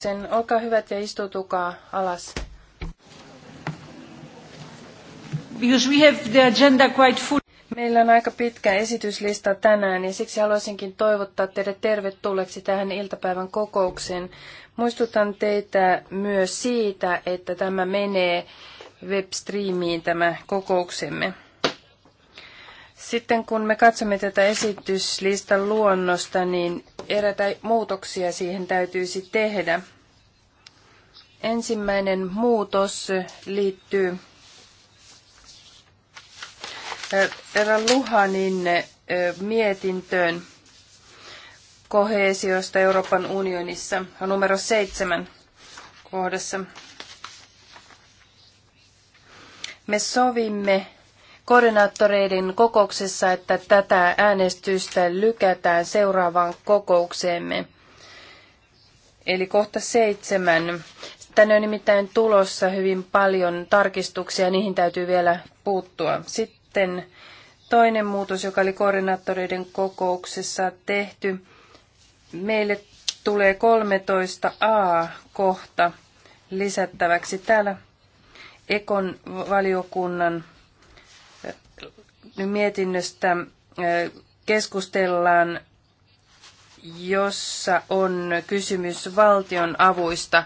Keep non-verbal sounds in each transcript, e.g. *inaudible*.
Sen, olkaa hyvät ja istutukaa alas. Because we have the agenda quite full. Meillä on aika pitkä esityslista tänään ja siksi haluaisinkin toivottaa teidät tervetulleeksi tähän iltapäivän kokoukseen. Muistutan teitä myös siitä, että tämä menee webstreamiin tämä kokouksemme. Sitten kun me katsomme tätä esityslistan luonnosta, niin erätä muutoksia siihen täytyisi tehdä. Ensimmäinen muutos liittyy Erä Luhanin mietintöön koheesiosta Euroopan unionissa on numero seitsemän kohdassa. Me sovimme koordinaattoreiden kokouksessa, että tätä äänestystä lykätään seuraavaan kokoukseemme. Eli kohta seitsemän. Tänne on nimittäin tulossa hyvin paljon tarkistuksia, niihin täytyy vielä puuttua. Sitten toinen muutos, joka oli koordinaattoreiden kokouksessa tehty. Meille tulee 13a-kohta lisättäväksi täällä Ekon valiokunnan mietinnöstä keskustellaan, jossa on kysymys valtion avuista.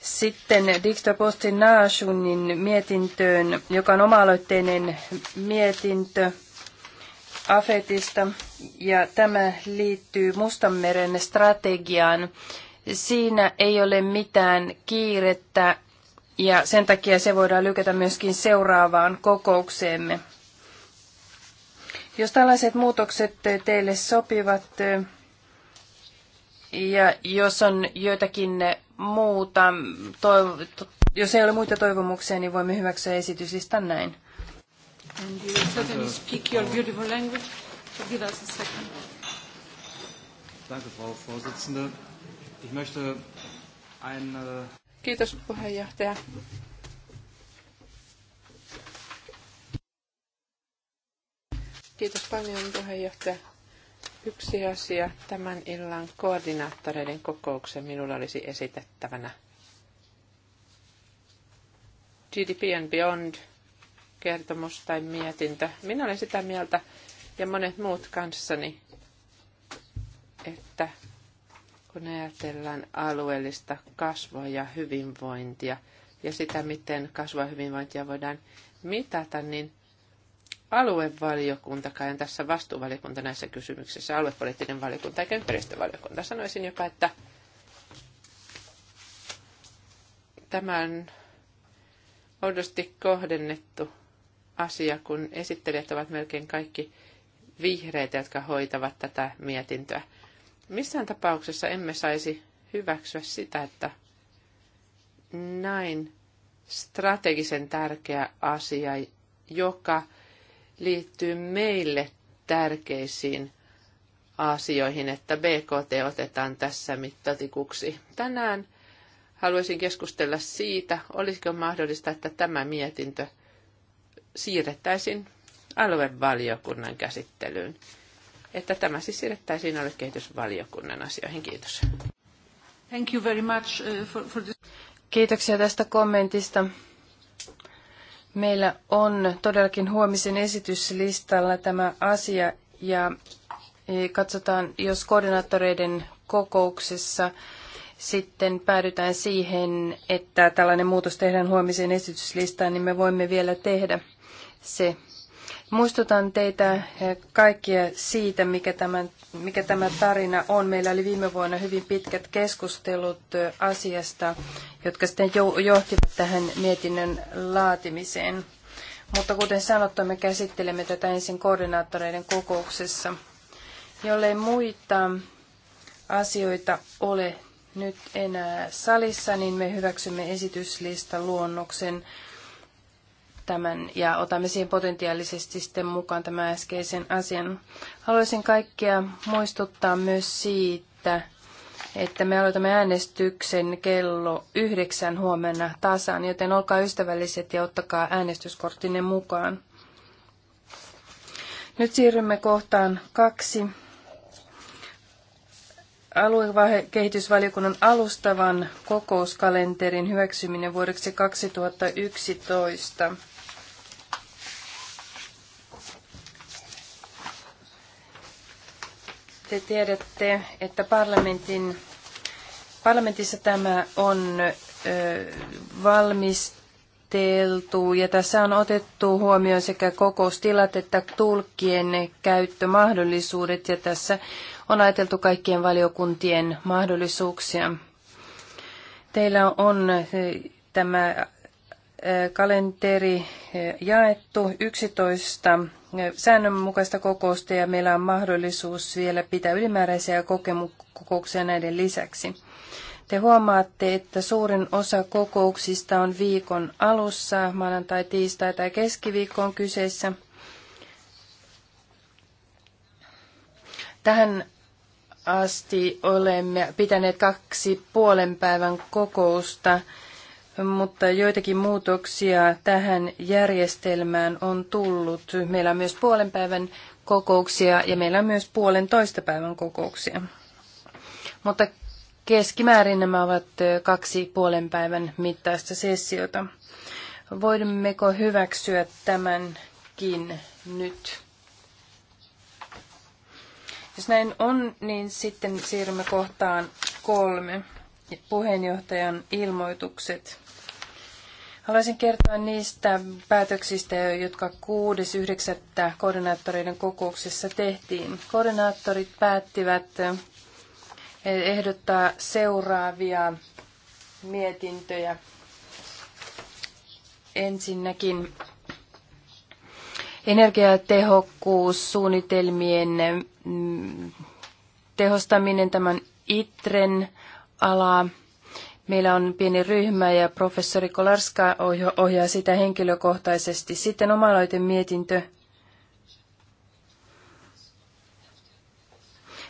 Sitten Dixter Postin Naashunin mietintöön, joka on oma-aloitteinen mietintö Afetista, ja tämä liittyy Mustanmeren strategiaan. Siinä ei ole mitään kiirettä, ja sen takia se voidaan lykätä myöskin seuraavaan kokoukseemme. Jos tällaiset muutokset teille sopivat ja jos on joitakin muuta, toiv- jos ei ole muita toivomuksia, niin voimme hyväksyä esityslistan näin. And you Kiitos puheenjohtaja. Kiitos paljon puheenjohtaja. Yksi asia tämän illan koordinaattoreiden kokouksen minulla olisi esitettävänä. GDP and Beyond kertomus tai mietintö. Minä olen sitä mieltä ja monet muut kanssani, että kun ajatellaan alueellista kasvua ja hyvinvointia ja sitä, miten kasvua ja hyvinvointia voidaan mitata, niin aluevaliokunta, kai on tässä vastuuvaliokunta näissä kysymyksissä, aluepoliittinen valiokunta eikä ympäristövaliokunta. Sanoisin jopa, että tämän oudosti kohdennettu asia, kun esittelijät ovat melkein kaikki vihreitä, jotka hoitavat tätä mietintöä. Missään tapauksessa emme saisi hyväksyä sitä, että näin strategisen tärkeä asia, joka liittyy meille tärkeisiin asioihin, että BKT otetaan tässä mittatikuksi. Tänään haluaisin keskustella siitä, olisiko mahdollista, että tämä mietintö siirrettäisiin aluevaliokunnan käsittelyyn että tämä siis siirrettäisiin alle kehitysvaliokunnan asioihin. Kiitos. Thank you very much uh, for, for this. Kiitoksia tästä kommentista. Meillä on todellakin huomisen esityslistalla tämä asia ja e, katsotaan, jos koordinaattoreiden kokouksessa sitten päädytään siihen, että tällainen muutos tehdään huomiseen esityslistaan, niin me voimme vielä tehdä se Muistutan teitä eh, kaikkia siitä, mikä, tämän, mikä tämä tarina on. Meillä oli viime vuonna hyvin pitkät keskustelut eh, asiasta, jotka sitten johtivat tähän mietinnön laatimiseen. Mutta kuten sanottu, me käsittelemme tätä ensin koordinaattoreiden kokouksessa. Jollei muita asioita ole nyt enää salissa, niin me hyväksymme esityslistan luonnoksen tämän ja otamme siihen potentiaalisesti sitten mukaan tämän äskeisen asian. Haluaisin kaikkia muistuttaa myös siitä, että me aloitamme äänestyksen kello yhdeksän huomenna tasan, joten olkaa ystävälliset ja ottakaa äänestyskorttinne mukaan. Nyt siirrymme kohtaan kaksi aluekehitysvaliokunnan alustavan kokouskalenterin hyväksyminen vuodeksi 2011. Te tiedätte, että parlamentin, parlamentissa tämä on ö, valmisteltu ja tässä on otettu huomioon sekä kokoustilat että tulkkien käyttömahdollisuudet ja tässä on ajateltu kaikkien valiokuntien mahdollisuuksia. Teillä on tämä kalenteri jaettu 11 säännönmukaista kokousta ja meillä on mahdollisuus vielä pitää ylimääräisiä kokouksia näiden lisäksi. Te huomaatte, että suurin osa kokouksista on viikon alussa, maanantai, tiistai tai keskiviikko on kyseessä. Tähän asti olemme pitäneet kaksi puolen päivän kokousta mutta joitakin muutoksia tähän järjestelmään on tullut. Meillä on myös puolen päivän kokouksia ja meillä on myös puolen toista päivän kokouksia. Mutta keskimäärin nämä ovat kaksi puolen päivän mittaista sessiota. Voimmeko hyväksyä tämänkin nyt? Jos näin on, niin sitten siirrymme kohtaan kolme. Puheenjohtajan ilmoitukset. Haluaisin kertoa niistä päätöksistä, jotka 6.9. koordinaattoreiden kokouksessa tehtiin. Koordinaattorit päättivät eh, ehdottaa seuraavia mietintöjä. Ensinnäkin energiatehokkuussuunnitelmien mm, tehostaminen tämän ITREN alaa Meillä on pieni ryhmä ja professori Kolarska ohjaa sitä henkilökohtaisesti. Sitten omaloiten mietintö.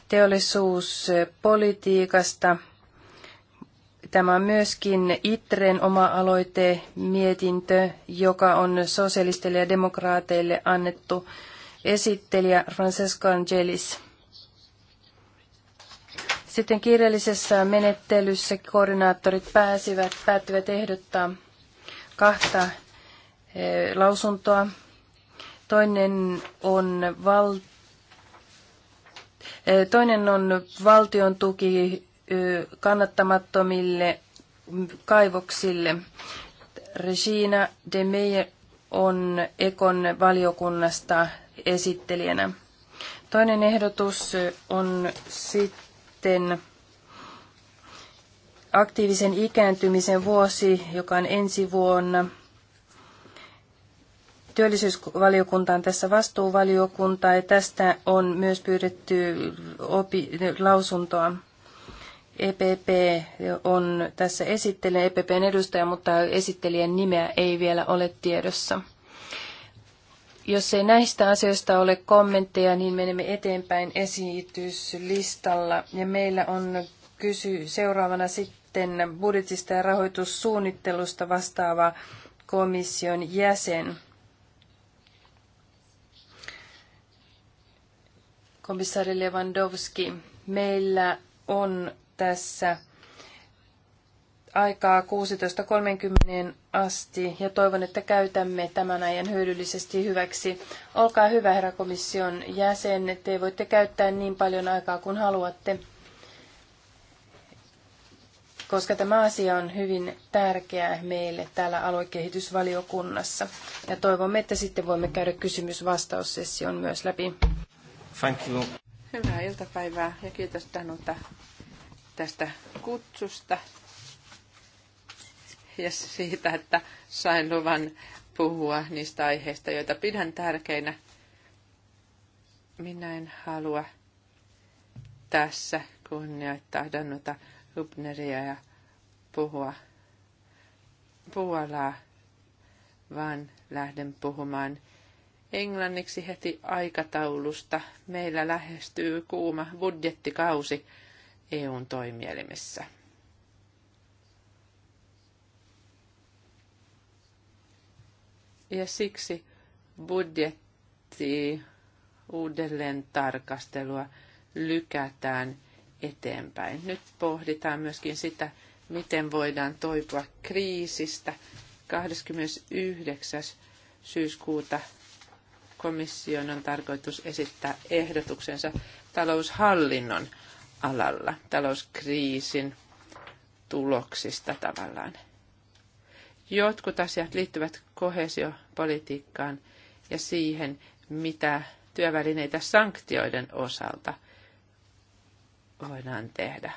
Teollisuuspolitiikasta. Eh, Tämä on myöskin ITREn oma-aloite mietintö, joka on sosialisteille ja demokraateille annettu esittelijä Francesco Angelis. Sitten kirjallisessa menettelyssä koordinaattorit pääsivät, päättivät ehdottaa kahta eh, lausuntoa. Toinen on, val, eh, toinen on valtion tuki eh, kannattamattomille kaivoksille. Regina de on Ekon valiokunnasta esittelijänä. Toinen ehdotus on sitten sitten aktiivisen ikääntymisen vuosi, joka on ensi vuonna. Työllisyysvaliokunta on tässä vastuuvaliokunta ja tästä on myös pyydetty opi- lausuntoa. EPP on tässä esittelen EPPn edustaja, mutta esittelijän nimeä ei vielä ole tiedossa. Jos ei näistä asioista ole kommentteja, niin menemme eteenpäin esityslistalla. Ja meillä on kysy seuraavana sitten budjetista ja rahoitussuunnittelusta vastaava komission jäsen. Komissaari Lewandowski, meillä on tässä aikaa 16.30 asti ja toivon, että käytämme tämän ajan hyödyllisesti hyväksi. Olkaa hyvä, herra komission jäsen, te voitte käyttää niin paljon aikaa kuin haluatte, koska tämä asia on hyvin tärkeä meille täällä aluekehitysvaliokunnassa. Ja toivomme, että sitten voimme käydä kysymys-vastaussession myös läpi. Thank you. Hyvää iltapäivää ja kiitos Tanuta tästä kutsusta ja siitä, että sain luvan puhua niistä aiheista, joita pidän tärkeinä. Minä en halua tässä kunnioittaa Danuta Hubneria ja puhua Puolaa, vaan lähden puhumaan englanniksi heti aikataulusta. Meillä lähestyy kuuma budjettikausi EUn toimielimissä. Ja siksi budjetti uudelleen tarkastelua lykätään eteenpäin. Nyt pohditaan myöskin sitä, miten voidaan toipua kriisistä. 29. syyskuuta komission on tarkoitus esittää ehdotuksensa taloushallinnon alalla, talouskriisin tuloksista tavallaan. Jotkut asiat liittyvät kohesiopolitiikkaan ja siihen, mitä työvälineitä sanktioiden osalta voidaan tehdä.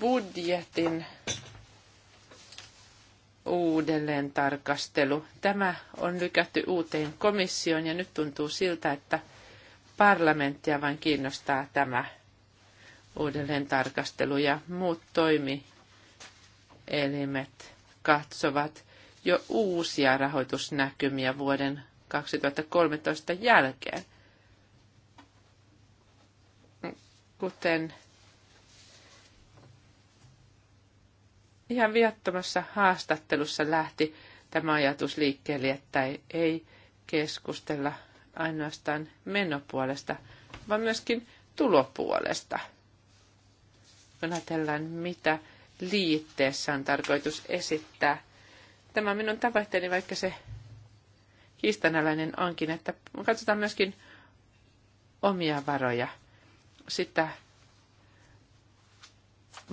Budjetin uudelleen tarkastelu. Tämä on lykätty uuteen komissioon ja nyt tuntuu siltä, että parlamenttia vain kiinnostaa tämä uudelleen tarkastelu ja muut toimielimet katsovat jo uusia rahoitusnäkymiä vuoden 2013 jälkeen. Kuten ihan viattomassa haastattelussa lähti tämä ajatus liikkeelle, että ei, keskustella ainoastaan menopuolesta, vaan myöskin tulopuolesta. Kun ajatellaan, mitä liitteessä on tarkoitus esittää. Tämä on minun tavoitteeni, vaikka se kiistanalainen onkin, että katsotaan myöskin omia varoja. Sitä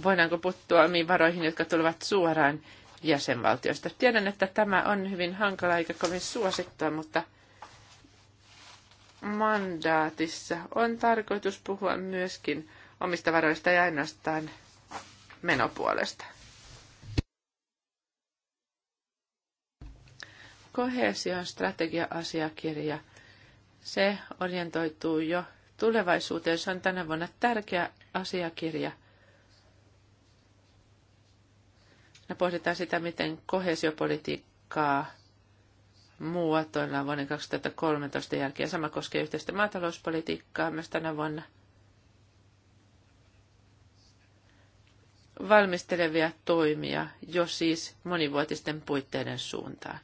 voidaanko puuttua omiin varoihin, jotka tulevat suoraan jäsenvaltioista. Tiedän, että tämä on hyvin hankala eikä kovin suosittua, mutta mandaatissa on tarkoitus puhua myöskin omista varoista ja ainoastaan menopuolesta. Kohesion strategia-asiakirja, se orientoituu jo tulevaisuuteen. Se on tänä vuonna tärkeä asiakirja. Me pohditaan sitä, miten kohesiopolitiikkaa muotoillaan vuoden 2013 jälkeen. Sama koskee yhteistä maatalouspolitiikkaa myös tänä vuonna – valmistelevia toimia jo siis monivuotisten puitteiden suuntaan.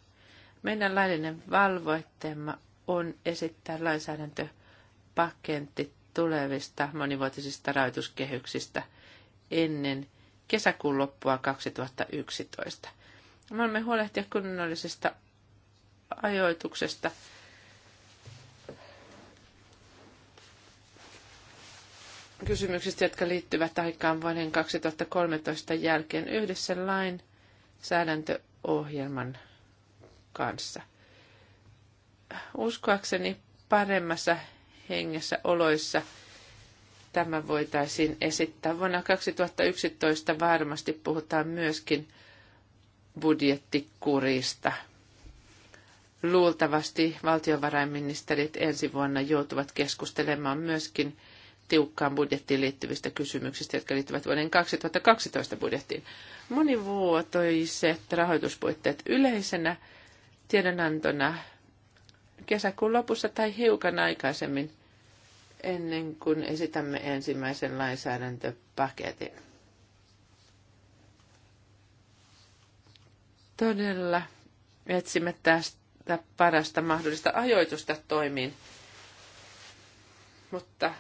Meidän laillinen valvoitteemme on esittää lainsäädäntöpaketti tulevista monivuotisista rahoituskehyksistä ennen kesäkuun loppua 2011. Me olemme huolehtia kunnollisesta ajoituksesta – kysymyksistä, jotka liittyvät aikaan vuoden 2013 jälkeen yhdessä lain säädäntöohjelman kanssa. Uskoakseni paremmassa hengessä oloissa tämä voitaisiin esittää. Vuonna 2011 varmasti puhutaan myöskin budjettikurista. Luultavasti valtiovarainministerit ensi vuonna joutuvat keskustelemaan myöskin tiukkaan budjettiin liittyvistä kysymyksistä, jotka liittyvät vuoden 2012 budjettiin. Monivuotoiset rahoituspuitteet yleisenä tiedonantona kesäkuun lopussa tai hiukan aikaisemmin ennen kuin esitämme ensimmäisen lainsäädäntöpaketin. Todella etsimme tästä parasta mahdollista ajoitusta toimiin, mutta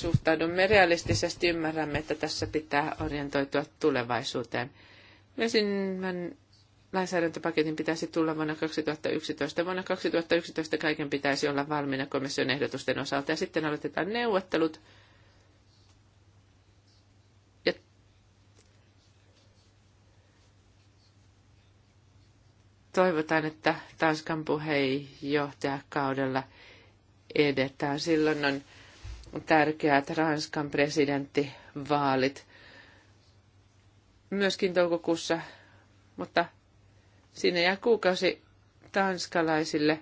suhtaudumme realistisesti, ymmärrämme, että tässä pitää orientoitua tulevaisuuteen. Vesimmän lainsäädäntöpaketin pitäisi tulla vuonna 2011. Vuonna 2011 kaiken pitäisi olla valmiina komission ehdotusten osalta ja sitten aloitetaan neuvottelut. Ja toivotaan, että Tanskan puheenjohtajakaudella edetään. Silloin on tärkeät Ranskan presidenttivaalit myöskin toukokuussa, mutta sinne jää kuukausi tanskalaisille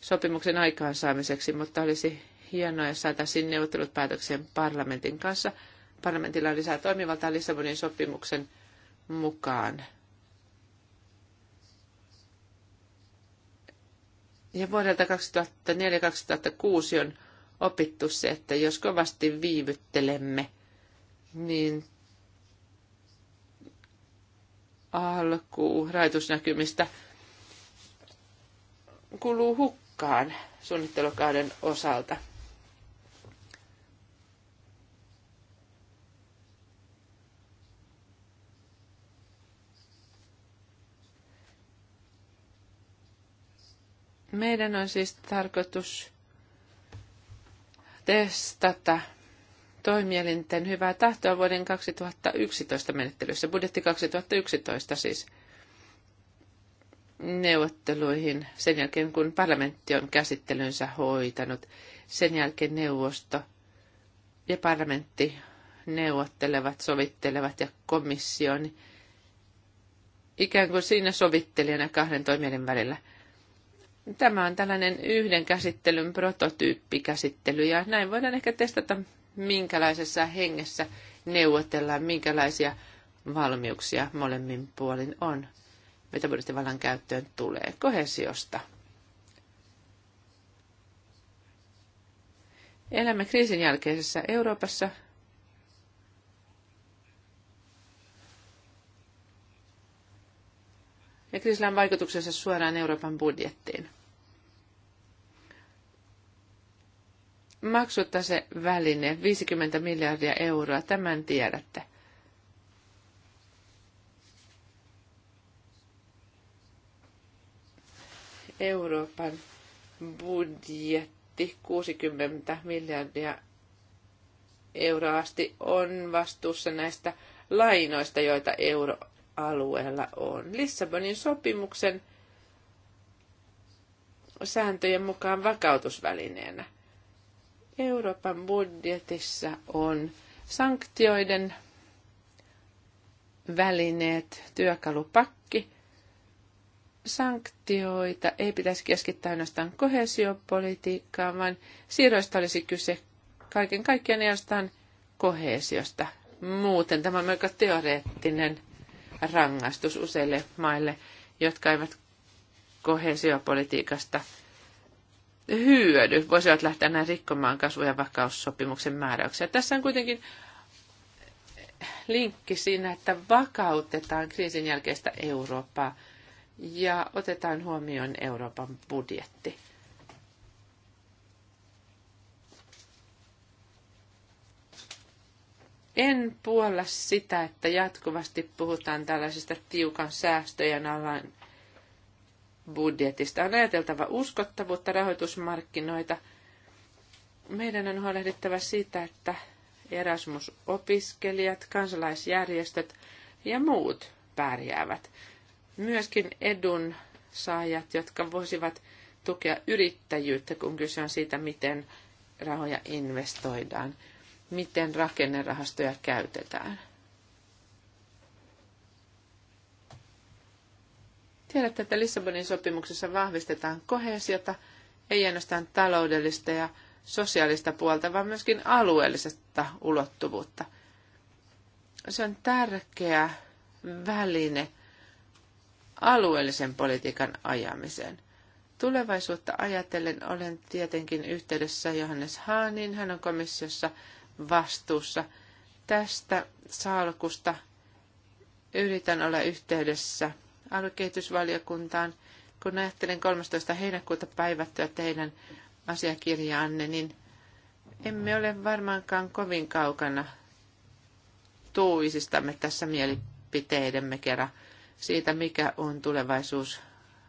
sopimuksen aikaansaamiseksi, mutta olisi hienoa, jos saataisiin neuvottelut päätökseen parlamentin kanssa. Parlamentilla on lisää toimivaltaa Lissabonin sopimuksen mukaan. Ja vuodelta 2004-2006 on opittu se, että jos kovasti viivyttelemme, niin alku rajoitusnäkymistä kuluu hukkaan suunnittelukauden osalta. Meidän on siis tarkoitus testata toimielinten hyvää tahtoa vuoden 2011 menettelyssä, budjetti 2011 siis neuvotteluihin sen jälkeen, kun parlamentti on käsittelynsä hoitanut. Sen jälkeen neuvosto ja parlamentti neuvottelevat, sovittelevat ja komissioni ikään kuin siinä sovittelijana kahden toimielin välillä – Tämä on tällainen yhden käsittelyn prototyyppikäsittely ja näin voidaan ehkä testata, minkälaisessa hengessä neuvotellaan, minkälaisia valmiuksia molemmin puolin on, mitä budjettivallan käyttöön tulee kohesiosta. Elämme kriisin jälkeisessä Euroopassa, ja kriisillä on vaikutuksensa suoraan Euroopan budjettiin. väline 50 miljardia euroa, tämän tiedätte. Euroopan budjetti 60 miljardia euroa asti on vastuussa näistä lainoista, joita euro alueella on. Lissabonin sopimuksen sääntöjen mukaan vakautusvälineenä. Euroopan budjetissa on sanktioiden välineet, työkalupakki. Sanktioita ei pitäisi keskittää ainoastaan kohesiopolitiikkaan, vaan siirroista olisi kyse kaiken kaikkiaan ainoastaan kohesiosta. Muuten tämä on melko teoreettinen rangaistus useille maille, jotka eivät kohesiopolitiikasta hyödy, voisivat lähteä näin rikkomaan kasvu- ja vakaussopimuksen määräyksiä. Tässä on kuitenkin linkki siinä, että vakautetaan kriisin jälkeistä Eurooppaa ja otetaan huomioon Euroopan budjetti. En puolla sitä, että jatkuvasti puhutaan tällaisesta tiukan säästöjen alan budjetista. On ajateltava uskottavuutta rahoitusmarkkinoita. Meidän on huolehdittava siitä, että Erasmus-opiskelijat, kansalaisjärjestöt ja muut pärjäävät. Myöskin edun saajat, jotka voisivat tukea yrittäjyyttä, kun kyse on siitä, miten rahoja investoidaan miten rakennerahastoja käytetään. Tiedätte, että Lissabonin sopimuksessa vahvistetaan kohesiota, ei ainoastaan taloudellista ja sosiaalista puolta, vaan myöskin alueellisesta ulottuvuutta. Se on tärkeä väline alueellisen politiikan ajamiseen. Tulevaisuutta ajatellen olen tietenkin yhteydessä Johannes Haanin, hän on komissiossa – vastuussa. Tästä salkusta yritän olla yhteydessä aluekehitysvaliokuntaan. Kun ajattelen 13. heinäkuuta päivättyä teidän asiakirjaanne, niin emme ole varmaankaan kovin kaukana tuuisistamme tässä mielipiteidemme kerran siitä, mikä on tulevaisuus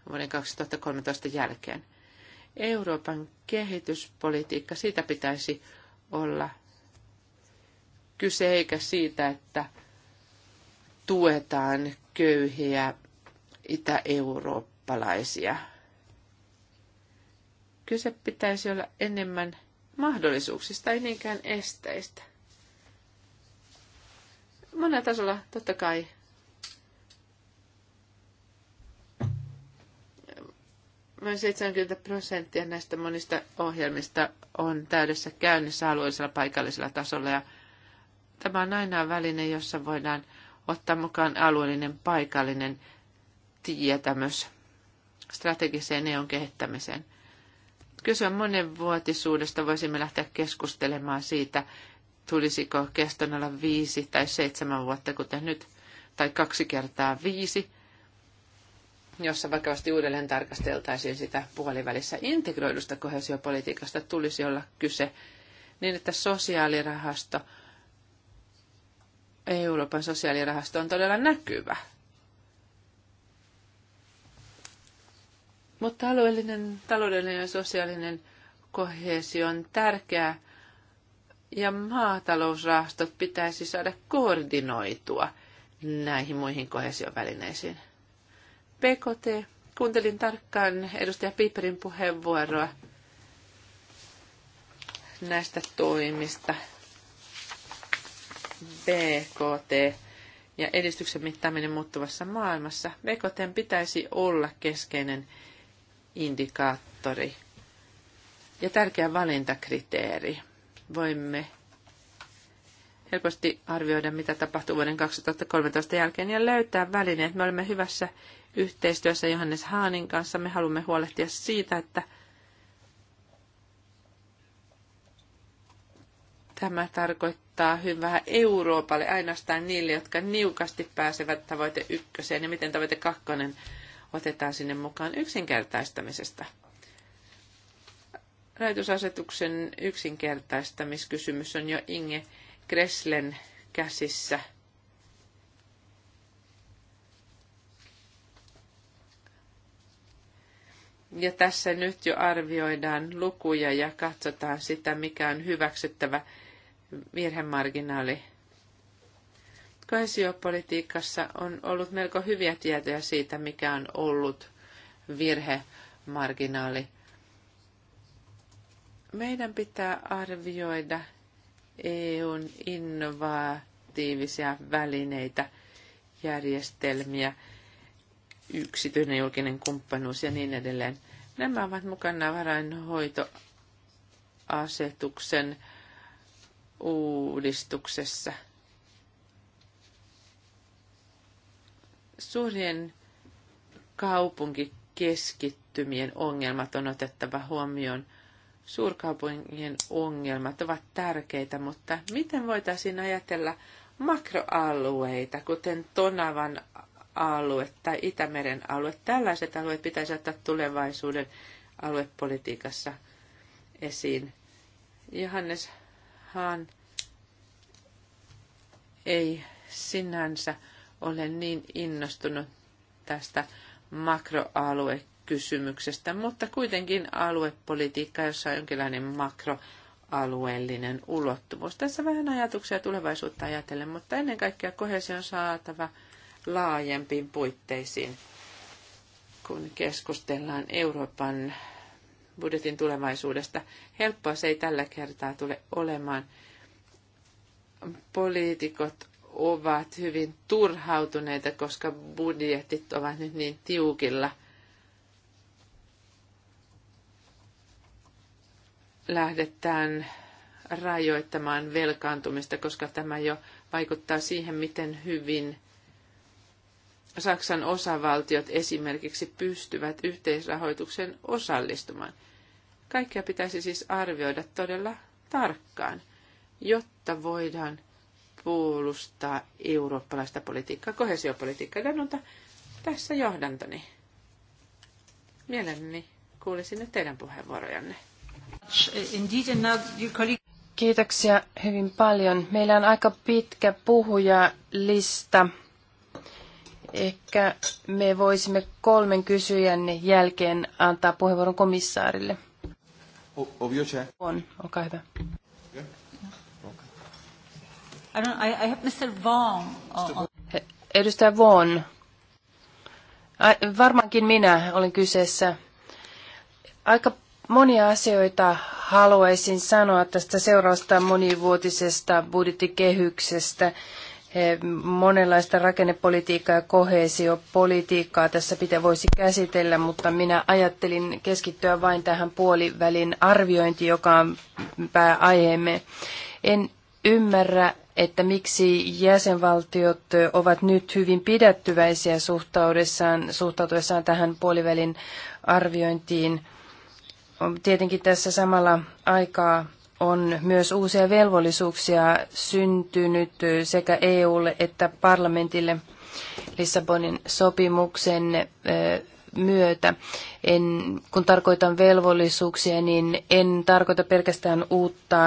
vuoden 2013 jälkeen. Euroopan kehityspolitiikka, siitä pitäisi olla kyse eikä siitä, että tuetaan köyhiä itä-eurooppalaisia. Kyse pitäisi olla enemmän mahdollisuuksista, ei niinkään esteistä. Monella tasolla totta kai noin 70 prosenttia näistä monista ohjelmista on täydessä käynnissä alueellisella paikallisella tasolla ja Tämä on aina väline, jossa voidaan ottaa mukaan alueellinen, paikallinen tietämys strategiseen neon kehittämiseen. Kysyä monenvuotisuudesta voisimme lähteä keskustelemaan siitä, tulisiko keston olla viisi tai seitsemän vuotta, kuten nyt, tai kaksi kertaa viisi, jossa vakavasti uudelleen tarkasteltaisiin sitä puolivälissä integroidusta kohesiopolitiikasta tulisi olla kyse niin, että sosiaalirahasto – Euroopan sosiaalirahasto on todella näkyvä. Mutta alueellinen, taloudellinen ja sosiaalinen kohesio on tärkeää ja maatalousrahastot pitäisi saada koordinoitua näihin muihin kohesiovälineisiin. PKT, kuuntelin tarkkaan edustaja Piperin puheenvuoroa näistä toimista BKT ja edistyksen mittaaminen muuttuvassa maailmassa. BKT pitäisi olla keskeinen indikaattori ja tärkeä valintakriteeri. Voimme helposti arvioida, mitä tapahtuu vuoden 2013 jälkeen ja löytää välineet. Me olemme hyvässä yhteistyössä Johannes Haanin kanssa. Me haluamme huolehtia siitä, että – Tämä tarkoittaa hyvää Euroopalle ainoastaan niille, jotka niukasti pääsevät tavoite ykköseen ja miten tavoite kakkonen otetaan sinne mukaan yksinkertaistamisesta. Rajoitusasetuksen yksinkertaistamiskysymys on jo Inge Kresslen käsissä. Ja tässä nyt jo arvioidaan lukuja ja katsotaan sitä, mikä on hyväksyttävä virhemarginaali. Koesiopolitiikassa on ollut melko hyviä tietoja siitä, mikä on ollut virhemarginaali. Meidän pitää arvioida EUn innovatiivisia välineitä, järjestelmiä, yksityinen julkinen kumppanuus ja niin edelleen. Nämä ovat mukana varainhoitoasetuksen uudistuksessa. Suurien kaupunkikeskittymien ongelmat on otettava huomioon. Suurkaupunkien ongelmat ovat tärkeitä, mutta miten voitaisiin ajatella makroalueita, kuten Tonavan alue tai Itämeren alue. Tällaiset alueet pitäisi ottaa tulevaisuuden aluepolitiikassa esiin. Johannes hän ei sinänsä ole niin innostunut tästä makroaluekysymyksestä, mutta kuitenkin aluepolitiikka, jossa on jonkinlainen makroalueellinen ulottuvuus. Tässä vähän ajatuksia tulevaisuutta ajatellen, mutta ennen kaikkea kohesi on saatava laajempiin puitteisiin, kun keskustellaan Euroopan budjetin tulevaisuudesta. Helppoa se ei tällä kertaa tule olemaan. Poliitikot ovat hyvin turhautuneita, koska budjetit ovat nyt niin tiukilla. Lähdetään rajoittamaan velkaantumista, koska tämä jo vaikuttaa siihen, miten hyvin Saksan osavaltiot esimerkiksi pystyvät yhteisrahoituksen osallistumaan – Kaikkea pitäisi siis arvioida todella tarkkaan, jotta voidaan puolustaa eurooppalaista politiikkaa, kohesiopolitiikkaa. Danunta, tässä johdantoni. Mielelläni kuulisin nyt teidän puheenvuorojanne. Kiitoksia hyvin paljon. Meillä on aika pitkä puhujalista. Ehkä me voisimme kolmen kysyjän jälkeen antaa puheenvuoron komissaarille of your chair? On, okay hyvä. Yeah? I don't, I, I have Mr. Vaughan. Eh, edustaja Vaughan. Varmaankin minä olin kyseessä. Aika monia asioita haluaisin sanoa tästä seuraavasta monivuotisesta budjettikehyksestä monenlaista rakennepolitiikkaa ja kohesiopolitiikkaa tässä pitää voisi käsitellä, mutta minä ajattelin keskittyä vain tähän puolivälin arviointi, joka on pääaiheemme. En ymmärrä, että miksi jäsenvaltiot ovat nyt hyvin pidättyväisiä suhtautuessaan, suhtautuessaan tähän puolivälin arviointiin. Tietenkin tässä samalla aikaa on myös uusia velvollisuuksia syntynyt sekä EUlle että parlamentille Lissabonin sopimuksen myötä. En, kun tarkoitan velvollisuuksia, niin en tarkoita pelkästään uutta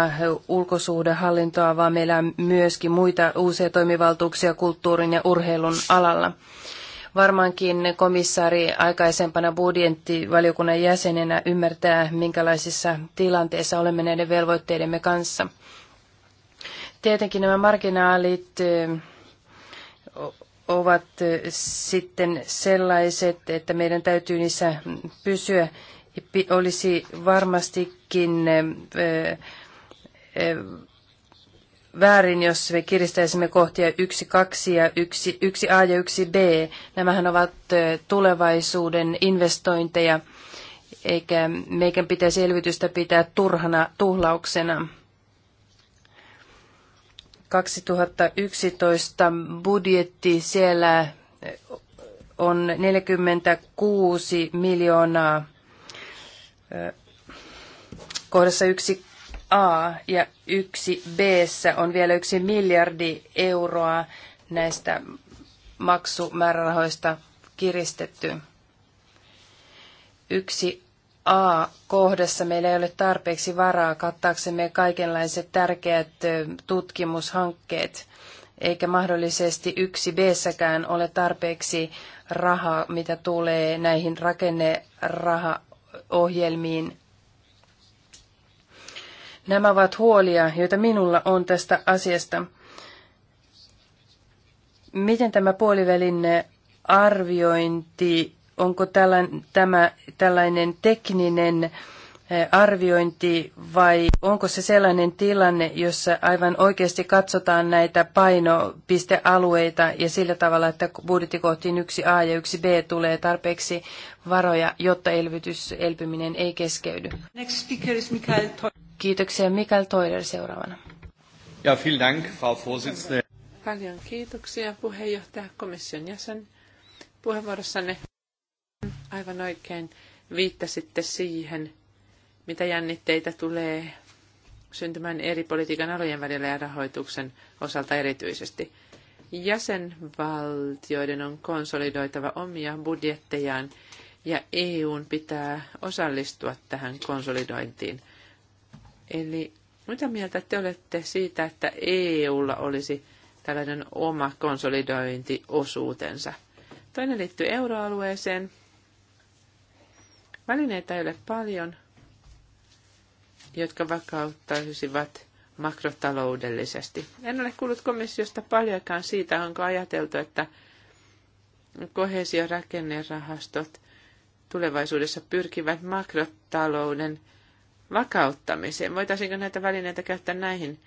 ulkosuhdehallintoa, vaan meillä on myöskin muita uusia toimivaltuuksia kulttuurin ja urheilun alalla. Varmaankin komissaari aikaisempana budjettivaliokunnan jäsenenä ymmärtää, minkälaisissa tilanteissa olemme näiden velvoitteidemme kanssa. Tietenkin nämä marginaalit ovat sitten sellaiset, että meidän täytyy niissä pysyä. Olisi varmastikin väärin, jos me kiristäisimme kohtia 1, 2 ja 1, 1a ja 1b. Nämähän ovat tulevaisuuden investointeja, eikä meidän pitäisi elvytystä pitää turhana tuhlauksena. 2011 budjetti siellä on 46 miljoonaa. Kohdassa 1 A ja yksi B on vielä yksi miljardi euroa näistä maksumäärärahoista kiristetty. Yksi A kohdassa meillä ei ole tarpeeksi varaa kattaaksemme kaikenlaiset tärkeät tutkimushankkeet, eikä mahdollisesti yksi b ole tarpeeksi rahaa, mitä tulee näihin rakennerahaohjelmiin Nämä ovat huolia, joita minulla on tästä asiasta. Miten tämä puolivälinne arviointi, onko tällainen, tämä tällainen tekninen eh, arviointi vai onko se sellainen tilanne, jossa aivan oikeasti katsotaan näitä painopistealueita ja sillä tavalla, että budjettikohtiin yksi a ja yksi b tulee tarpeeksi varoja, jotta elvytys, elpyminen ei keskeydy. Next speaker is Mikael Kiitoksia. Mikael Toider seuraavana. Ja, vielen Dank, Frau Vorsitzende. Paljon kiitoksia puheenjohtaja komission jäsen puheenvuorossanne. Aivan oikein viittasitte siihen, mitä jännitteitä tulee syntymään eri politiikan alojen välillä ja rahoituksen osalta erityisesti. Jäsenvaltioiden on konsolidoitava omia budjettejaan ja EUn pitää osallistua tähän konsolidointiin. Eli mitä mieltä te olette siitä, että EUlla olisi tällainen oma konsolidointiosuutensa? Toinen liittyy euroalueeseen. Välineitä ei ole paljon, jotka vakauttaisivat makrotaloudellisesti. En ole kuullut komissiosta paljonkaan siitä, onko ajateltu, että kohesiorakennerahastot tulevaisuudessa pyrkivät makrotalouden vakauttamiseen. Voitaisiinko näitä välineitä käyttää näihin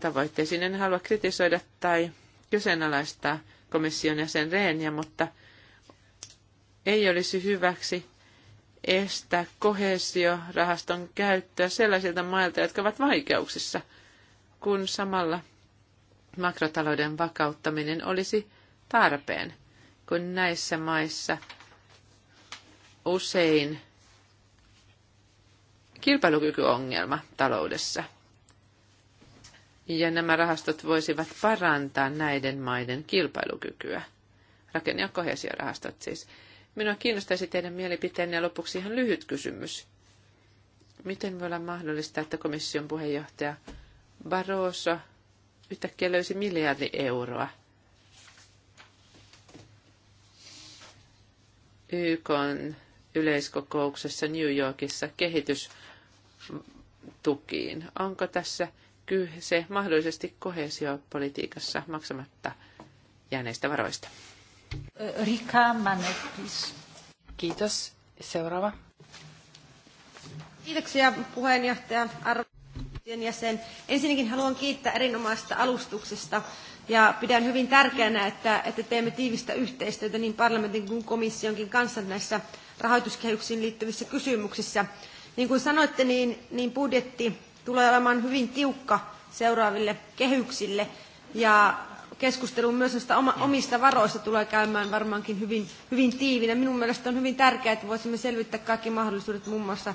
tavoitteisiin? En halua kritisoida tai kyseenalaistaa komission ja sen reeniä, mutta ei olisi hyväksi estää kohesiorahaston käyttöä sellaisilta mailta, jotka ovat vaikeuksissa, kun samalla makrotalouden vakauttaminen olisi tarpeen, kun näissä maissa usein – kilpailukykyongelma taloudessa. Ja nämä rahastot voisivat parantaa näiden maiden kilpailukykyä. Rakenne- ja kohesiorahastot siis. Minua kiinnostaisi teidän mielipiteenne ja lopuksi ihan lyhyt kysymys. Miten voi olla mahdollista, että komission puheenjohtaja Barroso yhtäkkiä löysi miljardi euroa YK yleiskokouksessa New Yorkissa kehitys tukiin. Onko tässä kyse mahdollisesti kohesiopolitiikassa maksamatta jääneistä varoista? Rika Manettis. Kiitos. Seuraava. Kiitoksia puheenjohtaja arvoisien jäsen. Ensinnäkin haluan kiittää erinomaisesta alustuksesta ja pidän hyvin tärkeänä, että, että teemme tiivistä yhteistyötä niin parlamentin kuin komissionkin kanssa näissä rahoituskehyksiin liittyvissä kysymyksissä. Niin kuin sanoitte, niin, niin budjetti tulee olemaan hyvin tiukka seuraaville kehyksille ja keskustelu myös näistä omista varoista tulee käymään varmaankin hyvin, hyvin tiivinä. Minun mielestäni on hyvin tärkeää, että voisimme selvittää kaikki mahdollisuudet muun muassa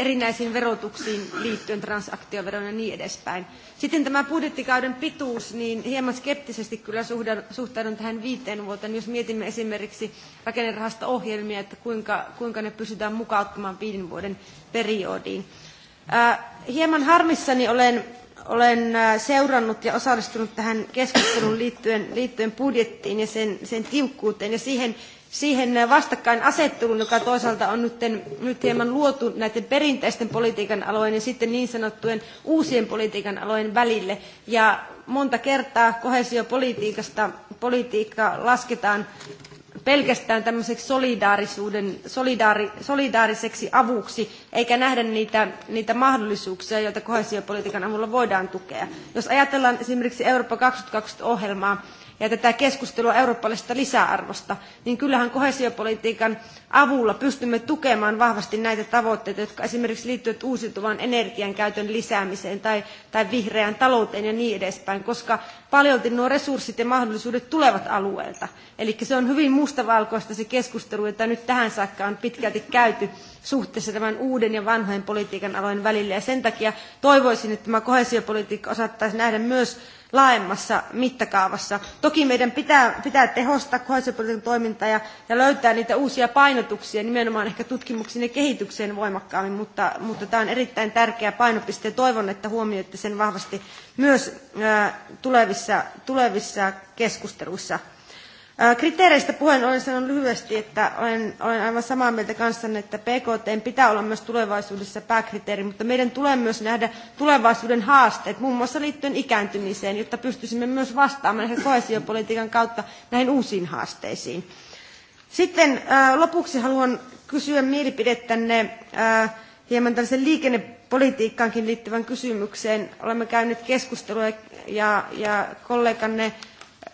erinäisiin verotuksiin liittyen, transaktioveroon ja niin edespäin. Sitten tämä budjettikauden pituus, niin hieman skeptisesti kyllä suhtaudun tähän viiteen vuoteen, jos mietimme esimerkiksi rakennerahasto-ohjelmia, että kuinka, kuinka ne pystytään mukauttamaan viiden vuoden periodiin. Äh, hieman harmissani olen, olen äh, seurannut ja osallistunut tähän keskusteluun liittyen, liittyen budjettiin ja sen, sen tiukkuuteen ja siihen, siihen vastakkainasetteluun, joka toisaalta on nyt, nyt hieman luotu näiden perinteisten politiikan alojen ja sitten niin sanottujen uusien politiikan alojen välille. Ja monta kertaa kohesiopolitiikasta politiikka lasketaan pelkästään tämmöiseksi solidaarisuuden, solidaari, solidaariseksi avuksi, eikä nähdä niitä, niitä mahdollisuuksia, joita kohesiopolitiikan avulla voidaan tukea. Jos ajatellaan esimerkiksi Eurooppa 2020-ohjelmaa, ja tätä keskustelua eurooppalaisesta lisäarvosta, niin kyllähän kohesiopolitiikan avulla pystymme tukemaan vahvasti näitä tavoitteita, jotka esimerkiksi liittyvät uusiutuvan energian käytön lisäämiseen tai, tai vihreään talouteen ja niin edespäin, koska paljolti nuo resurssit ja mahdollisuudet tulevat alueelta. Eli se on hyvin mustavalkoista se keskustelu, jota nyt tähän saakka on pitkälti käyty suhteessa tämän uuden ja vanhojen politiikan alojen välillä. Ja sen takia toivoisin, että tämä kohesiopolitiikka osattaisi nähdä myös laajemmassa mittakaavassa. Toki meidän pitää, pitää tehostaa kohesiopolitiikan toimintaa ja, ja löytää niitä uusia painotuksia painotuksia nimenomaan ehkä tutkimuksiin ja kehitykseen voimakkaammin, mutta, mutta tämä on erittäin tärkeä painopiste ja toivon, että huomioitte sen vahvasti myös tulevissa, tulevissa keskusteluissa. Kriteereistä puheen olen sanonut lyhyesti, että olen, olen aivan samaa mieltä kanssanne, että PKT pitää olla myös tulevaisuudessa pääkriteeri, mutta meidän tulee myös nähdä tulevaisuuden haasteet, muun muassa liittyen ikääntymiseen, jotta pystyisimme myös vastaamaan ehkä kautta näihin uusiin haasteisiin. Sitten lopuksi haluan kysyä mielipidettänne hieman tällaisen liikennepolitiikkaankin liittyvän kysymykseen. Olemme käyneet keskustelua ja, ja kolleganne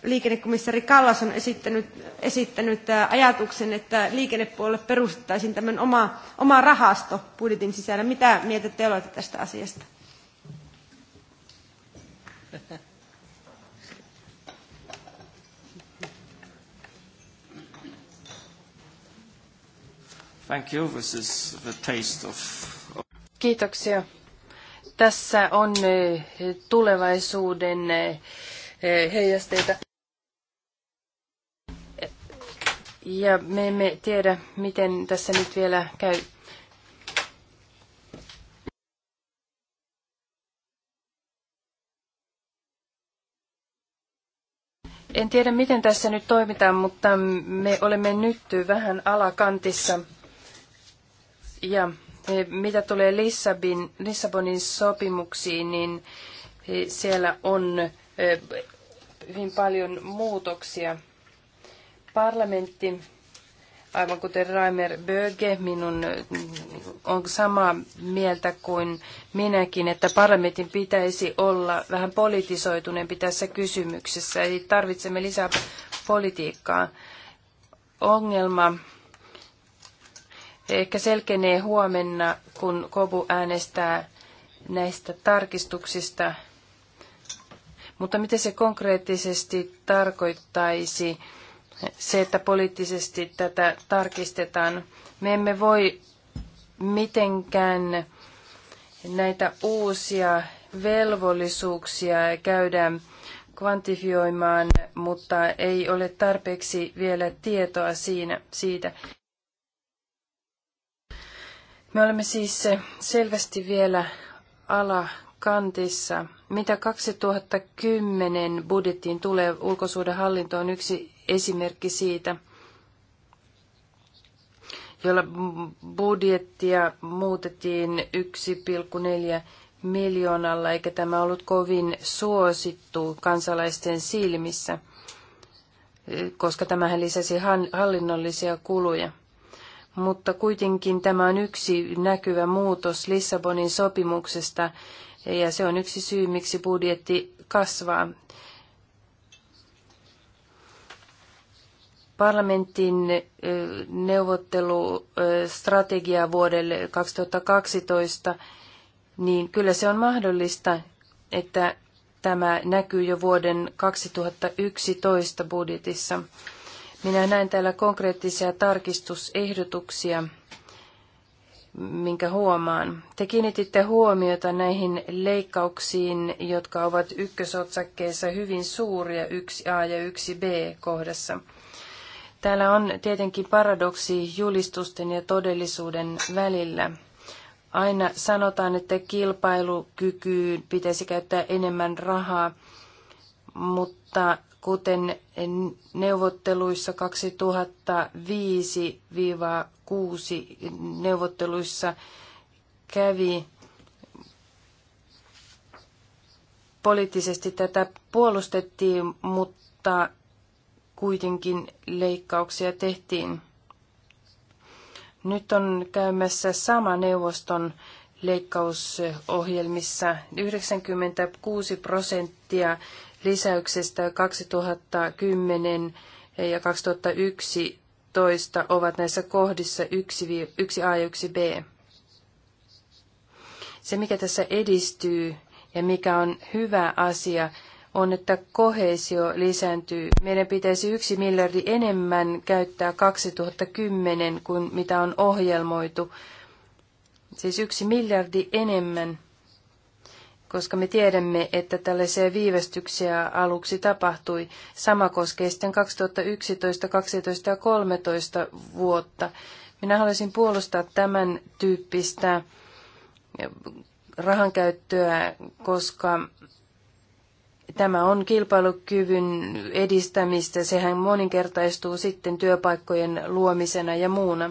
liikennekomissari Kallas on esittänyt, esittänyt ajatuksen, että liikennepuolelle perustettaisiin tämän oma, oma rahasto budjetin sisällä. Mitä mieltä te olette tästä asiasta? *laughs* Thank you. This is the taste of... Kiitoksia. Tässä on eh, tulevaisuuden eh, eh, heijasteita. Ja me emme tiedä, miten tässä nyt vielä käy. En tiedä, miten tässä nyt toimitaan, mutta me olemme nyt vähän alakantissa. Ja e, mitä tulee Lissabin, Lissabonin sopimuksiin, niin e, siellä on e, hyvin paljon muutoksia. Parlamentti, aivan kuten Raimer Böge, minun on samaa mieltä kuin minäkin, että parlamentin pitäisi olla vähän politisoituneempi tässä kysymyksessä. Eli tarvitsemme lisää politiikkaa. Ongelma ehkä selkenee huomenna, kun Kobu äänestää näistä tarkistuksista. Mutta mitä se konkreettisesti tarkoittaisi, se, että poliittisesti tätä tarkistetaan? Me emme voi mitenkään näitä uusia velvollisuuksia käydä kvantifioimaan, mutta ei ole tarpeeksi vielä tietoa siinä, siitä. Me olemme siis selvästi vielä alakantissa. Mitä 2010 budjettiin tulee, hallinto on yksi esimerkki siitä, jolla budjettia muutettiin 1,4 miljoonalla, eikä tämä ollut kovin suosittu kansalaisten silmissä, koska tämähän lisäsi hallinnollisia kuluja mutta kuitenkin tämä on yksi näkyvä muutos Lissabonin sopimuksesta ja se on yksi syy, miksi budjetti kasvaa. Parlamentin neuvottelustrategia vuodelle 2012, niin kyllä se on mahdollista, että tämä näkyy jo vuoden 2011 budjetissa. Minä näen täällä konkreettisia tarkistusehdotuksia, minkä huomaan. Te kiinnititte huomiota näihin leikkauksiin, jotka ovat ykkösotsakkeessa hyvin suuria 1a ja 1b kohdassa. Täällä on tietenkin paradoksi julistusten ja todellisuuden välillä. Aina sanotaan, että kilpailukykyyn pitäisi käyttää enemmän rahaa, mutta kuten neuvotteluissa 2005-6 neuvotteluissa kävi. Poliittisesti tätä puolustettiin, mutta kuitenkin leikkauksia tehtiin. Nyt on käymässä sama neuvoston leikkausohjelmissa 96 prosenttia lisäyksestä 2010 ja 2011 ovat näissä kohdissa 1, a ja 1b. Se, mikä tässä edistyy ja mikä on hyvä asia, on, että kohesio lisääntyy. Meidän pitäisi yksi miljardi enemmän käyttää 2010 kuin mitä on ohjelmoitu. Siis yksi miljardi enemmän koska me tiedämme, että tällaisia viivästyksiä aluksi tapahtui. Sama koskee sitten 2011, 12 ja 13 vuotta. Minä haluaisin puolustaa tämän tyyppistä rahankäyttöä, koska tämä on kilpailukyvyn edistämistä. Sehän moninkertaistuu sitten työpaikkojen luomisena ja muuna.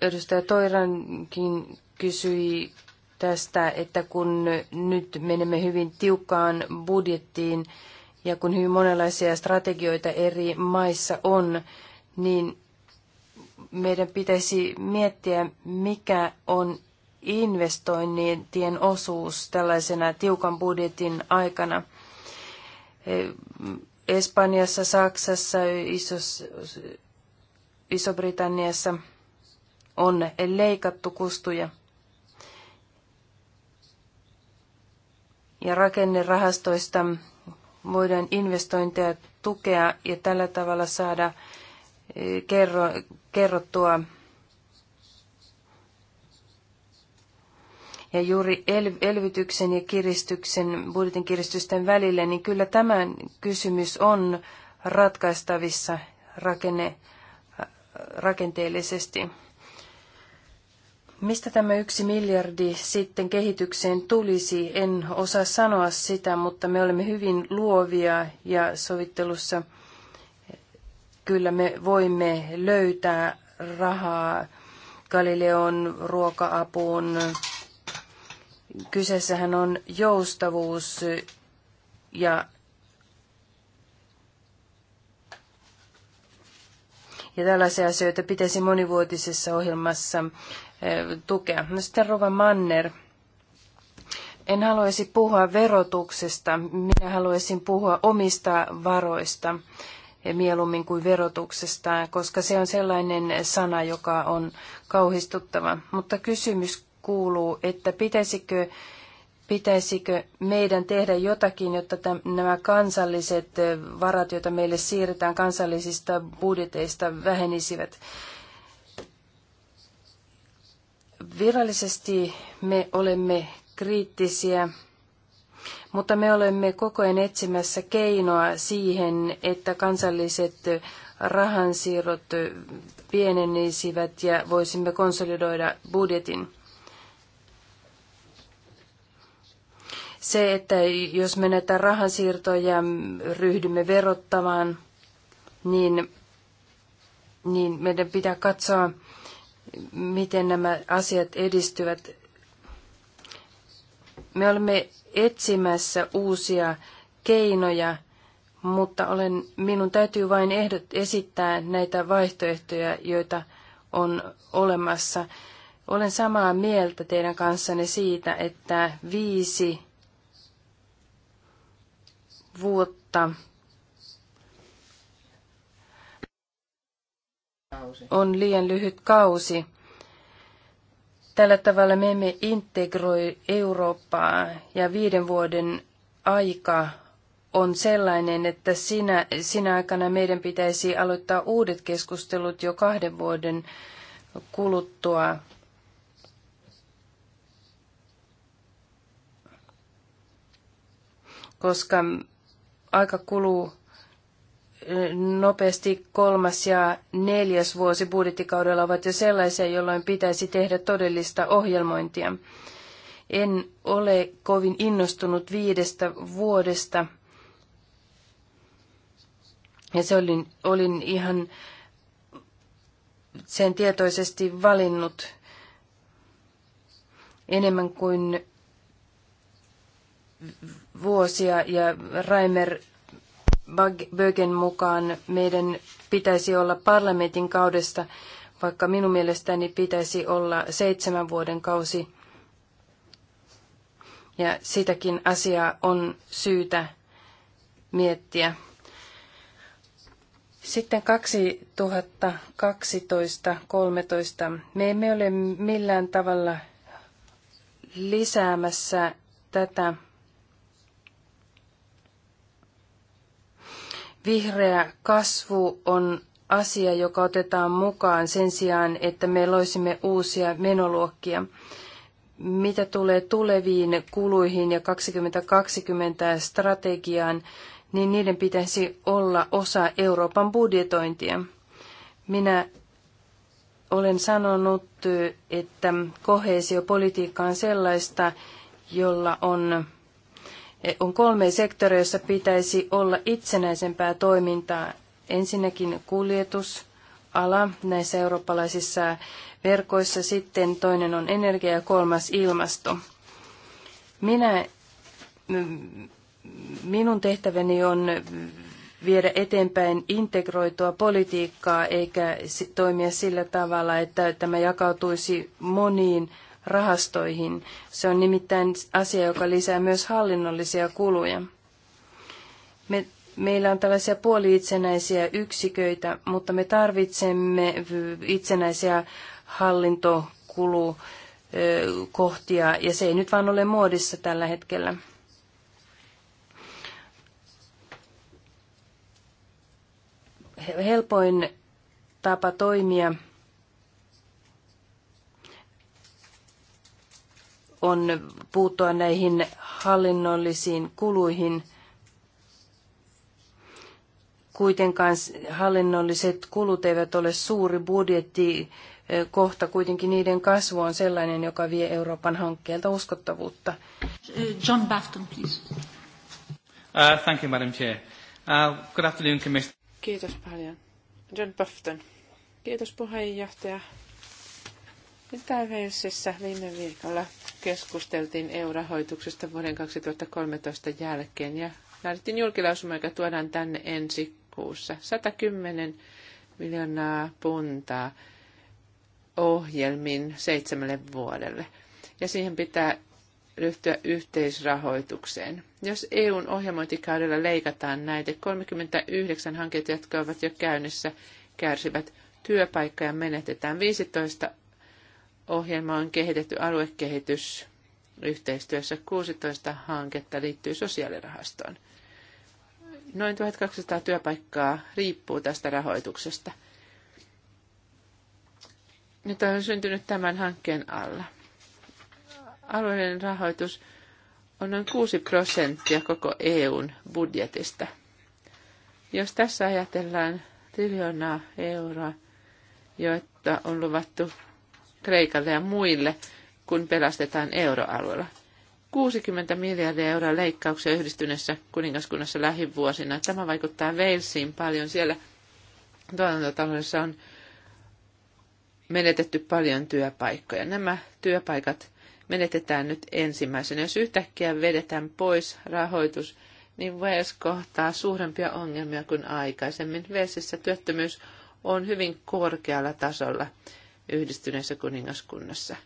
Edustaja Toirankin kysyi tästä, että kun nyt menemme hyvin tiukkaan budjettiin ja kun hyvin monenlaisia strategioita eri maissa on, niin meidän pitäisi miettiä, mikä on investointien osuus tällaisena tiukan budjetin aikana. Espanjassa, Saksassa, Isos, Iso-Britanniassa – on leikattu kustuja. Ja rakennerahastoista voidaan investointeja tukea ja tällä tavalla saada eh, kerro, kerrottua. Ja juuri el, elvytyksen ja kiristyksen, budjetin kiristysten välille, niin kyllä tämä kysymys on ratkaistavissa rakenne, rakenteellisesti. Mistä tämä yksi miljardi sitten kehitykseen tulisi, en osaa sanoa sitä, mutta me olemme hyvin luovia ja sovittelussa kyllä me voimme löytää rahaa Galileon ruokaapuun. Kyseessähän on joustavuus ja ja tällaisia asioita pitäisi monivuotisessa ohjelmassa Eh, tukea. No sitten Rova Manner. En haluaisi puhua verotuksesta, minä haluaisin puhua omista varoista eh, mieluummin kuin verotuksesta, koska se on sellainen sana, joka on kauhistuttava. Mutta kysymys kuuluu, että pitäisikö, pitäisikö meidän tehdä jotakin, jotta täm, nämä kansalliset eh, varat, joita meille siirretään kansallisista budjeteista, vähenisivät. Virallisesti me olemme kriittisiä, mutta me olemme koko ajan etsimässä keinoa siihen, että kansalliset rahansiirrot pienenisivät ja voisimme konsolidoida budjetin. Se, että jos me näitä rahansiirtoja ryhdymme verottamaan, niin, niin meidän pitää katsoa, miten nämä asiat edistyvät. Me olemme etsimässä uusia keinoja, mutta olen, minun täytyy vain ehdot, esittää näitä vaihtoehtoja, joita on olemassa. Olen samaa mieltä teidän kanssanne siitä, että viisi vuotta on liian lyhyt kausi. Tällä tavalla me emme integroi Eurooppaa ja viiden vuoden aika on sellainen, että sinä, sinä aikana meidän pitäisi aloittaa uudet keskustelut jo kahden vuoden kuluttua. Koska aika kuluu nopeasti kolmas ja neljäs vuosi budjettikaudella ovat jo sellaisia, jolloin pitäisi tehdä todellista ohjelmointia. En ole kovin innostunut viidestä vuodesta. Ja se olin, olin ihan sen tietoisesti valinnut enemmän kuin vuosia ja Raimer Bögen mukaan meidän pitäisi olla parlamentin kaudesta, vaikka minun mielestäni pitäisi olla seitsemän vuoden kausi. Ja sitäkin asiaa on syytä miettiä. Sitten 2012 2013 me emme ole millään tavalla lisäämässä tätä Vihreä kasvu on asia, joka otetaan mukaan sen sijaan, että me loisimme uusia menoluokkia. Mitä tulee tuleviin kuluihin ja 2020 strategiaan, niin niiden pitäisi olla osa Euroopan budjetointia. Minä olen sanonut, että kohesiopolitiikka on sellaista, jolla on on kolme sektoria, joissa pitäisi olla itsenäisempää toimintaa. Ensinnäkin kuljetusala näissä eurooppalaisissa verkoissa, sitten toinen on energia ja kolmas ilmasto. Minä, minun tehtäväni on viedä eteenpäin integroitua politiikkaa eikä toimia sillä tavalla, että tämä jakautuisi moniin rahastoihin. Se on nimittäin asia, joka lisää myös hallinnollisia kuluja. Me, meillä on tällaisia puoli-itsenäisiä yksiköitä, mutta me tarvitsemme itsenäisiä hallintokulukohtia, ja se ei nyt vaan ole muodissa tällä hetkellä. Helpoin tapa toimia on puuttua näihin hallinnollisiin kuluihin. Kuitenkaan hallinnolliset kulut eivät ole suuri budjetti, eh, kohta kuitenkin niiden kasvu on sellainen, joka vie Euroopan hankkeelta uskottavuutta. Eh, John Bafton, please. Uh, thank you, Madam Chair. Uh, good afternoon, Commissioner. Kiitos paljon. John Bafton. Kiitos puheenjohtaja. Pitääveississä viime viikolla keskusteltiin EU-rahoituksesta vuoden 2013 jälkeen ja laadittiin julkilausuma, joka tuodaan tänne ensi kuussa. 110 miljoonaa puntaa ohjelmin seitsemälle vuodelle. Ja siihen pitää ryhtyä yhteisrahoitukseen. Jos EUn ohjelmointikaudella leikataan näitä 39 hanketta, jotka ovat jo käynnissä, kärsivät työpaikkoja menetetään. 15 Ohjelma on kehitetty aluekehitys yhteistyössä 16 hanketta liittyy sosiaalirahastoon. Noin 1200 työpaikkaa riippuu tästä rahoituksesta. Nyt on syntynyt tämän hankkeen alla. Alueellinen rahoitus on noin 6 prosenttia koko EUn budjetista. Jos tässä ajatellaan triljoonaa euroa, joita on luvattu Kreikalle ja muille, kun pelastetaan euroalueella. 60 miljardia euroa leikkauksia yhdistyneessä kuningaskunnassa lähivuosina. Tämä vaikuttaa Walesiin paljon. Siellä tuotantotaloudessa on menetetty paljon työpaikkoja. Nämä työpaikat menetetään nyt ensimmäisenä. Jos yhtäkkiä vedetään pois rahoitus, niin Wales kohtaa suurempia ongelmia kuin aikaisemmin. Walesissa työttömyys on hyvin korkealla tasolla yhdistyneessä kuningaskunnassa.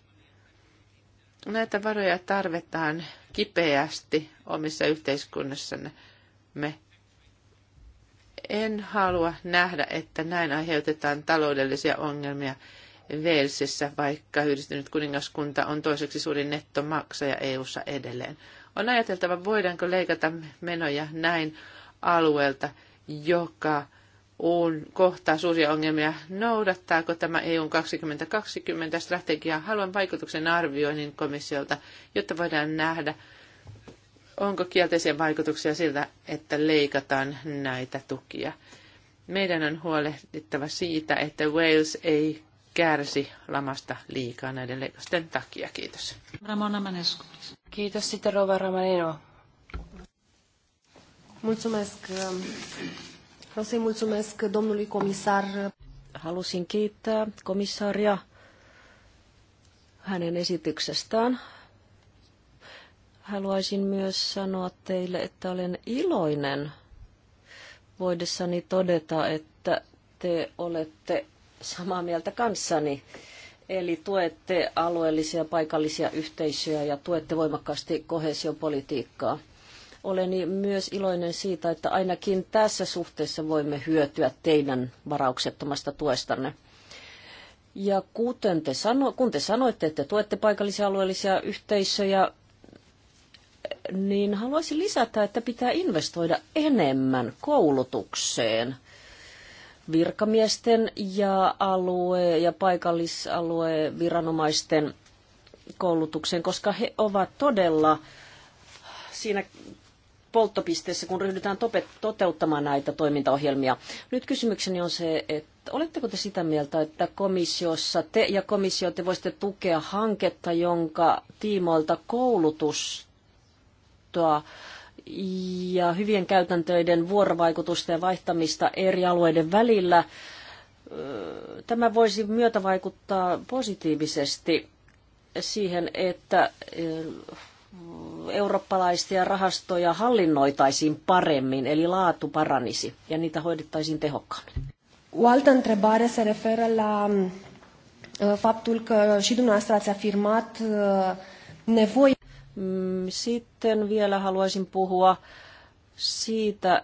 Näitä varoja tarvitaan kipeästi omissa yhteiskunnassamme. En halua nähdä, että näin aiheutetaan taloudellisia ongelmia Velsissä, vaikka yhdistynyt kuningaskunta on toiseksi suurin nettomaksaja EU:ssa edelleen. On ajateltava, voidaanko leikata menoja näin alueelta, joka EUn kohtaa suuria ongelmia. Noudattaako tämä EUn 2020 strategia. Haluan vaikutuksen arvioinnin komissiolta, jotta voidaan nähdä, onko kielteisiä vaikutuksia siltä, että leikataan näitä tukia. Meidän on huolehdittava siitä, että Wales ei kärsi lamasta liikaa näiden leikkausten takia. Kiitos. Ramona Manescu. Kiitos sitten Rova Ramanino. Mulțumesc. Vreau să-i mulțumesc domnului comisar. Halusin kiittää komissaaria hänen esityksestään. Haluaisin myös sanoa teille, että olen iloinen voidessani todeta, että te olette samaa mieltä kanssani. Eli tuette alueellisia ja paikallisia yhteisöjä ja tuette voimakkaasti kohesiopolitiikkaa. Olen myös iloinen siitä, että ainakin tässä suhteessa voimme hyötyä teidän varauksettomasta tuestanne. Ja kuten te sano, kun te sanoitte, että tuette paikallisia alueellisia yhteisöjä, niin haluaisin lisätä, että pitää investoida enemmän koulutukseen virkamiesten ja alue- ja paikallisalueen viranomaisten koulutukseen, koska he ovat todella siinä polttopisteessä, kun ryhdytään toteuttamaan näitä toimintaohjelmia. Nyt kysymykseni on se, että oletteko te sitä mieltä, että komissiossa te ja komissio te voisitte tukea hanketta, jonka tiimoilta koulutusta ja hyvien käytäntöiden vuorovaikutusta ja vaihtamista eri alueiden välillä. Tämä voisi myötä vaikuttaa positiivisesti siihen, että eurooppalaisia rahastoja hallinnoitaisiin paremmin, eli laatu paranisi ja niitä hoidettaisiin tehokkaammin? O altă întrebare se referă la uh, faptul că și dumneavoastră ați afirmat uh, nevoia. Mm, sitten vielä haluaisin puhua siitä,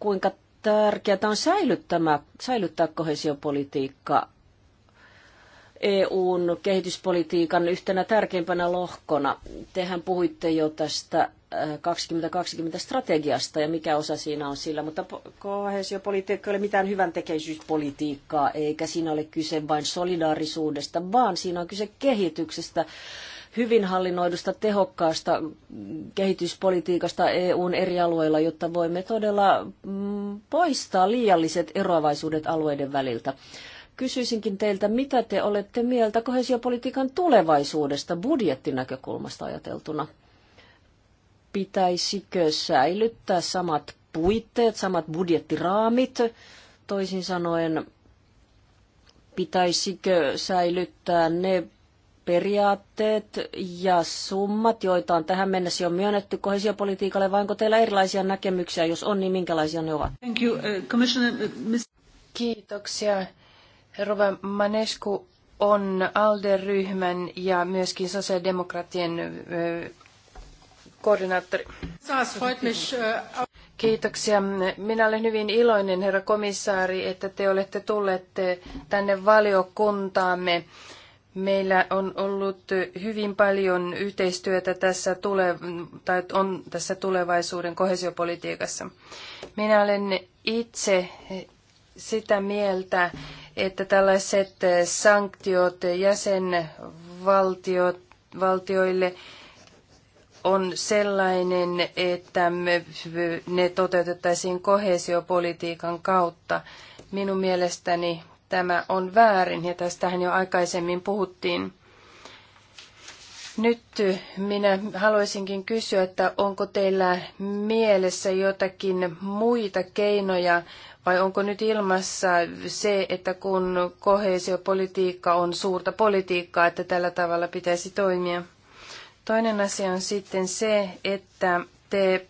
kuinka tärkeää on säilyttää kohesiopolitiikka EUn kehityspolitiikan yhtenä tärkeimpänä lohkona. Tehän puhuitte jo tästä 2020-strategiasta äh, ja mikä osa siinä on sillä, mutta kohesiopolitiikka ei ole mitään hyvän tekeisyyspolitiikkaa, eikä siinä ole kyse vain solidaarisuudesta, vaan siinä on kyse kehityksestä, hyvin hallinnoidusta, tehokkaasta kehityspolitiikasta EUn eri alueilla, jotta voimme todella mm, poistaa liialliset eroavaisuudet alueiden väliltä. Kysyisinkin teiltä, mitä te olette mieltä kohesiopolitiikan tulevaisuudesta budjettinäkökulmasta ajateltuna? Pitäisikö säilyttää samat puitteet, samat budjettiraamit? Toisin sanoen, pitäisikö säilyttää ne periaatteet ja summat, joita on tähän mennessä jo myönnetty kohesiopolitiikalle, vai onko teillä erilaisia näkemyksiä? Jos on, niin minkälaisia ne ovat? Thank you, uh, uh Kiitoksia. Rova Manescu on ALDE-ryhmän ja myöskin sosiaalidemokraattien koordinaattori. Kiitoksia. Minä olen hyvin iloinen, herra komissaari, että te olette tulleet tänne valiokuntaamme. Meillä on ollut hyvin paljon yhteistyötä tässä, tule, tai on tässä tulevaisuuden kohesiopolitiikassa. Minä olen itse sitä mieltä, että tällaiset sanktiot jäsenvaltioille on sellainen, että ne toteutettaisiin kohesiopolitiikan kautta. Minun mielestäni tämä on väärin ja tästähän jo aikaisemmin puhuttiin. Nyt minä haluaisinkin kysyä, että onko teillä mielessä jotakin muita keinoja vai onko nyt ilmassa se, että kun kohesiopolitiikka on suurta politiikkaa, että tällä tavalla pitäisi toimia? Toinen asia on sitten se, että te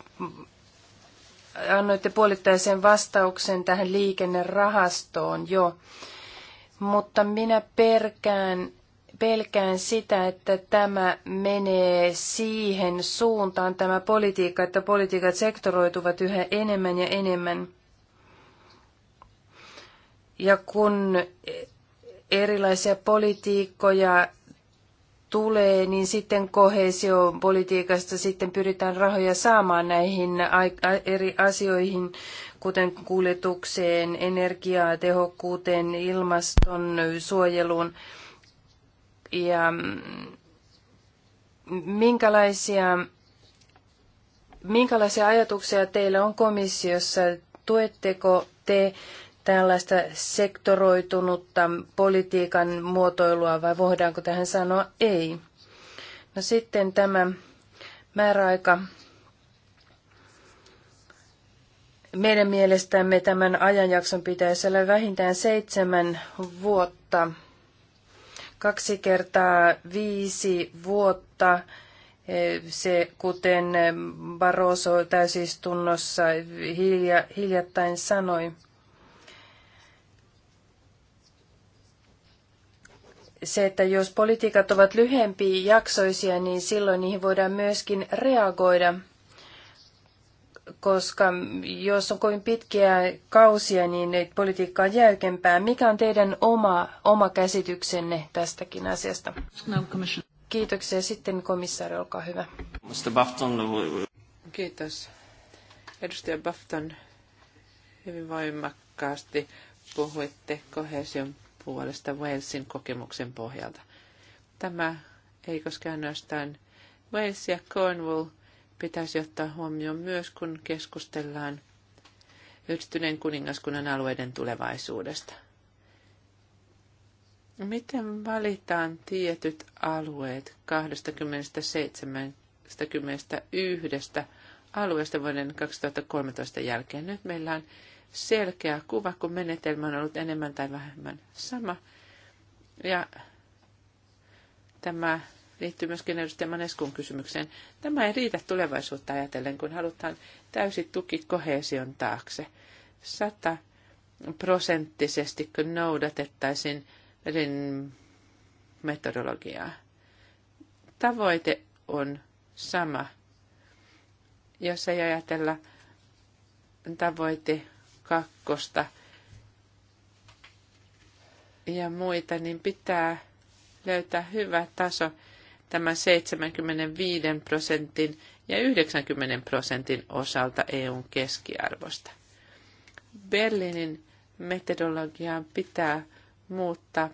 annoitte puolittaisen vastauksen tähän liikennerahastoon jo, mutta minä perkään, pelkään sitä, että tämä menee siihen suuntaan, tämä politiikka, että politiikat sektoroituvat yhä enemmän ja enemmän. Ja kun erilaisia politiikkoja tulee, niin sitten kohesiopolitiikasta sitten pyritään rahoja saamaan näihin eri asioihin, kuten kuljetukseen, tehokkuuteen, ilmaston suojeluun. Ja minkälaisia, minkälaisia ajatuksia teillä on komissiossa? Tuetteko te tällaista sektoroitunutta politiikan muotoilua vai voidaanko tähän sanoa ei? No sitten tämä määräaika. Meidän mielestämme tämän ajanjakson pitäisi olla vähintään seitsemän vuotta, kaksi kertaa viisi vuotta, eh, se, kuten Barroso täysistunnossa hilja, hiljattain sanoi. se, että jos politiikat ovat lyhempiä jaksoisia, niin silloin niihin voidaan myöskin reagoida, koska jos on kovin pitkiä kausia, niin politiikka on jäykempää. Mikä on teidän oma, oma käsityksenne tästäkin asiasta? Kiitoksia. Sitten komissaari, olkaa hyvä. Kiitos. Edustaja Bafton, hyvin voimakkaasti puhuitte kohesion puolesta Walesin kokemuksen pohjalta. Tämä ei koskaan ainoastaan Wales ja Cornwall pitäisi ottaa huomioon myös, kun keskustellaan yhdistyneen kuningaskunnan alueiden tulevaisuudesta. Miten valitaan tietyt alueet 27 yhdestä alueesta vuoden 2013 jälkeen? Nyt meillä on selkeä kuva, kun menetelmä on ollut enemmän tai vähemmän sama. Ja tämä liittyy myöskin edustaja Maneskun kysymykseen. Tämä ei riitä tulevaisuutta ajatellen, kun halutaan täysi tuki kohesion taakse. Sata prosenttisesti, kun noudatettaisiin Elin metodologiaa. Tavoite on sama. Jos ei ajatella tavoite kakkosta ja muita, niin pitää löytää hyvä taso tämän 75 prosentin ja 90 prosentin osalta EUn keskiarvosta. Berliinin metodologiaan pitää muuttaa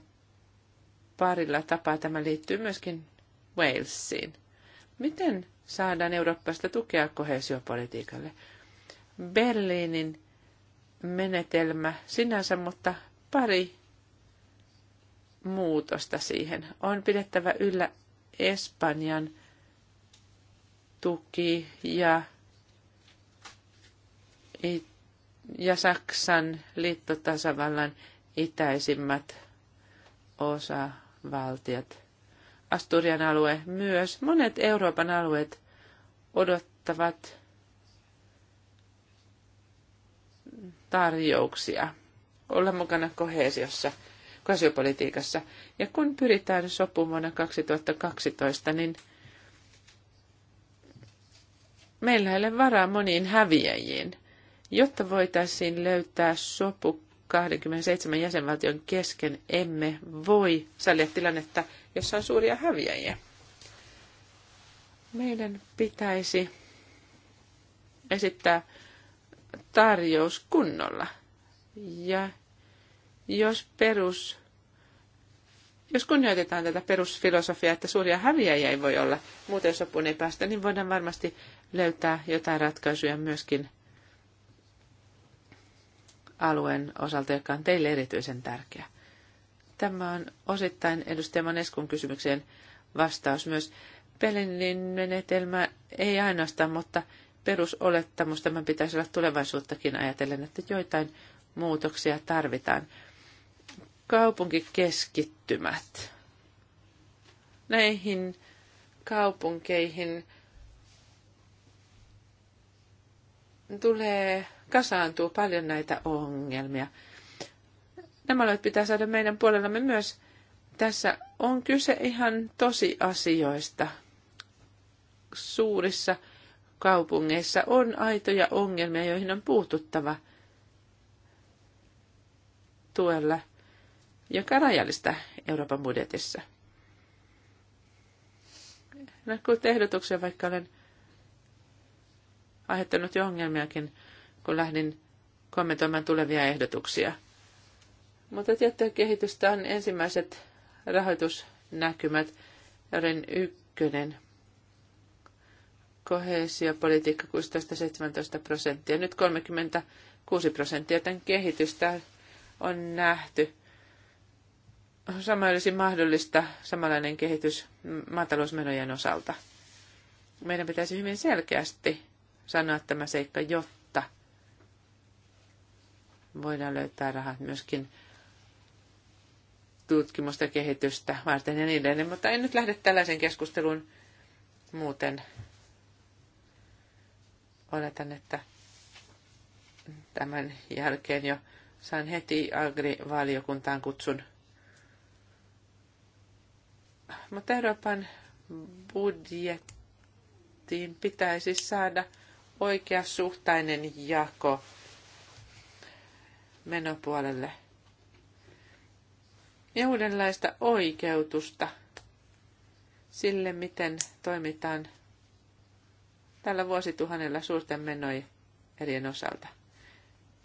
parilla tapaa. Tämä liittyy myöskin Walesiin. Miten saadaan Euroopasta tukea kohesiopolitiikalle? Berliinin menetelmä sinänsä, mutta pari muutosta siihen. On pidettävä yllä Espanjan tuki ja, ja Saksan liittotasavallan itäisimmät osavaltiot. Asturian alue myös. Monet Euroopan alueet odottavat tarjouksia olla mukana kohesiossa, kohesiopolitiikassa. Ja kun pyritään sopumaan vuonna 2012, niin meillä ei ole varaa moniin häviäjiin, jotta voitaisiin löytää sopu 27 jäsenvaltion kesken emme voi sallia tilannetta, jossa on suuria häviäjiä. Meidän pitäisi esittää tarjous kunnolla. Ja jos perus, jos kunnioitetaan tätä perusfilosofiaa, että suuria häviäjiä ei voi olla, muuten sopuun ei päästä, niin voidaan varmasti löytää jotain ratkaisuja myöskin alueen osalta, joka on teille erityisen tärkeä. Tämä on osittain edustaja Maneskun kysymykseen vastaus myös. Pelinin menetelmä ei ainoastaan, mutta Perusolettamusta Tämän pitäisi olla tulevaisuuttakin ajatellen, että joitain muutoksia tarvitaan. Kaupunkikeskittymät. Näihin kaupunkeihin tulee, kasaantuu paljon näitä ongelmia. Nämä olet pitää saada meidän puolellamme myös. Tässä on kyse ihan tosiasioista. Suurissa kaupungeissa on aitoja ongelmia, joihin on puututtava tuella, joka rajallista Euroopan budjetissa. No, kun ehdotuksia, vaikka olen aiheuttanut jo ongelmiakin, kun lähdin kommentoimaan tulevia ehdotuksia. Mutta tiettyä kehitystä on ensimmäiset rahoitusnäkymät, joiden ykkönen koheesiopolitiikka 16-17 prosenttia, nyt 36 prosenttia, tämän kehitystä on nähty. Sama olisi mahdollista samanlainen kehitys maatalousmenojen osalta. Meidän pitäisi hyvin selkeästi sanoa tämä seikka, jotta voidaan löytää rahat myöskin tutkimusta, kehitystä varten ja niin edelleen, mutta en nyt lähde tällaisen keskusteluun muuten Oletan, että tämän jälkeen jo saan heti agrivaliokuntaan kutsun. Mutta Euroopan budjettiin pitäisi saada oikeasuhtainen jako menopuolelle ja uudenlaista oikeutusta sille, miten toimitaan tällä vuosituhannella suurten eri osalta.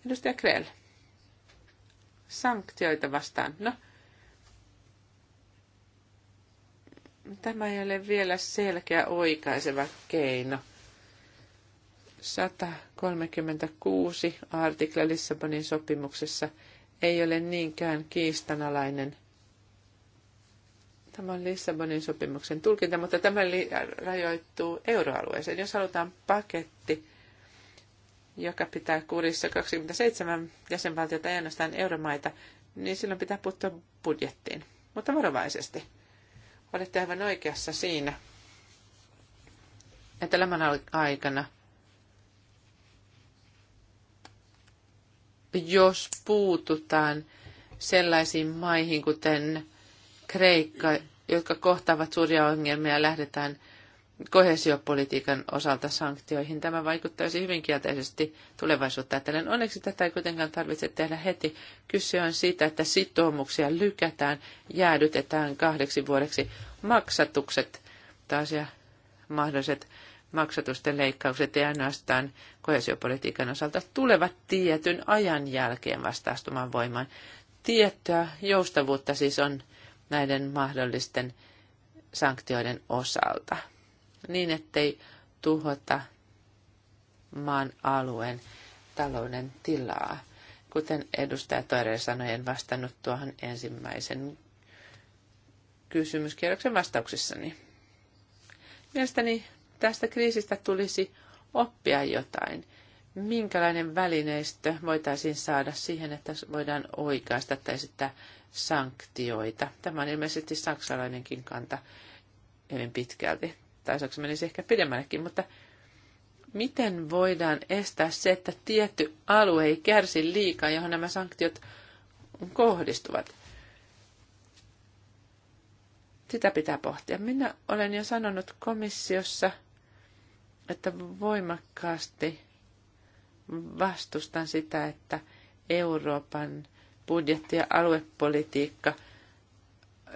Edustaja Krell. Sanktioita vastaan. No, tämä ei ole vielä selkeä oikaiseva keino. 136 artikla Lissabonin sopimuksessa ei ole niinkään kiistanalainen – Tämä on Lissabonin sopimuksen tulkinta, mutta tämä rajoittuu euroalueeseen. Jos halutaan paketti, joka pitää kurissa 27 jäsenvaltiota ja ainoastaan euromaita, niin silloin pitää puuttua budjettiin, mutta varovaisesti. Olette aivan oikeassa siinä, että lämän aikana, jos puututaan sellaisiin maihin, kuten Kreikka, jotka kohtaavat suuria ongelmia, lähdetään kohesiopolitiikan osalta sanktioihin. Tämä vaikuttaisi hyvin kielteisesti tulevaisuutta ajatellen. Onneksi tätä ei kuitenkaan tarvitse tehdä heti. Kyse on siitä, että sitoumuksia lykätään, jäädytetään kahdeksi vuodeksi maksatukset taas ja mahdolliset maksatusten leikkaukset ja ainoastaan kohesiopolitiikan osalta tulevat tietyn ajan jälkeen vastaastumaan voimaan. Tiettyä joustavuutta siis on näiden mahdollisten sanktioiden osalta, niin ettei tuhota maan alueen talouden tilaa. Kuten edustaja Toire sanoi, en vastannut tuohon ensimmäisen kysymyskierroksen vastauksissani. Mielestäni tästä kriisistä tulisi oppia jotain. Minkälainen välineistö voitaisiin saada siihen, että voidaan oikaista tai sitten sanktioita. Tämä on ilmeisesti saksalainenkin kanta hyvin pitkälti. Tai saksa menisi ehkä pidemmällekin, mutta miten voidaan estää se, että tietty alue ei kärsi liikaa, johon nämä sanktiot kohdistuvat? Sitä pitää pohtia. Minä olen jo sanonut komissiossa, että voimakkaasti vastustan sitä, että Euroopan budjetti- ja aluepolitiikka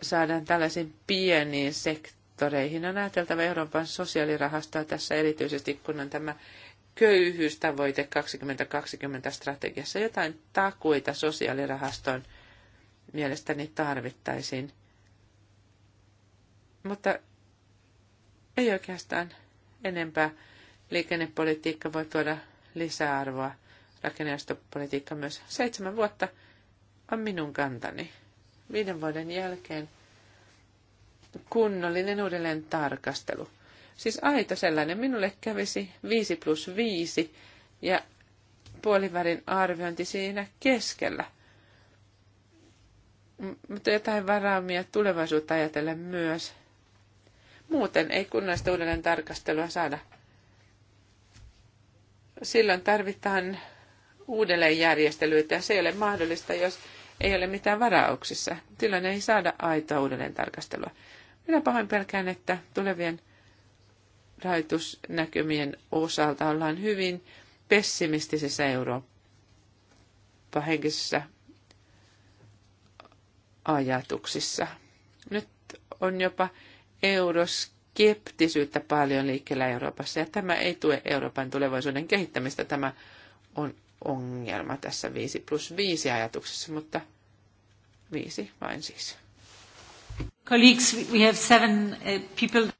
saadaan tällaisiin pieniin sektoreihin. On ajateltava Euroopan sosiaalirahastoa tässä erityisesti, kun on tämä köyhyystavoite 2020 strategiassa. Jotain takuita sosiaalirahastoon mielestäni tarvittaisiin. Mutta ei oikeastaan enempää. Liikennepolitiikka voi tuoda lisäarvoa. Rakennepolitiikka myös seitsemän vuotta – on minun kantani. Viiden vuoden jälkeen kunnollinen uudelleen tarkastelu. Siis aito sellainen. Minulle kävisi 5 plus 5 ja puolivälin arviointi siinä keskellä. Mutta jotain varaamia tulevaisuutta ajatellen myös. Muuten ei kunnollista uudelleen tarkastelua saada. Silloin tarvitaan uudelleenjärjestelyitä ja se ei ole mahdollista, jos ei ole mitään varauksissa. Tilanne ei saada aitoa uudelleen tarkastelua. Minä pahoin pelkään, että tulevien rahoitusnäkymien osalta ollaan hyvin pessimistisessä Eurooppa-henkisessä ajatuksissa. Nyt on jopa euroskeptisyyttä paljon liikkeellä Euroopassa, ja tämä ei tue Euroopan tulevaisuuden kehittämistä. Tämä on ongelma tässä 5 plus 5 ajatuksessa, mutta viisi vain siis. Colleagues, we have seven uh, people.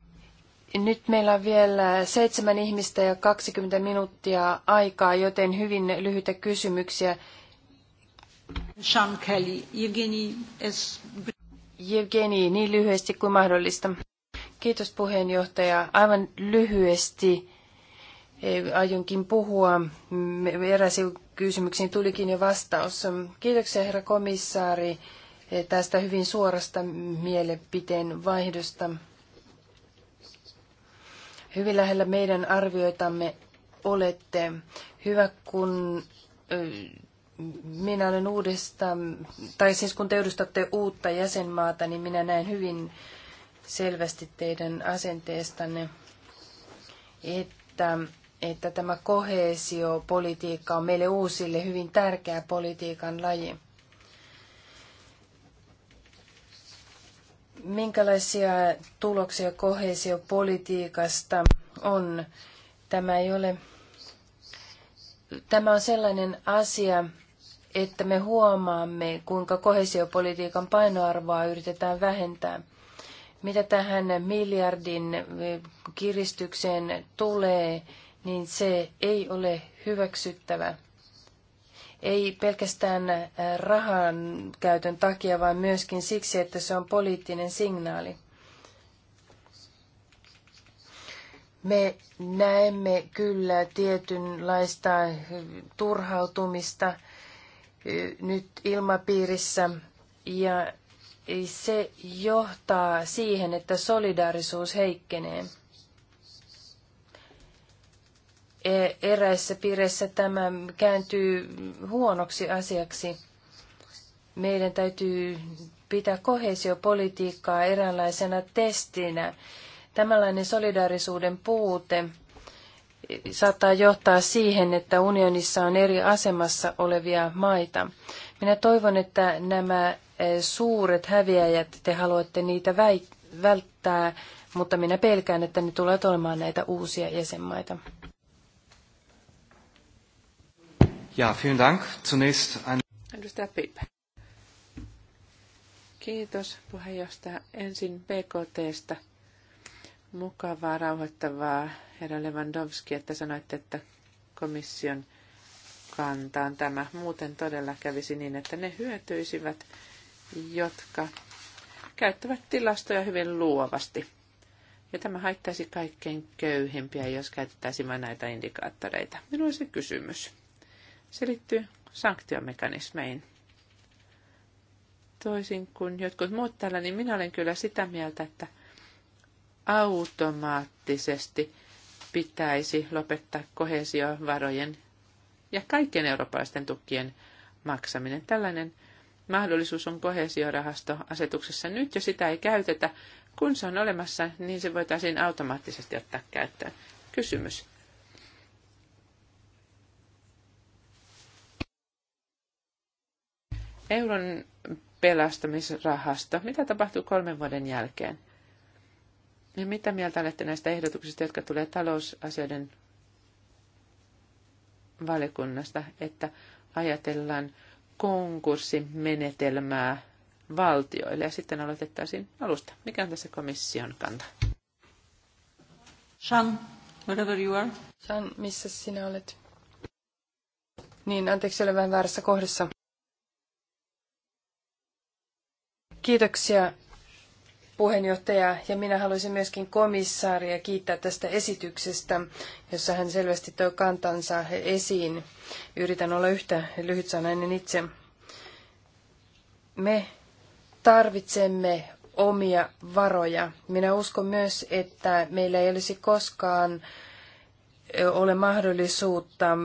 Nyt meillä on vielä seitsemän ihmistä ja 20 minuuttia aikaa, joten hyvin lyhyitä kysymyksiä. Sean Kelly, Evgeni, es... Evgeni, niin lyhyesti kuin mahdollista. Kiitos puheenjohtaja. Aivan lyhyesti Eh, aionkin puhua. Eräisiin kysymyksiin tulikin jo vastaus. Kiitoksia herra komissaari eh, tästä hyvin suorasta mielipiteen vaihdosta. Hyvin lähellä meidän arvioitamme olette. Hyvä, kun eh, minä olen uudesta, tai siis kun te edustatte uutta jäsenmaata, niin minä näen hyvin selvästi teidän asenteestanne, että että tämä koheesiopolitiikka on meille uusille hyvin tärkeä politiikan laji. Minkälaisia tuloksia koheesiopolitiikasta on? Tämä ei ole tämä on sellainen asia, että me huomaamme, kuinka kohesiopolitiikan painoarvoa yritetään vähentää. Mitä tähän miljardin kiristykseen tulee, niin se ei ole hyväksyttävä. Ei pelkästään äh, rahan käytön takia, vaan myöskin siksi, että se on poliittinen signaali. Me näemme kyllä tietynlaista äh, turhautumista äh, nyt ilmapiirissä ja se johtaa siihen, että solidaarisuus heikkenee. E- eräissä piireissä tämä kääntyy huonoksi asiaksi. Meidän täytyy pitää kohesiopolitiikkaa eräänlaisena testinä. Tämänlainen solidaarisuuden puute saattaa johtaa siihen, että unionissa on eri asemassa olevia maita. Minä toivon, että nämä e, suuret häviäjät, te haluatte niitä välttää, mutta minä pelkään, että ne tulevat olemaan näitä uusia jäsenmaita. Ja, vielen Dank. Zunächst Edustaja Kiitos puheenjohtaja. Ensin BKTstä. Mukavaa, rauhoittavaa, herra Lewandowski, että sanoitte, että komission kantaan tämä. Muuten todella kävisi niin, että ne hyötyisivät, jotka käyttävät tilastoja hyvin luovasti. Ja tämä haittaisi kaikkein köyhimpiä, jos käytettäisiin näitä indikaattoreita. Minulla se kysymys. Se liittyy sanktiomekanismeihin. Toisin kuin jotkut muut täällä, niin minä olen kyllä sitä mieltä, että automaattisesti pitäisi lopettaa kohesiovarojen ja kaikkien eurooppalaisten tukien maksaminen. Tällainen mahdollisuus on kohesiorahastoasetuksessa nyt, ja sitä ei käytetä. Kun se on olemassa, niin se voitaisiin automaattisesti ottaa käyttöön. Kysymys. euron pelastamisrahasta. Mitä tapahtuu kolmen vuoden jälkeen? Ja mitä mieltä olette näistä ehdotuksista, jotka tulee talousasioiden valiokunnasta, että ajatellaan konkurssimenetelmää valtioille ja sitten aloitettaisiin alusta. Mikä on tässä komission kanta? Sean, wherever you are. Sean, missä sinä olet? Niin, anteeksi, olen vähän väärässä kohdassa. Kiitoksia puheenjohtaja ja minä haluaisin myöskin komissaaria kiittää tästä esityksestä, jossa hän selvästi toi kantansa esiin. Yritän olla yhtä lyhytsanainen itse. Me tarvitsemme omia varoja. Minä uskon myös, että meillä ei olisi koskaan ole mahdollisuutta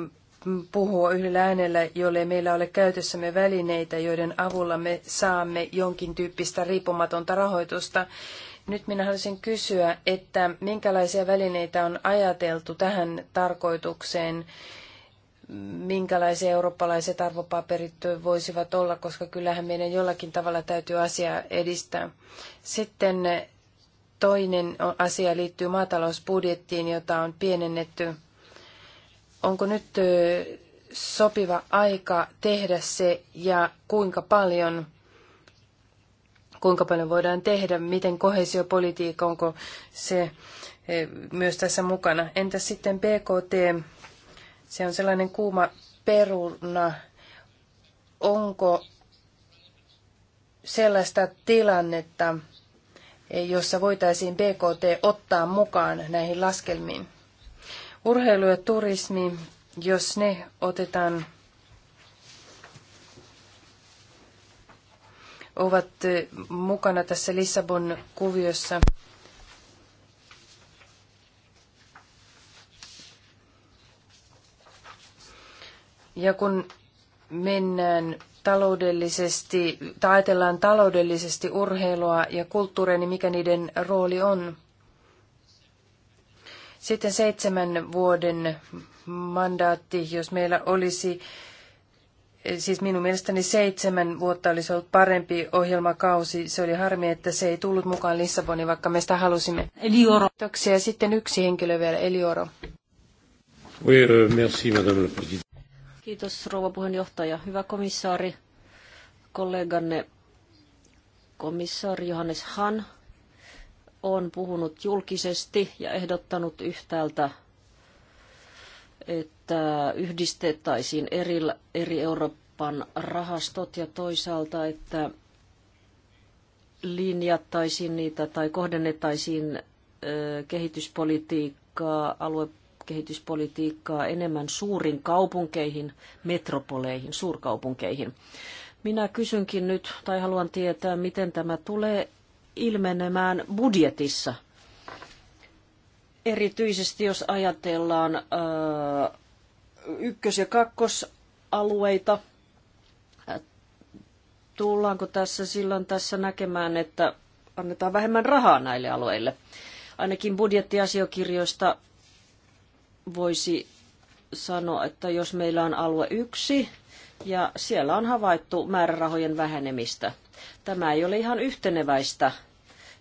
puhua yhdellä äänellä, jolle meillä ole käytössämme välineitä, joiden avulla me saamme jonkin tyyppistä riippumatonta rahoitusta. Nyt minä haluaisin kysyä, että minkälaisia välineitä on ajateltu tähän tarkoitukseen, minkälaisia eurooppalaiset arvopaperit voisivat olla, koska kyllähän meidän jollakin tavalla täytyy asiaa edistää. Sitten toinen asia liittyy maatalousbudjettiin, jota on pienennetty onko nyt sopiva aika tehdä se ja kuinka paljon, kuinka paljon voidaan tehdä, miten kohesiopolitiikka, onko se myös tässä mukana. Entä sitten BKT, se on sellainen kuuma peruna, onko sellaista tilannetta, jossa voitaisiin BKT ottaa mukaan näihin laskelmiin? Urheilu ja turismi, jos ne otetaan, ovat eh, mukana tässä Lissabon kuviossa. Ja kun mennään taloudellisesti, tai ajatellaan taloudellisesti urheilua ja kulttuuria, niin mikä niiden rooli on? Sitten seitsemän vuoden mandaatti, jos meillä olisi, siis minun mielestäni seitsemän vuotta olisi ollut parempi ohjelmakausi. Se oli harmi, että se ei tullut mukaan Lissaboni, vaikka me sitä halusimme. Elioro. Kiitoksia. Sitten yksi henkilö vielä, Elioro. Oui, euh, merci, madame la Kiitos rouva puheenjohtaja. Hyvä komissaari, kolleganne komissaari Johannes Han on puhunut julkisesti ja ehdottanut yhtäältä, että yhdistettäisiin eri, eri Euroopan rahastot ja toisaalta, että linjattaisiin niitä tai kohdennettaisiin kehityspolitiikkaa, aluekehityspolitiikkaa enemmän suurin kaupunkeihin, metropoleihin, suurkaupunkeihin. Minä kysynkin nyt, tai haluan tietää, miten tämä tulee ilmenemään budjetissa. Erityisesti jos ajatellaan äh, ykkös- ja kakkosalueita, tullaanko tässä silloin tässä näkemään, että annetaan vähemmän rahaa näille alueille? Ainakin budjettiasiokirjoista voisi sanoa, että jos meillä on alue yksi, ja siellä on havaittu määrärahojen vähenemistä. Tämä ei ole ihan yhteneväistä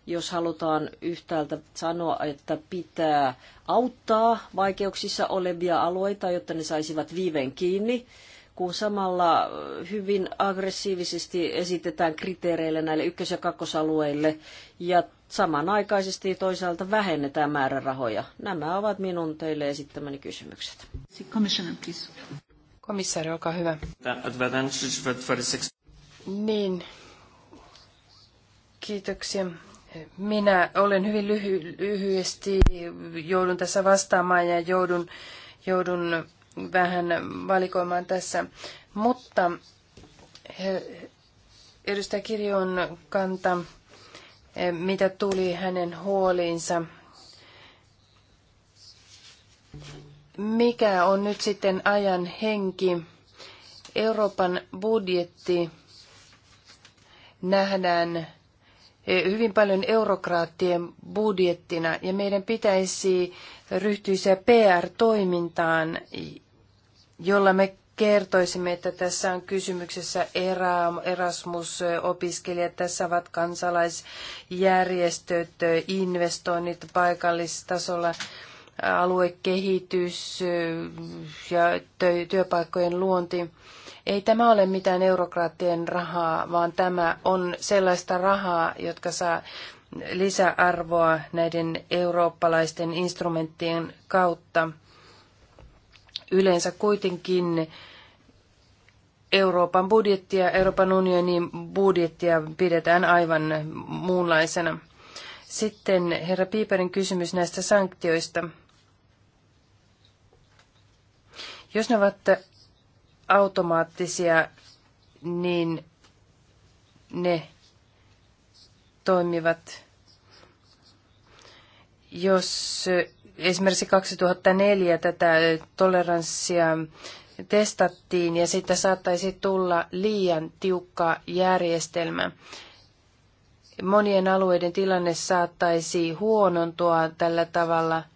jos halutaan yhtäältä sanoa, että pitää auttaa vaikeuksissa olevia alueita, jotta ne saisivat viiveen kiinni, kun samalla hyvin aggressiivisesti esitetään kriteereille näille ykkös- ja kakkosalueille ja samanaikaisesti toisaalta vähennetään määrärahoja. Nämä ovat minun teille esittämäni kysymykset. Komissaari, olkaa hyvä. Niin, kiitoksia. Minä olen hyvin lyhy- lyhyesti, joudun tässä vastaamaan ja joudun, joudun vähän valikoimaan tässä. Mutta edustaja Kirjon kanta, eh, mitä tuli hänen huoliinsa. Mikä on nyt sitten ajan henki? Euroopan budjetti nähdään hyvin paljon eurokraattien budjettina ja meidän pitäisi ryhtyä PR-toimintaan, jolla me kertoisimme, että tässä on kysymyksessä Erasmus-opiskelijat, tässä ovat kansalaisjärjestöt, investoinnit paikallistasolla, aluekehitys ja työpaikkojen luonti. Ei tämä ole mitään eurokraattien rahaa, vaan tämä on sellaista rahaa, jotka saa lisäarvoa näiden eurooppalaisten instrumenttien kautta. Yleensä kuitenkin Euroopan budjettia, Euroopan unionin budjettia pidetään aivan muunlaisena. Sitten herra Piiperin kysymys näistä sanktioista. Jos ne ovat automaattisia, niin ne toimivat. Jos esimerkiksi 2004 tätä toleranssia testattiin ja siitä saattaisi tulla liian tiukka järjestelmä. Monien alueiden tilanne saattaisi huonontua tällä tavalla –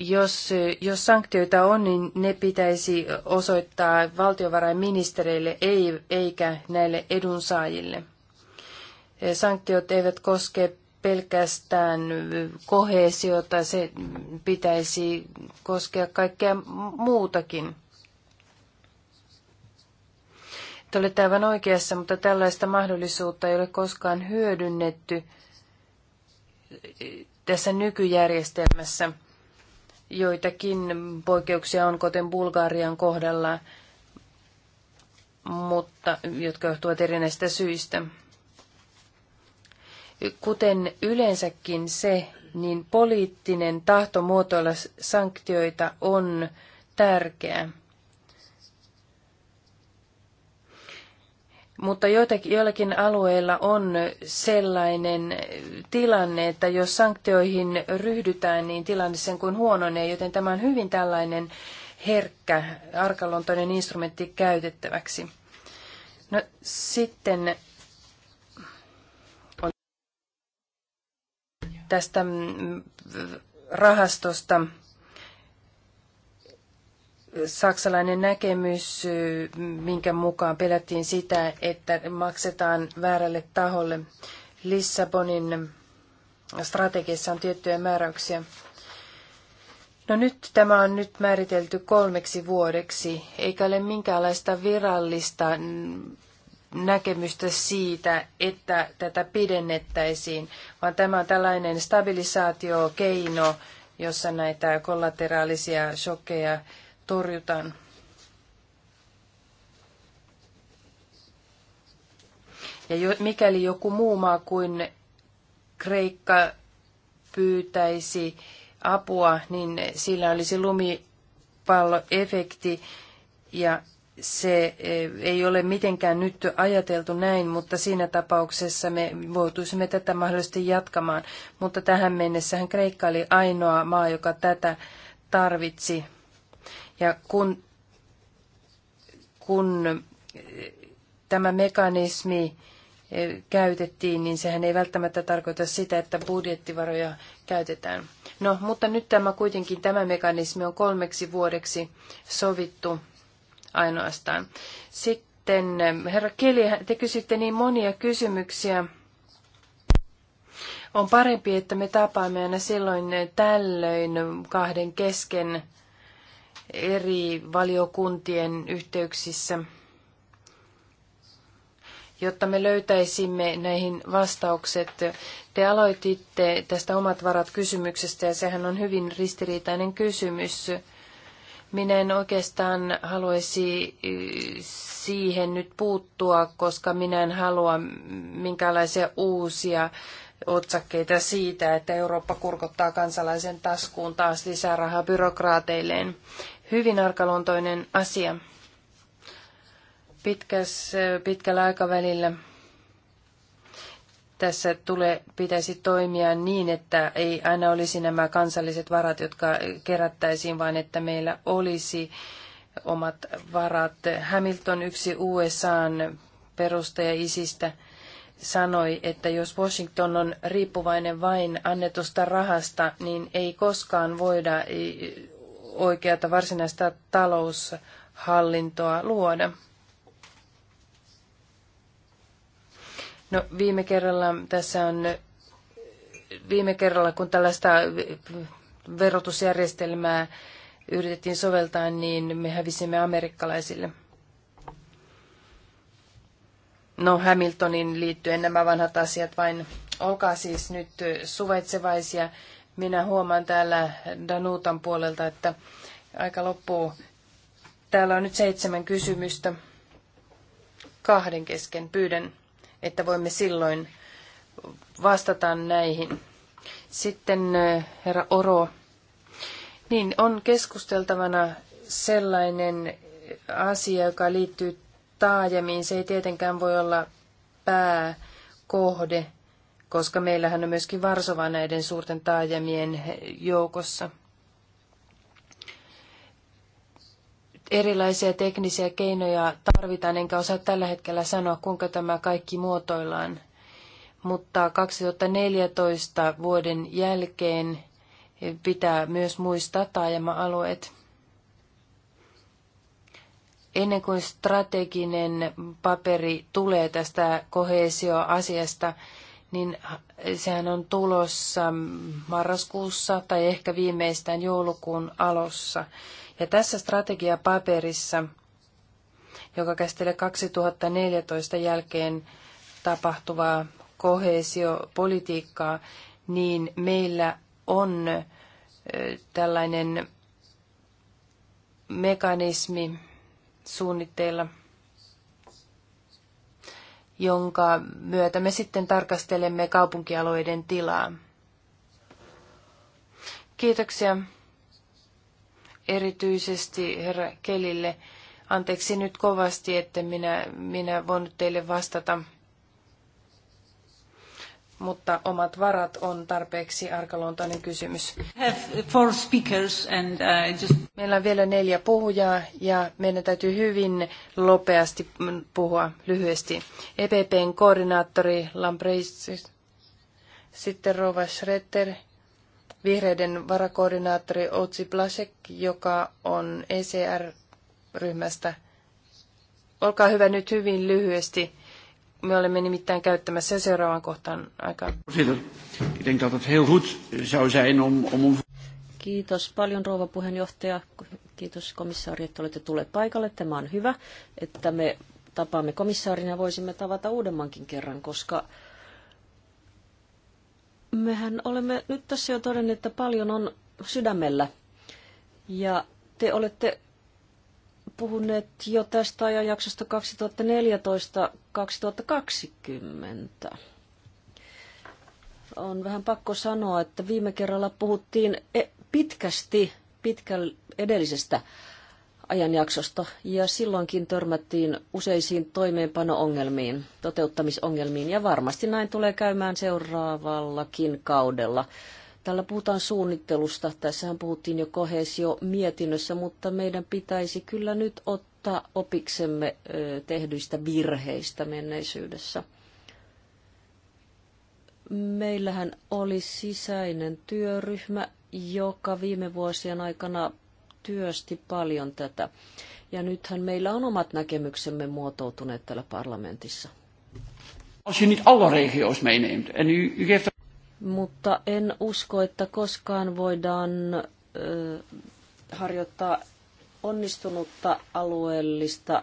jos, jos sanktioita on, niin ne pitäisi osoittaa valtiovarainministereille ei, eikä näille edunsaajille. Sanktiot eivät koske pelkästään kohesiota, se pitäisi koskea kaikkea muutakin. Te olette aivan oikeassa, mutta tällaista mahdollisuutta ei ole koskaan hyödynnetty tässä nykyjärjestelmässä. Joitakin poikkeuksia on kuten Bulgarian kohdalla, mutta jotka johtuvat erinäistä syistä. Kuten yleensäkin se, niin poliittinen tahto muotoilla sanktioita on tärkeä. Mutta joillakin alueilla on sellainen tilanne, että jos sanktioihin ryhdytään, niin tilanne sen kuin huononee, joten tämä on hyvin tällainen herkkä, arkaluontoinen instrumentti käytettäväksi. No sitten on tästä mm, rahastosta saksalainen näkemys, minkä mukaan pelättiin sitä, että maksetaan väärälle taholle. Lissabonin strategiassa on tiettyjä määräyksiä. No nyt tämä on nyt määritelty kolmeksi vuodeksi, eikä ole minkäänlaista virallista näkemystä siitä, että tätä pidennettäisiin, vaan tämä on tällainen stabilisaatiokeino, jossa näitä kollateraalisia shokkeja torjutaan. Ja jo, mikäli joku muu maa kuin Kreikka pyytäisi apua, niin sillä olisi lumipalloefekti ja se e, ei ole mitenkään nyt ajateltu näin, mutta siinä tapauksessa me voituisimme tätä mahdollisesti jatkamaan. Mutta tähän mennessähän Kreikka oli ainoa maa, joka tätä tarvitsi. Ja kun, kun eh, tämä mekanismi eh, käytettiin, niin sehän ei välttämättä tarkoita sitä, että budjettivaroja käytetään. No, mutta nyt tämä kuitenkin, tämä mekanismi on kolmeksi vuodeksi sovittu ainoastaan. Sitten, eh, herra Keli, te kysytte niin monia kysymyksiä. On parempi, että me tapaamme aina silloin tällöin kahden kesken eri valiokuntien yhteyksissä, jotta me löytäisimme näihin vastaukset. Te aloititte tästä omat varat kysymyksestä ja sehän on hyvin ristiriitainen kysymys. Minä en oikeastaan haluaisi siihen nyt puuttua, koska minä en halua minkälaisia uusia otsakkeita siitä, että Eurooppa kurkottaa kansalaisen taskuun taas lisää rahaa byrokraateilleen hyvin arkaluontoinen asia pitkäs, pitkällä aikavälillä. Tässä tule, pitäisi toimia niin, että ei aina olisi nämä kansalliset varat, jotka kerättäisiin, vaan että meillä olisi omat varat. Hamilton yksi USAn perustaja isistä sanoi, että jos Washington on riippuvainen vain annetusta rahasta, niin ei koskaan voida oikeata varsinaista taloushallintoa luoda. No viime kerralla tässä on, viime kerralla kun tällaista verotusjärjestelmää yritettiin soveltaa, niin me hävisimme amerikkalaisille. No Hamiltonin liittyen nämä vanhat asiat vain. Olkaa siis nyt suvaitsevaisia minä huomaan täällä Danutan puolelta, että aika loppuu. Täällä on nyt seitsemän kysymystä kahden kesken. Pyydän, että voimme silloin vastata näihin. Sitten herra Oro. Niin, on keskusteltavana sellainen asia, joka liittyy taajamiin. Se ei tietenkään voi olla pääkohde koska meillähän on myöskin Varsova näiden suurten taajamien joukossa. Erilaisia teknisiä keinoja tarvitaan, enkä osaa tällä hetkellä sanoa, kuinka tämä kaikki muotoillaan. Mutta 2014 vuoden jälkeen pitää myös muistaa taajama-alueet. Ennen kuin strateginen paperi tulee tästä koheesioasiasta, asiasta niin sehän on tulossa marraskuussa tai ehkä viimeistään joulukuun alossa. Ja tässä strategiapaperissa, joka käsittelee 2014 jälkeen tapahtuvaa kohesiopolitiikkaa, niin meillä on tällainen mekanismi suunnitteilla – jonka myötä me sitten tarkastelemme kaupunkialueiden tilaa. Kiitoksia erityisesti herra Kelille. Anteeksi nyt kovasti, että minä, minä voin teille vastata. Mutta omat varat on tarpeeksi arkaluontainen kysymys. Have four speakers and I uh, just... Meillä on vielä neljä puhujaa ja meidän täytyy hyvin lopeasti puhua lyhyesti. EPPn koordinaattori Lambreis, sitten Rova Schretter, vihreiden varakoordinaattori Otsi Plasek, joka on ECR-ryhmästä. Olkaa hyvä nyt hyvin lyhyesti. Me olemme nimittäin käyttämässä seuraavan kohtaan aikaa. ik denk dat het heel goed zou zijn om, om Kiitos paljon rouva puheenjohtaja. Kiitos komissaari, että olette tulleet paikalle. Tämä on hyvä, että me tapaamme komissaarin ja voisimme tavata uudemmankin kerran, koska mehän olemme nyt tässä jo todenneet, että paljon on sydämellä. Ja te olette puhuneet jo tästä ajanjaksosta 2014-2020 on vähän pakko sanoa, että viime kerralla puhuttiin e- pitkästi pitkä edellisestä ajanjaksosta ja silloinkin törmättiin useisiin toimeenpano-ongelmiin, toteuttamisongelmiin ja varmasti näin tulee käymään seuraavallakin kaudella. Tällä puhutaan suunnittelusta. Tässähän puhuttiin jo kohesio mietinnössä, mutta meidän pitäisi kyllä nyt ottaa opiksemme tehdyistä virheistä menneisyydessä. Meillähän oli sisäinen työryhmä, joka viime vuosien aikana työsti paljon tätä. Ja nythän meillä on omat näkemyksemme muotoutuneet täällä parlamentissa. Mutta en usko, että koskaan voidaan ö, harjoittaa onnistunutta alueellista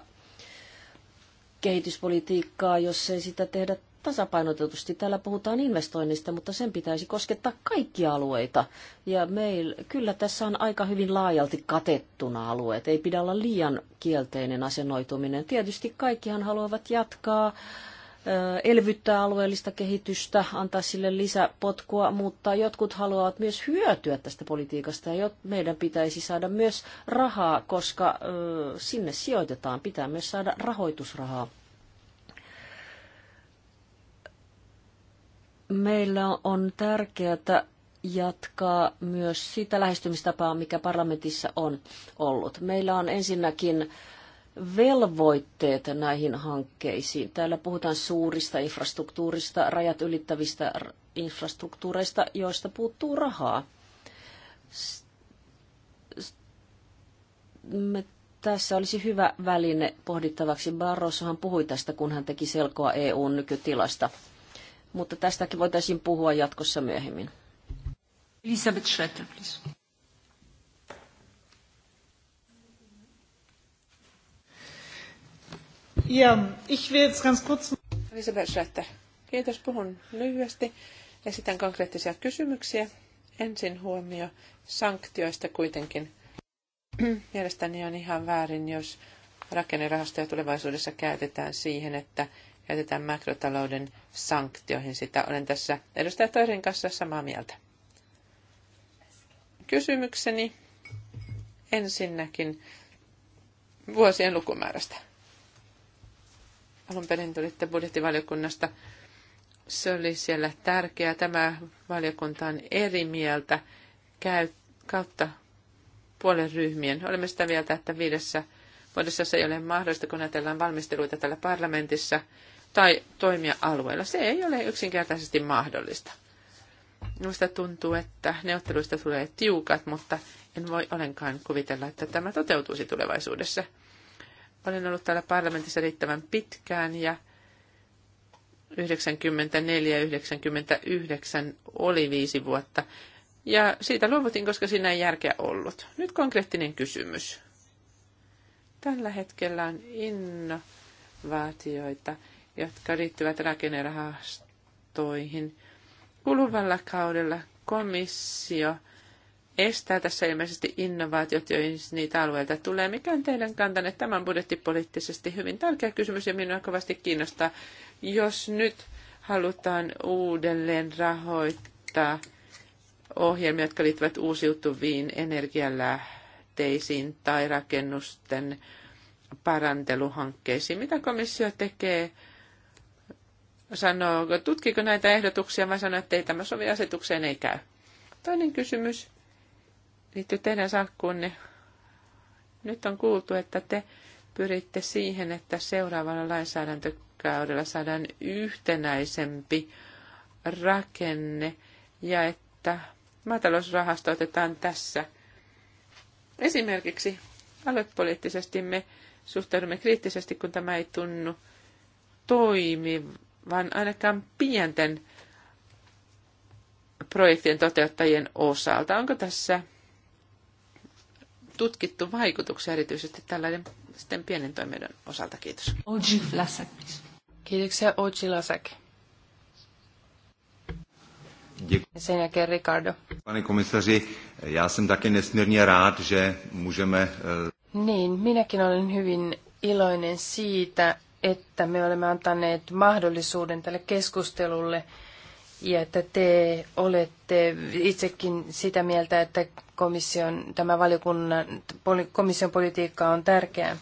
kehityspolitiikkaa, jos ei sitä tehdä tasapainotetusti. Täällä puhutaan investoinnista, mutta sen pitäisi koskettaa kaikkia alueita. Ja meillä, kyllä tässä on aika hyvin laajalti katettuna alueet. Ei pidä olla liian kielteinen asennoituminen. Tietysti kaikkihan haluavat jatkaa elvyttää alueellista kehitystä, antaa sille lisäpotkua, mutta jotkut haluavat myös hyötyä tästä politiikasta ja meidän pitäisi saada myös rahaa, koska sinne sijoitetaan, pitää myös saada rahoitusrahaa. Meillä on tärkeää jatkaa myös sitä lähestymistapaa, mikä parlamentissa on ollut. Meillä on ensinnäkin velvoitteet näihin hankkeisiin. Täällä puhutaan suurista infrastruktuurista, rajat ylittävistä infrastruktuureista, joista puuttuu rahaa. Me tässä olisi hyvä väline pohdittavaksi. Barrosohan puhui tästä, kun hän teki selkoa EUn nykytilasta mutta tästäkin voitaisiin puhua jatkossa myöhemmin. Elisabeth Schroeder, please. Ja, ich will jetzt ganz kurz... Elisabeth Schroeder, kiitos. Puhun lyhyesti. Esitän konkreettisia kysymyksiä. Ensin huomio sanktioista kuitenkin. Mielestäni on ihan väärin, jos rakennerahastoja tulevaisuudessa käytetään siihen, että käytetään makrotalouden sanktioihin sitä. Olen tässä edustaja Toirin kanssa samaa mieltä. Kysymykseni ensinnäkin vuosien lukumäärästä. Alun perin tulitte budjettivaliokunnasta. Se oli siellä tärkeää. Tämä valiokunta on eri mieltä käy, kautta puolen ryhmien. Olemme sitä mieltä, että viidessä vuodessa se ei ole mahdollista, kun ajatellaan valmisteluita täällä parlamentissa – tai toimia alueella. Se ei ole yksinkertaisesti mahdollista. Minusta tuntuu, että neuvotteluista tulee tiukat, mutta en voi olenkaan kuvitella, että tämä toteutuisi tulevaisuudessa. Olen ollut täällä parlamentissa riittävän pitkään ja 94-99 oli viisi vuotta. Ja siitä luovutin, koska siinä ei järkeä ollut. Nyt konkreettinen kysymys. Tällä hetkellä on innovaatioita jotka liittyvät rakennerahastoihin. Kuluvalla kaudella komissio estää tässä ilmeisesti innovaatiot, joihin niitä alueilta tulee. Mikä on teidän kantanne? Tämä on budjettipoliittisesti hyvin tärkeä kysymys ja minua kovasti kiinnostaa, jos nyt halutaan uudelleen rahoittaa ohjelmia, jotka liittyvät uusiutuviin energialähteisiin tai rakennusten paranteluhankkeisiin. Mitä komissio tekee sanoo, tutkiko näitä ehdotuksia, mä sanoin, että ei tämä sovi asetukseen, ei käy. Toinen kysymys liittyy teidän salkkuunne. Nyt on kuultu, että te pyritte siihen, että seuraavalla lainsäädäntökaudella saadaan yhtenäisempi rakenne ja että maatalousrahasto otetaan tässä. Esimerkiksi aluepoliittisesti me suhtaudumme kriittisesti, kun tämä ei tunnu toimivan vaan ainakaan pienten projektien toteuttajien osalta. Onko tässä tutkittu vaikutuksia erityisesti tällainen sitten pienen toimijan osalta? Kiitos. Oji Kiitoksia Oji Lasek. Ja sen jälkeen Ricardo. Pane komisaři, já jsem také nesmírně rád, že můžeme... Eh, niin, minäkin olen hyvin iloinen siitä, että me olemme antaneet mahdollisuuden tälle keskustelulle ja että te olette itsekin sitä mieltä, että komission, tämä valiokunnan, komission politiikka on tärkeää.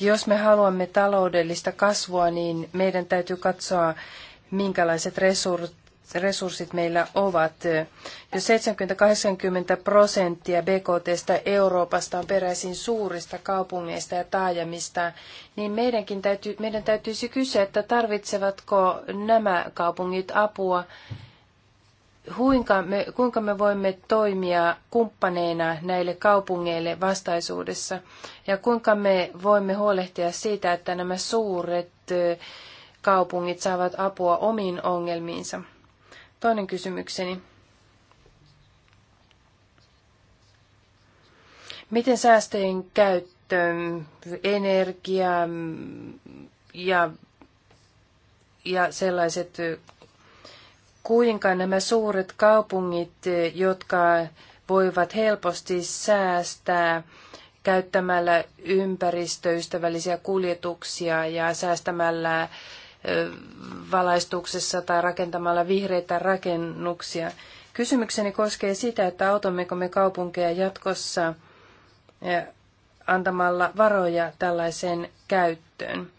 Jos me haluamme taloudellista kasvua, niin meidän täytyy katsoa, minkälaiset resurssit resurssit meillä ovat. jo 70-80 prosenttia BKTstä Euroopasta on peräisin suurista kaupungeista ja taajamista, niin meidänkin täytyy, meidän täytyisi kysyä, että tarvitsevatko nämä kaupungit apua, kuinka me, kuinka me voimme toimia kumppaneina näille kaupungeille vastaisuudessa ja kuinka me voimme huolehtia siitä, että nämä suuret kaupungit saavat apua omiin ongelmiinsa. Toinen kysymykseni. Miten säästöjen käyttö, energia ja, ja sellaiset, kuinka nämä suuret kaupungit, jotka voivat helposti säästää käyttämällä ympäristöystävällisiä kuljetuksia ja säästämällä valaistuksessa tai rakentamalla vihreitä rakennuksia. Kysymykseni koskee sitä, että autammeko me kaupunkeja jatkossa antamalla varoja tällaiseen käyttöön.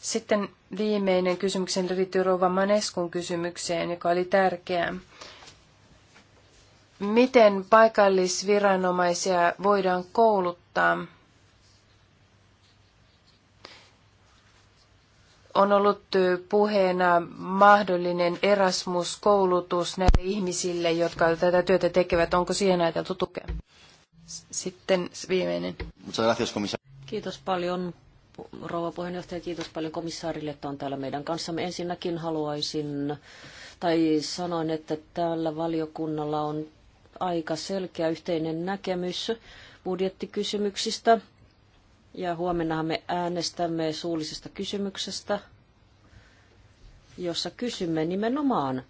Sitten viimeinen kysymyksen liittyy Rova Maneskun kysymykseen, joka oli tärkeä. Miten paikallisviranomaisia voidaan kouluttaa? on ollut puheena mahdollinen Erasmus-koulutus näille ihmisille, jotka tätä työtä tekevät. Onko siihen ajateltu tukea? Sitten viimeinen. Kiitos paljon rouva puheenjohtaja, kiitos paljon komissaarille, että on täällä meidän kanssamme. Ensinnäkin haluaisin, tai sanoin, että täällä valiokunnalla on aika selkeä yhteinen näkemys budjettikysymyksistä ja huomennahan me äänestämme suullisesta kysymyksestä, jossa kysymme nimenomaan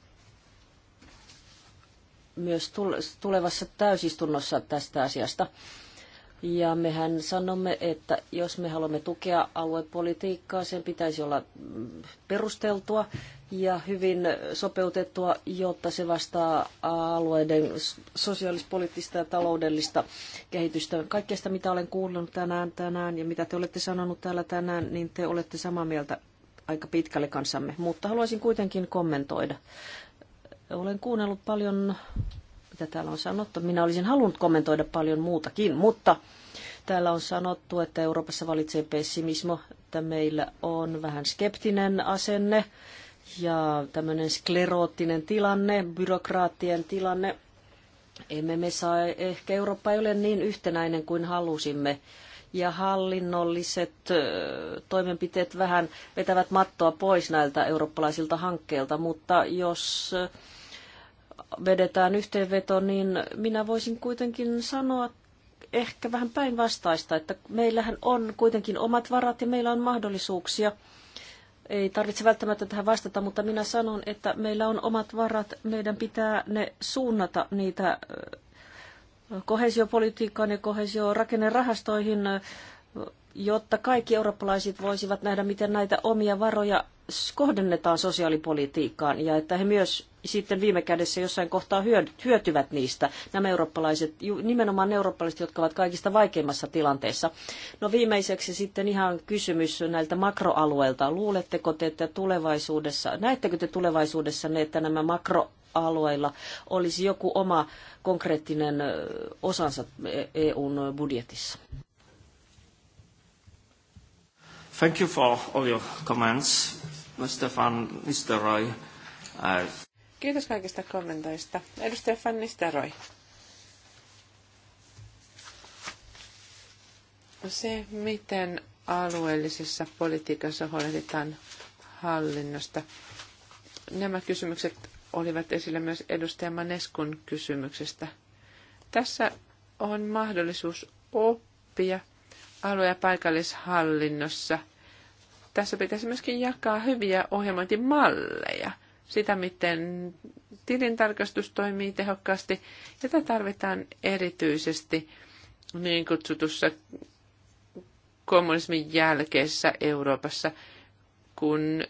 myös tulevassa täysistunnossa tästä asiasta. Ja mehän sanomme, että jos me haluamme tukea aluepolitiikkaa, sen pitäisi olla mm, perusteltua ja hyvin sopeutettua, jotta se vastaa alueiden sosiaalispoliittista ja taloudellista kehitystä. Kaikkea mitä olen kuullut tänään, tänään ja mitä te olette sanonut täällä tänään, niin te olette samaa mieltä aika pitkälle kanssamme. Mutta haluaisin kuitenkin kommentoida. Olen kuunnellut paljon, mitä täällä on sanottu. Minä olisin halunnut kommentoida paljon muutakin, mutta täällä on sanottu, että Euroopassa valitsee pessimismo, että meillä on vähän skeptinen asenne ja tämmöinen skleroottinen tilanne, byrokraattien tilanne. Emme me saa, ehkä Eurooppa ei ole niin yhtenäinen kuin halusimme. Ja hallinnolliset toimenpiteet vähän vetävät mattoa pois näiltä eurooppalaisilta hankkeilta, mutta jos vedetään yhteenveto, niin minä voisin kuitenkin sanoa ehkä vähän päinvastaista, että meillähän on kuitenkin omat varat ja meillä on mahdollisuuksia – ei tarvitse välttämättä tähän vastata, mutta minä sanon, että meillä on omat varat, meidän pitää ne suunnata niitä kohesiopolitiikkaan ja kohesiorakennerahastoihin, jotta kaikki eurooppalaiset voisivat nähdä, miten näitä omia varoja kohdennetaan sosiaalipolitiikkaan ja että he myös sitten viime kädessä jossain kohtaa hyötyvät niistä, nämä eurooppalaiset, nimenomaan eurooppalaiset, jotka ovat kaikista vaikeimmassa tilanteessa. No viimeiseksi sitten ihan kysymys näiltä makroalueilta. Luuletteko te, että tulevaisuudessa, näettekö te tulevaisuudessa ne, että nämä makro alueilla olisi joku oma konkreettinen osansa EUn e budjetissa. Thank you for all your comments, Mr. Van Nistelrooy. Uh, Kiitos kaikista kommentoista. Edustaja Fanni Steroi. Se, miten alueellisessa politiikassa huolehditaan hallinnosta. Nämä kysymykset olivat esillä myös edustaja Maneskun kysymyksestä. Tässä on mahdollisuus oppia alue- ja paikallishallinnossa. Tässä pitäisi myöskin jakaa hyviä ohjelmointimalleja – sitä, miten tilintarkastus toimii tehokkaasti. Ja tätä tarvitaan erityisesti niin kutsutussa kommunismin jälkeisessä Euroopassa, kun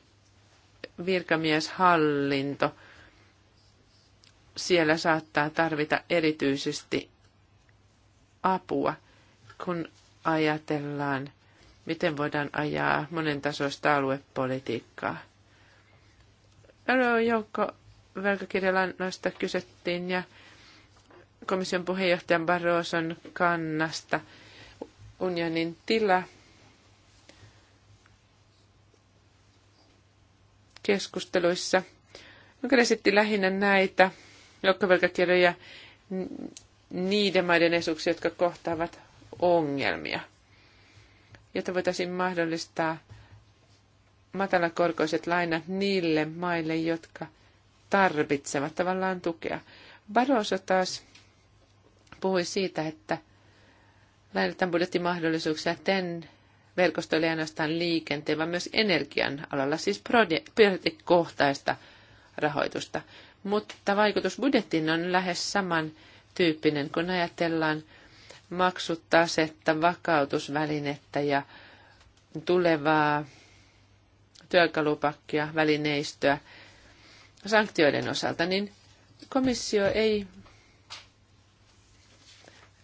virkamieshallinto siellä saattaa tarvita erityisesti apua, kun ajatellaan, miten voidaan ajaa monen tasoista aluepolitiikkaa joukko velkakirjalainoista kysyttiin ja komission puheenjohtajan Barroson kannasta unionin tila. keskusteluissa. No lähinnä näitä joukkovelkakirjoja niiden maiden esuuksia, jotka kohtaavat ongelmia, jotta voitaisiin mahdollistaa matalakorkoiset lainat niille maille, jotka tarvitsevat tavallaan tukea. Barroso taas puhui siitä, että lainataan budjettimahdollisuuksia TEN verkostoille ei ainoastaan liikenteen, vaan myös energian alalla, siis projektikohtaista rahoitusta. Mutta vaikutus budjettiin on lähes saman tyyppinen, kun ajatellaan maksutasetta, vakautusvälinettä ja tulevaa työkalupakkia, välineistöä sanktioiden osalta, niin komissio ei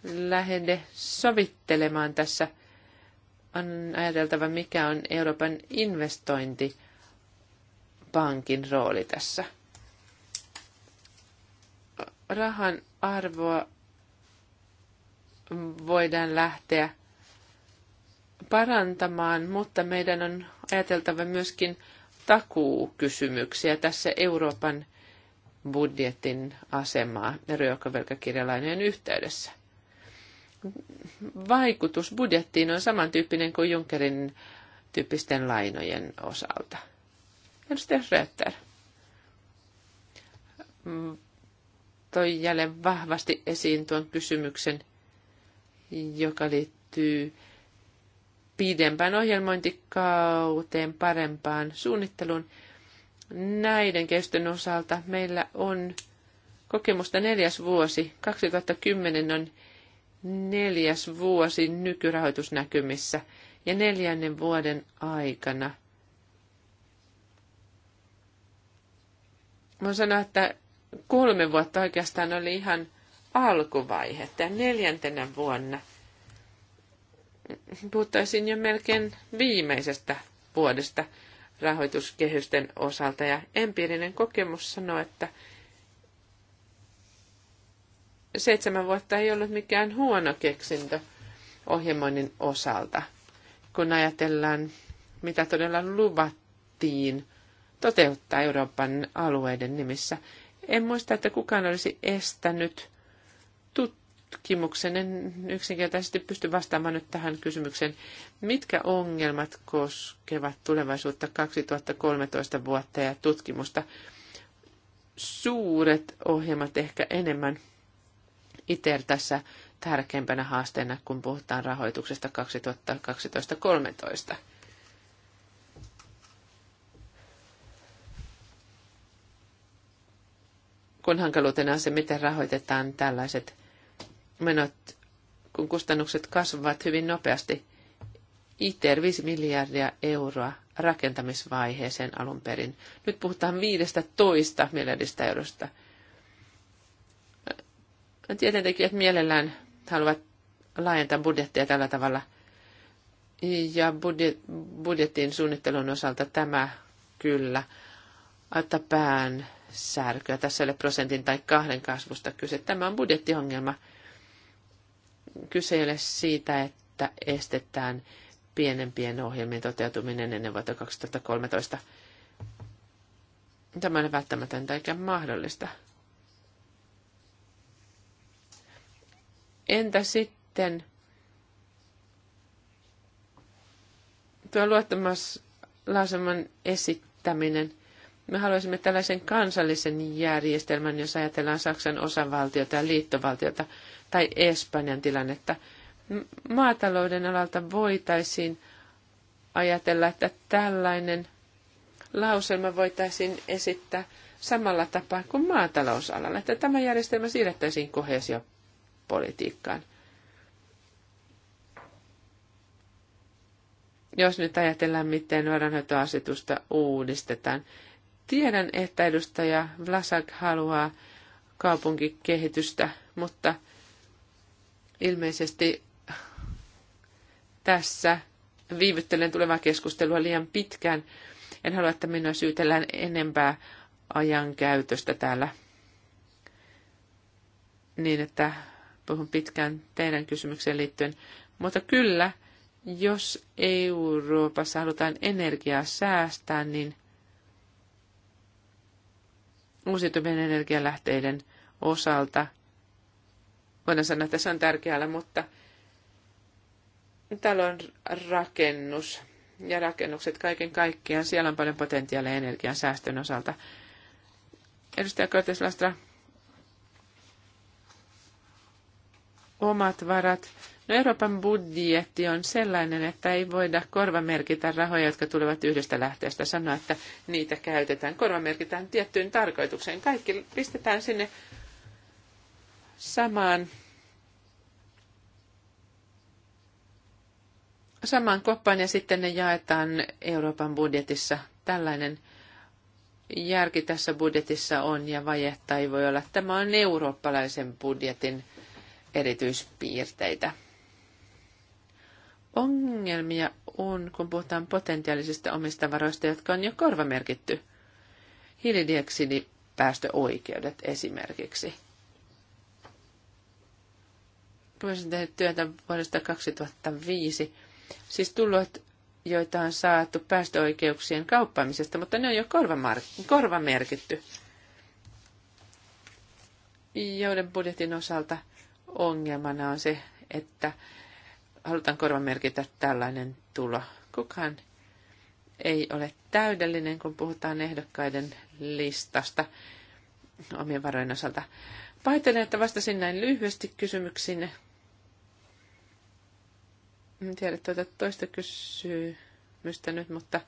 lähde sovittelemaan tässä. On ajateltava, mikä on Euroopan investointipankin rooli tässä. Rahan arvoa voidaan lähteä parantamaan, mutta meidän on ajateltava myöskin takuukysymyksiä tässä Euroopan budjetin asemaa ryökkövelkakirjalainojen yhteydessä. Vaikutus budjettiin on samantyyppinen kuin Junckerin tyyppisten lainojen osalta. Edustaja Schröter toi jälleen vahvasti esiin tuon kysymyksen, joka liittyy pidempään ohjelmointikauteen, parempaan suunnitteluun. Näiden kestön osalta meillä on kokemusta neljäs vuosi. 2010 on neljäs vuosi nykyrahoitusnäkymissä ja neljännen vuoden aikana. Voin sanoa, että kolme vuotta oikeastaan oli ihan alkuvaihe ja neljäntenä vuonna – puhuttaisiin jo melkein viimeisestä vuodesta rahoituskehysten osalta. Ja empiirinen kokemus sanoo, että seitsemän vuotta ei ollut mikään huono keksintö ohjelmoinnin osalta, kun ajatellaan, mitä todella luvattiin toteuttaa Euroopan alueiden nimissä. En muista, että kukaan olisi estänyt tutkimuksen en yksinkertaisesti pysty vastaamaan nyt tähän kysymykseen. Mitkä ongelmat koskevat tulevaisuutta 2013 vuotta ja tutkimusta? Suuret ohjelmat ehkä enemmän. ITER tässä tärkeimpänä haasteena, kun puhutaan rahoituksesta 2012-2013. kun hankaluutena on se, miten rahoitetaan tällaiset menot, kun kustannukset kasvavat hyvin nopeasti. ITER 5 miljardia euroa rakentamisvaiheeseen alun perin. Nyt puhutaan 15 miljardista eurosta. Tietenkin, että mielellään haluavat laajentaa budjettia tällä tavalla. Ja budjet, budjetin suunnittelun osalta tämä kyllä ottaa pään särkyä. Tässä ei ole prosentin tai kahden kasvusta kyse. Tämä on budjettiongelma kyse ei ole siitä, että estetään pienempien ohjelmien toteutuminen ennen vuotta 2013. Tämä on välttämätöntä eikä mahdollista. Entä sitten tuo luottamuslauseman esittäminen – me haluaisimme tällaisen kansallisen järjestelmän, jos ajatellaan Saksan osavaltiota ja liittovaltiota tai Espanjan tilannetta. Maatalouden alalta voitaisiin ajatella, että tällainen lauselma voitaisiin esittää samalla tapaa kuin maatalousalalla, että tämä järjestelmä siirrettäisiin kohesiopolitiikkaan. Jos nyt ajatellaan, miten varanhoitoasetusta uudistetaan, Tiedän, että edustaja Vlasak haluaa kaupunkikehitystä, mutta ilmeisesti tässä viivyttelen tulevaa keskustelua liian pitkään. En halua, että minua syytellään enempää ajankäytöstä täällä niin, että puhun pitkään teidän kysymykseen liittyen. Mutta kyllä, jos Euroopassa halutaan energiaa säästää, niin uusiutuvien energialähteiden osalta. Voidaan sanoa, että se on tärkeää, mutta talon rakennus ja rakennukset kaiken kaikkiaan, siellä on paljon potentiaalia energian säästön osalta. Edustaja Cortes Lastra, omat varat No Euroopan budjetti on sellainen, että ei voida korvamerkitä rahoja, jotka tulevat yhdestä lähteestä sanoa, että niitä käytetään. Korvamerkitään tiettyyn tarkoitukseen. Kaikki pistetään sinne samaan, samaan koppaan ja sitten ne jaetaan Euroopan budjetissa. Tällainen järki tässä budjetissa on ja vajetta ei voi olla. Tämä on eurooppalaisen budjetin erityispiirteitä ongelmia on, kun puhutaan potentiaalisista omista varoista, jotka on jo korvamerkitty. Hiilidioksidipäästöoikeudet esimerkiksi. Voisin tehdä työtä vuodesta 2005. Siis tulot, joita on saatu päästöoikeuksien kauppaamisesta, mutta ne on jo korvamerkitty. Joiden budjetin osalta ongelmana on se, että halutaan korvamerkitä tällainen tulo. Kukaan ei ole täydellinen, kun puhutaan ehdokkaiden listasta omien varojen osalta. Pahoittelen, että vastasin näin lyhyesti kysymyksiin. En tiedä tuota toista kysymystä nyt, mutta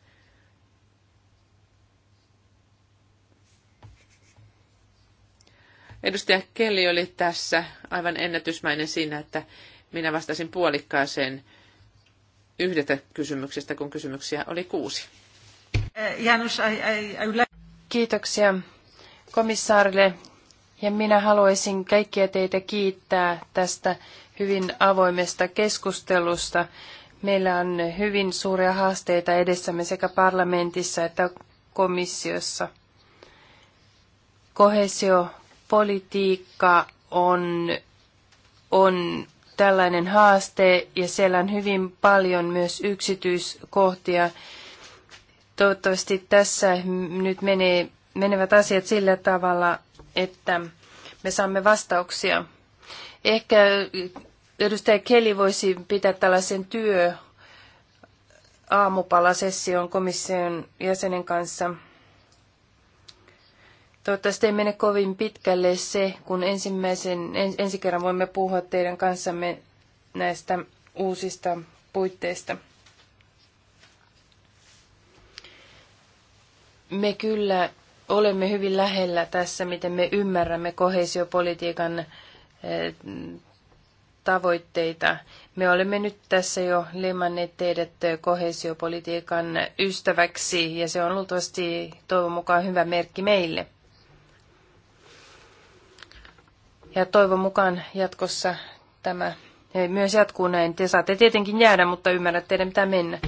Edustaja Kelly oli tässä aivan ennätysmäinen siinä, että minä vastasin puolikkaaseen yhdestä kysymyksestä, kun kysymyksiä oli kuusi. Eh, Janus, Kiitoksia komissaarille ja minä haluaisin kaikkia teitä kiittää tästä hyvin avoimesta keskustelusta. Meillä on hyvin suuria haasteita edessämme sekä parlamentissa että komissiossa. Kohesiopolitiikka on, on tällainen haaste ja siellä on hyvin paljon myös yksityiskohtia. Toivottavasti tässä nyt menee, menevät asiat sillä tavalla, että me saamme vastauksia. Ehkä edustaja Keli voisi pitää tällaisen työ aamupalasession komission jäsenen kanssa – Toivottavasti ei mene kovin pitkälle se, kun ensimmäisen, en, ensi kerran voimme puhua teidän kanssamme näistä uusista puitteista. Me kyllä olemme hyvin lähellä tässä, miten me ymmärrämme kohesiopolitiikan eh, tavoitteita. Me olemme nyt tässä jo leimanneet teidät eh, kohesiopolitiikan ystäväksi ja se on luultavasti toivon mukaan hyvä merkki meille. Ja toivon mukaan jatkossa tämä myös jatkuu näin. Te saatte tietenkin jäädä, mutta ymmärrätte, teidän pitää mennä.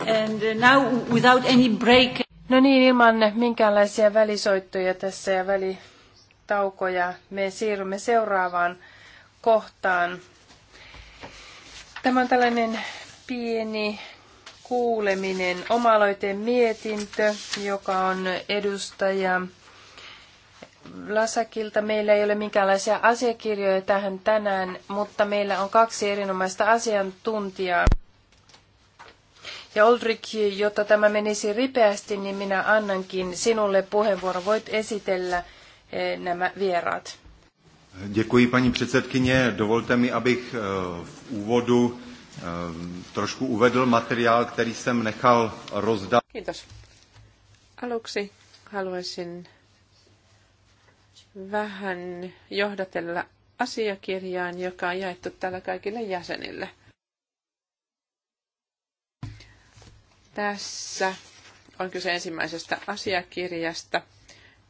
And uh, now without any break. No niin, ilman minkäänlaisia välisoittoja tässä ja välitaukoja me siirrymme seuraavaan kohtaan. Tämä on tällainen pieni kuuleminen, oma mietintö, joka on edustaja Vlasakilta. Meillä ei ole minkäänlaisia asiakirjoja tähän tänään, mutta meillä on kaksi erinomaista asiantuntijaa. Ja Oldrik, jotta tämä menisi ripeästi, niin minä annankin sinulle puheenvuoro. Voit esitellä eh, nämä vieraat. Děkuji, paní předsedkyně. Dovolte mi, abych eh, v úvodu eh, trošku uvedl materiál, který jsem nechal rozdat. Kiitos. Aluksi haluaisin vähän johdatella asiakirjaan, joka on jaettu täällä kaikille jäsenille. Tässä on kyse ensimmäisestä asiakirjasta.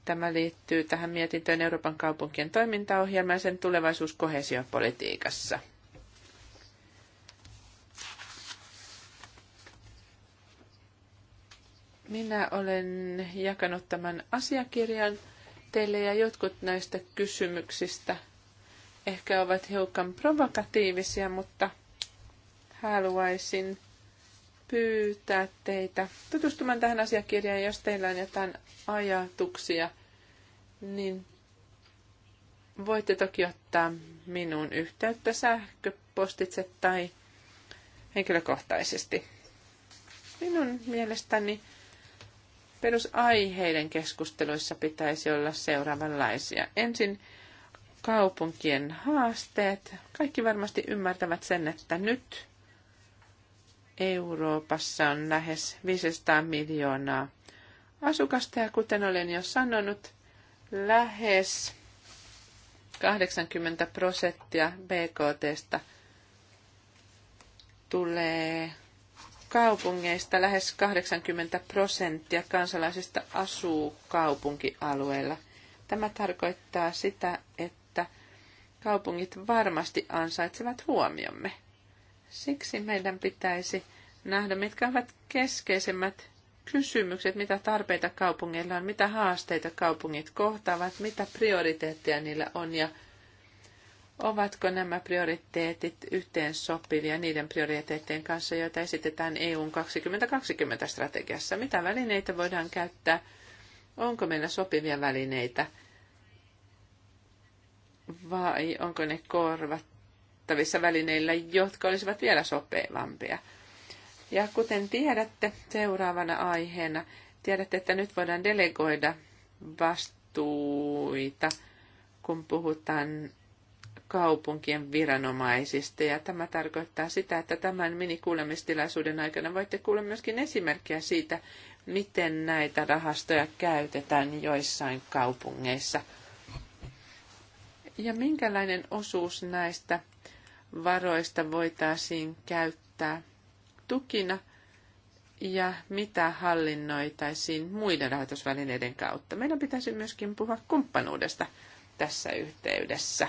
Tämä liittyy tähän mietintöön Euroopan kaupunkien toimintaohjelmaan sen tulevaisuuskohesiopolitiikassa. Minä olen jakanut tämän asiakirjan teille ja jotkut näistä kysymyksistä ehkä ovat hiukan provokatiivisia, mutta haluaisin pyytää teitä tutustumaan tähän asiakirjaan, jos teillä on jotain ajatuksia, niin voitte toki ottaa minuun yhteyttä sähköpostitse tai henkilökohtaisesti. Minun mielestäni perusaiheiden keskusteluissa pitäisi olla seuraavanlaisia. Ensin kaupunkien haasteet. Kaikki varmasti ymmärtävät sen, että nyt Euroopassa on lähes 500 miljoonaa asukasta ja kuten olen jo sanonut, lähes 80 prosenttia BKTstä tulee kaupungeista lähes 80 prosenttia kansalaisista asuu kaupunkialueella. Tämä tarkoittaa sitä, että kaupungit varmasti ansaitsevat huomiomme. Siksi meidän pitäisi nähdä, mitkä ovat keskeisimmät kysymykset, mitä tarpeita kaupungeilla on, mitä haasteita kaupungit kohtaavat, mitä prioriteetteja niillä on ja Ovatko nämä prioriteetit yhteen sopivia niiden prioriteettien kanssa, joita esitetään EUn 2020-strategiassa? Mitä välineitä voidaan käyttää? Onko meillä sopivia välineitä? Vai onko ne korvattavissa välineillä, jotka olisivat vielä sopivampia? Ja kuten tiedätte, seuraavana aiheena tiedätte, että nyt voidaan delegoida vastuita, kun puhutaan kaupunkien viranomaisista. Ja tämä tarkoittaa sitä, että tämän minikuulemistilaisuuden aikana voitte kuulla myöskin esimerkkejä siitä, miten näitä rahastoja käytetään joissain kaupungeissa. Ja minkälainen osuus näistä varoista voitaisiin käyttää tukina ja mitä hallinnoitaisiin muiden rahoitusvälineiden kautta. Meidän pitäisi myöskin puhua kumppanuudesta tässä yhteydessä.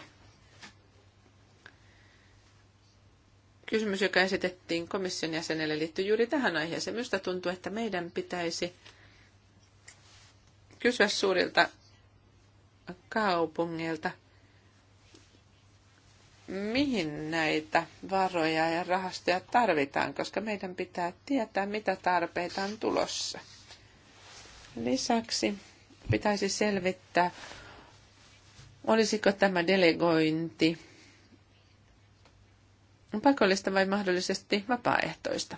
kysymys, joka esitettiin komission jäsenelle, liittyy juuri tähän aiheeseen. Minusta tuntuu, että meidän pitäisi kysyä suurilta kaupungeilta, mihin näitä varoja ja rahastoja tarvitaan, koska meidän pitää tietää, mitä tarpeita on tulossa. Lisäksi pitäisi selvittää, olisiko tämä delegointi pakollista vai mahdollisesti vapaaehtoista?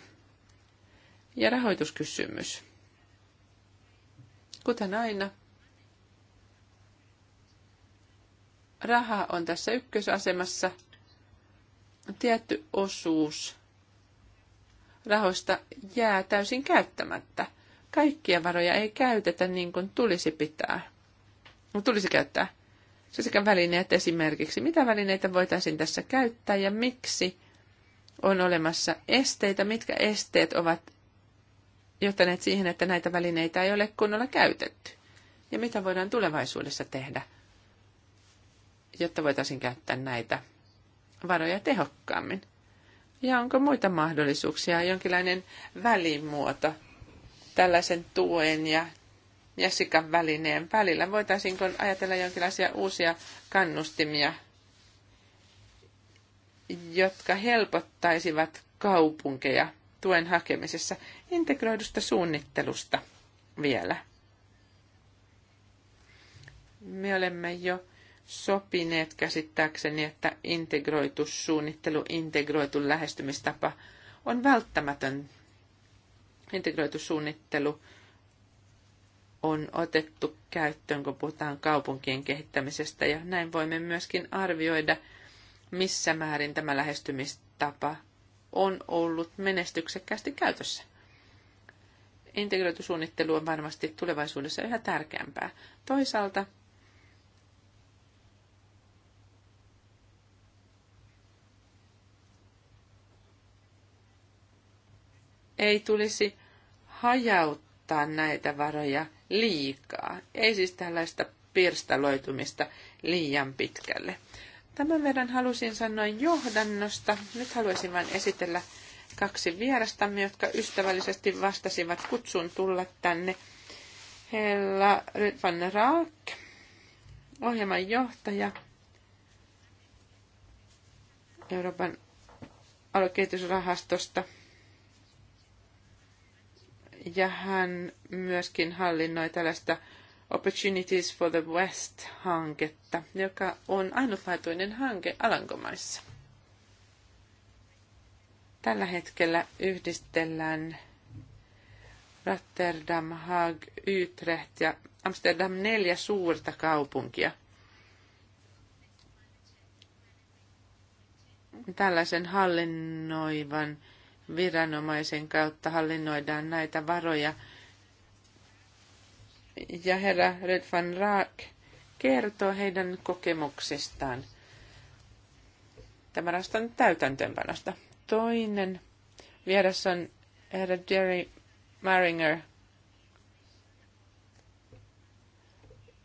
Ja rahoituskysymys. Kuten aina, raha on tässä ykkösasemassa. Tietty osuus rahoista jää täysin käyttämättä. Kaikkia varoja ei käytetä niin kuin tulisi pitää. Tulisi käyttää. Se sekä välineet esimerkiksi. Mitä välineitä voitaisiin tässä käyttää ja miksi on olemassa esteitä, mitkä esteet ovat johtaneet siihen, että näitä välineitä ei ole kunnolla käytetty. Ja mitä voidaan tulevaisuudessa tehdä, jotta voitaisiin käyttää näitä varoja tehokkaammin. Ja onko muita mahdollisuuksia, jonkinlainen välimuoto tällaisen tuen ja jäsikan välineen välillä? Voitaisiinko ajatella jonkinlaisia uusia kannustimia jotka helpottaisivat kaupunkeja tuen hakemisessa integroidusta suunnittelusta vielä. Me olemme jo sopineet käsittääkseni, että integroitu suunnittelu, integroitu lähestymistapa on välttämätön. Integroitu suunnittelu on otettu käyttöön, kun puhutaan kaupunkien kehittämisestä, ja näin voimme myöskin arvioida – missä määrin tämä lähestymistapa on ollut menestyksekkäästi käytössä. Integroitusuunnittelu on varmasti tulevaisuudessa yhä tärkeämpää. Toisaalta ei tulisi hajauttaa näitä varoja liikaa, ei siis tällaista pirstaloitumista liian pitkälle. Tämän verran halusin sanoa johdannosta. Nyt haluaisin vain esitellä kaksi vierastamme, jotka ystävällisesti vastasivat kutsun tulla tänne. Hella van Raak, ohjelman johtaja Euroopan aluekehitysrahastosta. Ja hän myöskin hallinnoi tällaista Opportunities for the West-hanketta, joka on ainutlaatuinen hanke Alankomaissa. Tällä hetkellä yhdistellään Rotterdam, Haag, Utrecht ja Amsterdam neljä suurta kaupunkia. Tällaisen hallinnoivan viranomaisen kautta hallinnoidaan näitä varoja – ja herra Red van Raak kertoo heidän kokemuksistaan tämän rastan täytäntöönpanosta. Toinen vieras on herra Jerry Maringer.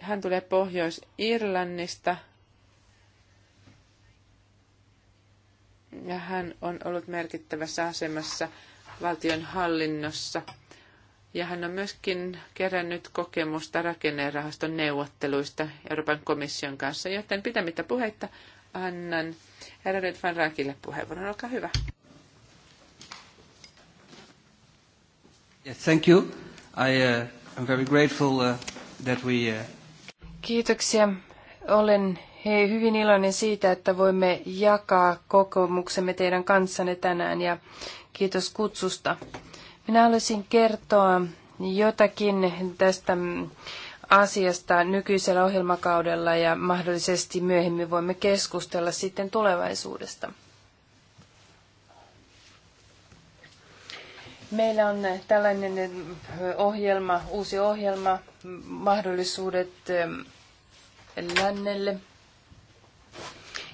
Hän tulee Pohjois-Irlannista ja hän on ollut merkittävässä asemassa valtion hallinnossa – ja hän on myöskin kerännyt kokemusta rakennerahaston neuvotteluista Euroopan komission kanssa, joten pitämättä puheitta annan herra van Raakille puheenvuoron. Olkaa hyvä. Yes, thank you. I uh, am very grateful uh, that we... Uh... Kiitoksia. Olen hei, hyvin iloinen siitä, että voimme jakaa kokemuksemme teidän kanssanne tänään ja kiitos kutsusta. Minä haluaisin kertoa jotakin tästä asiasta nykyisellä ohjelmakaudella ja mahdollisesti myöhemmin voimme keskustella sitten tulevaisuudesta. Meillä on tällainen eh, ohjelma, uusi ohjelma, mahdollisuudet eh, lännelle.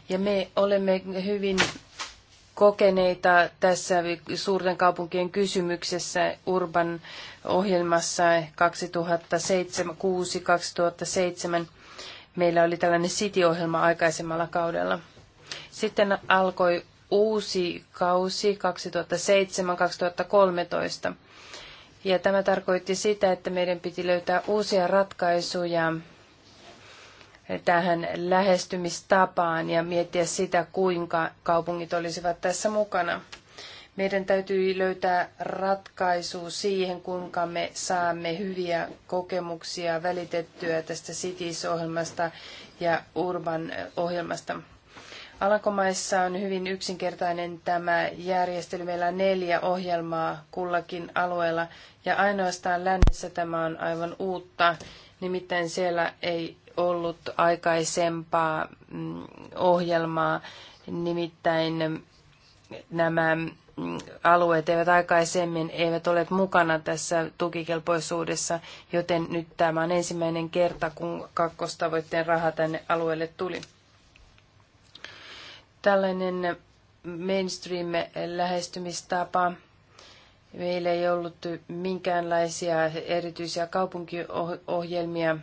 Ja me olemme hyvin kokeneita tässä suurten kaupunkien kysymyksessä Urban ohjelmassa 2006-2007. Meillä oli tällainen City-ohjelma aikaisemmalla kaudella. Sitten alkoi uusi kausi 2007-2013. Ja tämä tarkoitti sitä, että meidän piti löytää uusia ratkaisuja tähän lähestymistapaan ja miettiä sitä, kuinka kaupungit olisivat tässä mukana. Meidän täytyy löytää ratkaisu siihen, kuinka me saamme hyviä kokemuksia välitettyä tästä CITIS-ohjelmasta ja Urban-ohjelmasta. Alankomaissa on hyvin yksinkertainen tämä järjestely. Meillä on neljä ohjelmaa kullakin alueella ja ainoastaan lännessä tämä on aivan uutta. Nimittäin siellä ei ollut aikaisempaa mm, ohjelmaa, nimittäin nämä mm, alueet eivät aikaisemmin eivät ole mukana tässä tukikelpoisuudessa, joten nyt tämä on ensimmäinen kerta, kun kakkostavoitteen raha tänne alueelle tuli. Tällainen mainstream-lähestymistapa. Meillä ei ollut minkäänlaisia erityisiä kaupunkiohjelmia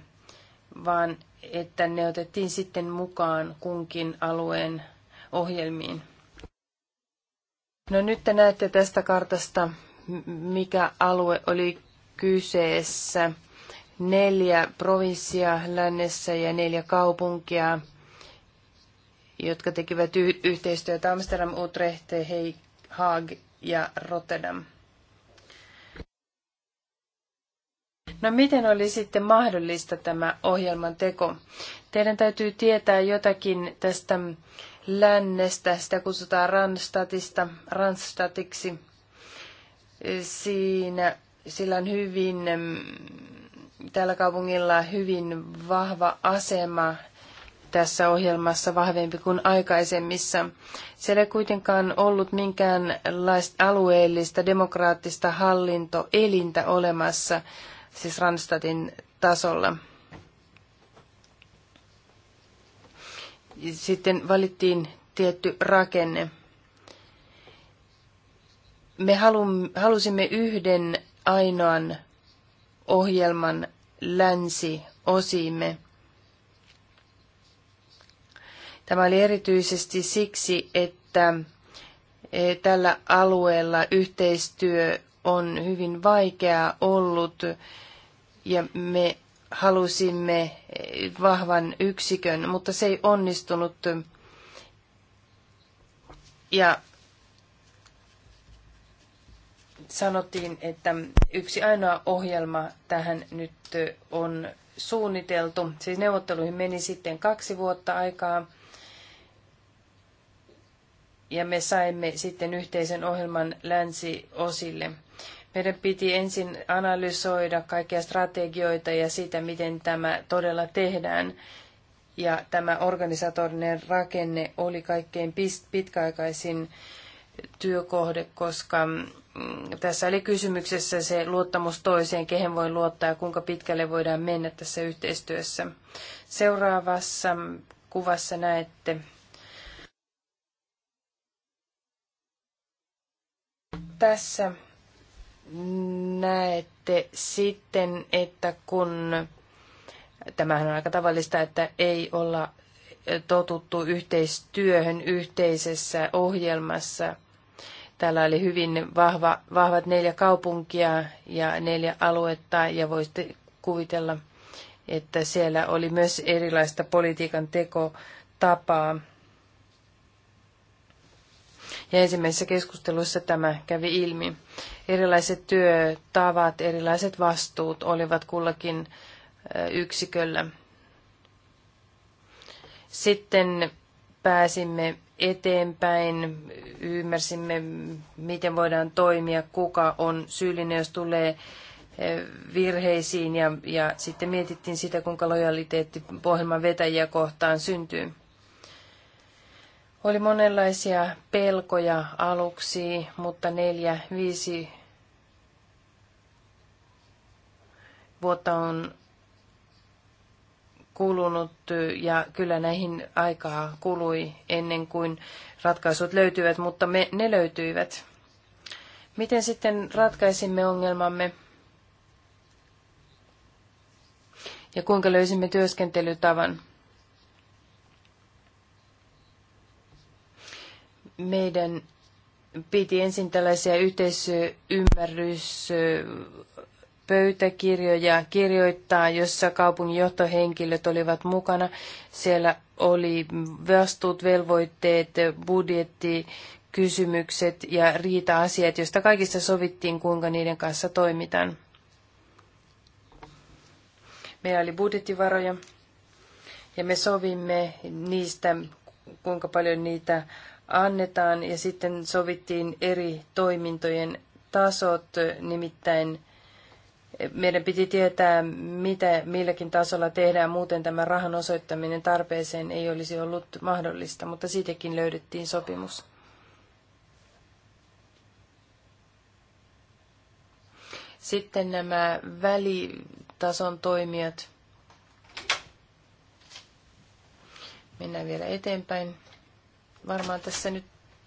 vaan että ne otettiin sitten mukaan kunkin alueen ohjelmiin. No nyt te näette tästä kartasta, mikä alue oli kyseessä. Neljä provinssia lännessä ja neljä kaupunkia, jotka tekivät yhteistyötä Amsterdam, Utrecht, Haag ja Rotterdam. No miten oli sitten mahdollista tämä ohjelman teko? Teidän täytyy tietää jotakin tästä lännestä, sitä kutsutaan Randstatista, Randstatiksi. Siinä, sillä on hyvin, tällä kaupungilla hyvin vahva asema tässä ohjelmassa vahvempi kuin aikaisemmissa. Siellä ei kuitenkaan ollut minkäänlaista alueellista demokraattista hallintoelintä olemassa siis Randstadin tasolla. Sitten valittiin tietty rakenne. Me halusimme yhden ainoan ohjelman länsiosiimme. Tämä oli erityisesti siksi, että e, tällä alueella yhteistyö on hyvin vaikeaa ollut ja me halusimme vahvan yksikön, mutta se ei onnistunut. Ja sanottiin, että yksi ainoa ohjelma tähän nyt on suunniteltu. Siis neuvotteluihin meni sitten kaksi vuotta aikaa. Ja me saimme sitten yhteisen ohjelman länsiosille. Meidän piti ensin analysoida kaikkia strategioita ja sitä, miten tämä todella tehdään. Ja tämä organisatorinen rakenne oli kaikkein pitkäaikaisin työkohde, koska mm, tässä oli kysymyksessä se luottamus toiseen, kehen voi luottaa ja kuinka pitkälle voidaan mennä tässä yhteistyössä. Seuraavassa kuvassa näette tässä näette sitten, että kun tämähän on aika tavallista, että ei olla totuttu yhteistyöhön yhteisessä ohjelmassa. Täällä oli hyvin vahva, vahvat neljä kaupunkia ja neljä aluetta ja voisitte kuvitella, että siellä oli myös erilaista politiikan tekotapaa. Ja ensimmäisessä keskustelussa tämä kävi ilmi. Erilaiset työtavat, erilaiset vastuut olivat kullakin yksiköllä. Sitten pääsimme eteenpäin, ymmärsimme, miten voidaan toimia, kuka on syyllinen, jos tulee virheisiin ja, ja sitten mietittiin sitä, kuinka lojaliteetti pohjelman vetäjiä kohtaan syntyy. Oli monenlaisia pelkoja aluksi, mutta neljä, viisi vuotta on kulunut ja kyllä näihin aikaa kului ennen kuin ratkaisut löytyivät, mutta me, ne löytyivät. Miten sitten ratkaisimme ongelmamme? Ja kuinka löysimme työskentelytavan? meidän piti ensin tällaisia yhteisymmärryspöytäkirjoja kirjoittaa, jossa kaupungin johtohenkilöt olivat mukana. Siellä oli vastuut, velvoitteet, budjetti, kysymykset ja riita-asiat, joista kaikista sovittiin, kuinka niiden kanssa toimitaan. Meillä oli budjettivaroja ja me sovimme niistä, kuinka paljon niitä annetaan ja sitten sovittiin eri toimintojen tasot, nimittäin meidän piti tietää, mitä milläkin tasolla tehdään, muuten tämä rahan osoittaminen tarpeeseen ei olisi ollut mahdollista, mutta siitäkin löydettiin sopimus. Sitten nämä välitason toimijat. Mennään vielä eteenpäin varmaan tässä nyt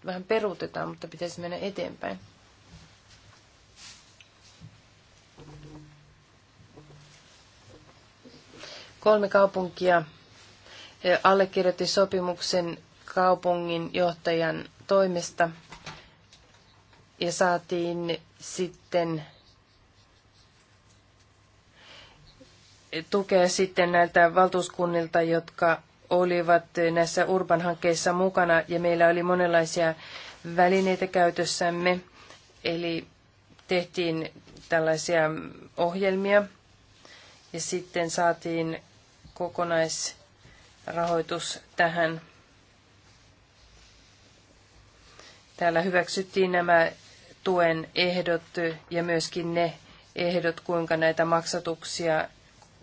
vähän peruutetaan, mutta pitäisi mennä eteenpäin. Kolme kaupunkia eh, allekirjoitti sopimuksen kaupungin johtajan toimesta ja saatiin sitten eh, tukea sitten näiltä valtuuskunnilta, jotka olivat näissä Urban-hankkeissa mukana ja meillä oli monenlaisia välineitä käytössämme. Eli tehtiin tällaisia ohjelmia ja sitten saatiin kokonaisrahoitus tähän. Täällä hyväksyttiin nämä tuen ehdot ja myöskin ne ehdot, kuinka näitä maksatuksia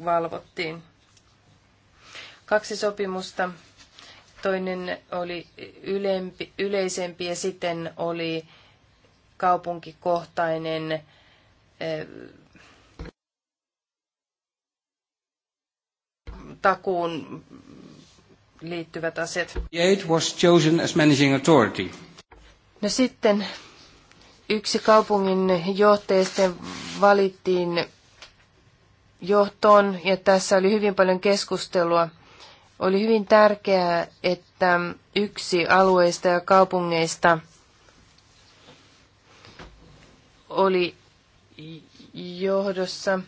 valvottiin kaksi sopimusta. Toinen oli ylempi, yleisempi ja sitten oli kaupunkikohtainen takuun liittyvät asiat. was chosen as managing authority. No sitten yksi kaupungin johtajista valittiin johtoon ja tässä oli hyvin paljon keskustelua – oli hyvin tärkeää, että yksi alueista ja kaupungeista oli johdossa.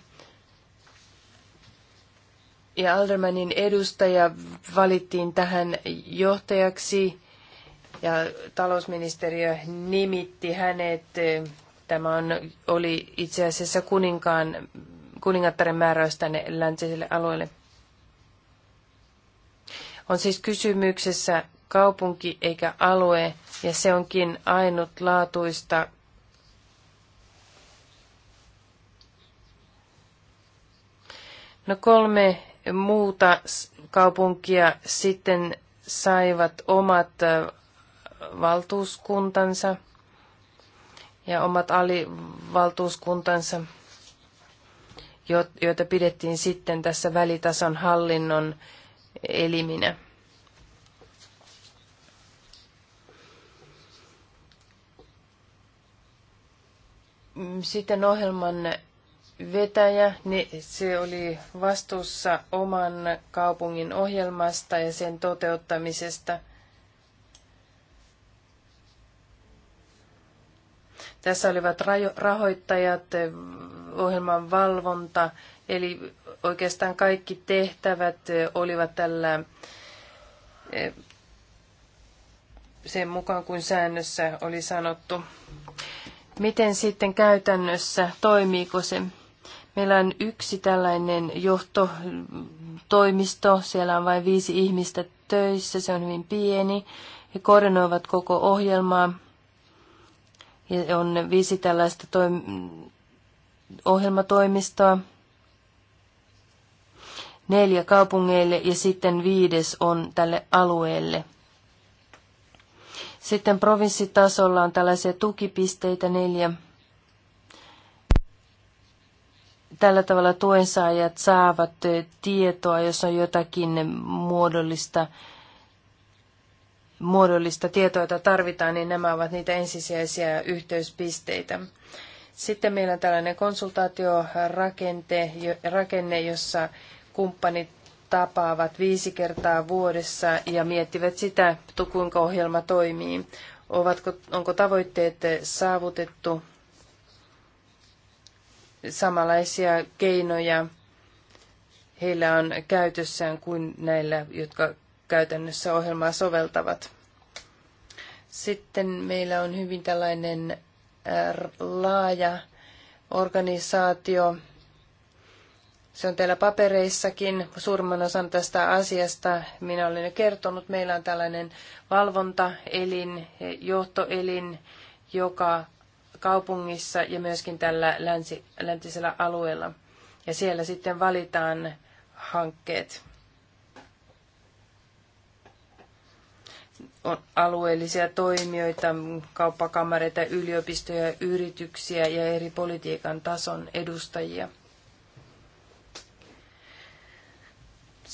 Ja Aldermanin edustaja valittiin tähän johtajaksi ja talousministeriö nimitti hänet. Tämä on, oli itse asiassa kuninkaan, kuningattaren määräys tänne läntiselle alueelle. On siis kysymyksessä kaupunki eikä alue, ja se onkin ainutlaatuista No kolme muuta kaupunkia sitten saivat omat valtuuskuntansa ja omat alivaltuuskuntansa, joita pidettiin sitten tässä välitason hallinnon eliminä. Sitten ohjelman vetäjä, niin se oli vastuussa oman kaupungin ohjelmasta ja sen toteuttamisesta. Tässä olivat rahoittajat, ohjelman valvonta, eli Oikeastaan kaikki tehtävät olivat tällä sen mukaan kuin säännössä oli sanottu. Miten sitten käytännössä toimiiko se? Meillä on yksi tällainen johtotoimisto, siellä on vain viisi ihmistä töissä, se on hyvin pieni. He koordinoivat koko ohjelmaa. Ja on viisi tällaista toim- ohjelmatoimistoa neljä kaupungeille ja sitten viides on tälle alueelle. Sitten provinssitasolla on tällaisia tukipisteitä neljä. Tällä tavalla tuensaajat saavat tietoa, jos on jotakin muodollista, muodollista tietoa, jota tarvitaan, niin nämä ovat niitä ensisijaisia yhteyspisteitä. Sitten meillä on tällainen konsultaatiorakenne, rakenne, jossa kumppanit tapaavat viisi kertaa vuodessa ja miettivät sitä, kuinka ohjelma toimii. Ovatko, onko tavoitteet saavutettu samanlaisia keinoja heillä on käytössään kuin näillä, jotka käytännössä ohjelmaa soveltavat. Sitten meillä on hyvin tällainen äh, laaja organisaatio, se on teillä papereissakin. Suurimman osan tästä asiasta minä olen jo kertonut. Meillä on tällainen valvontaelin, johtoelin, joka kaupungissa ja myöskin tällä länsi, läntisellä alueella. Ja siellä sitten valitaan hankkeet. On alueellisia toimijoita, kauppakamareita, yliopistoja, yrityksiä ja eri politiikan tason edustajia.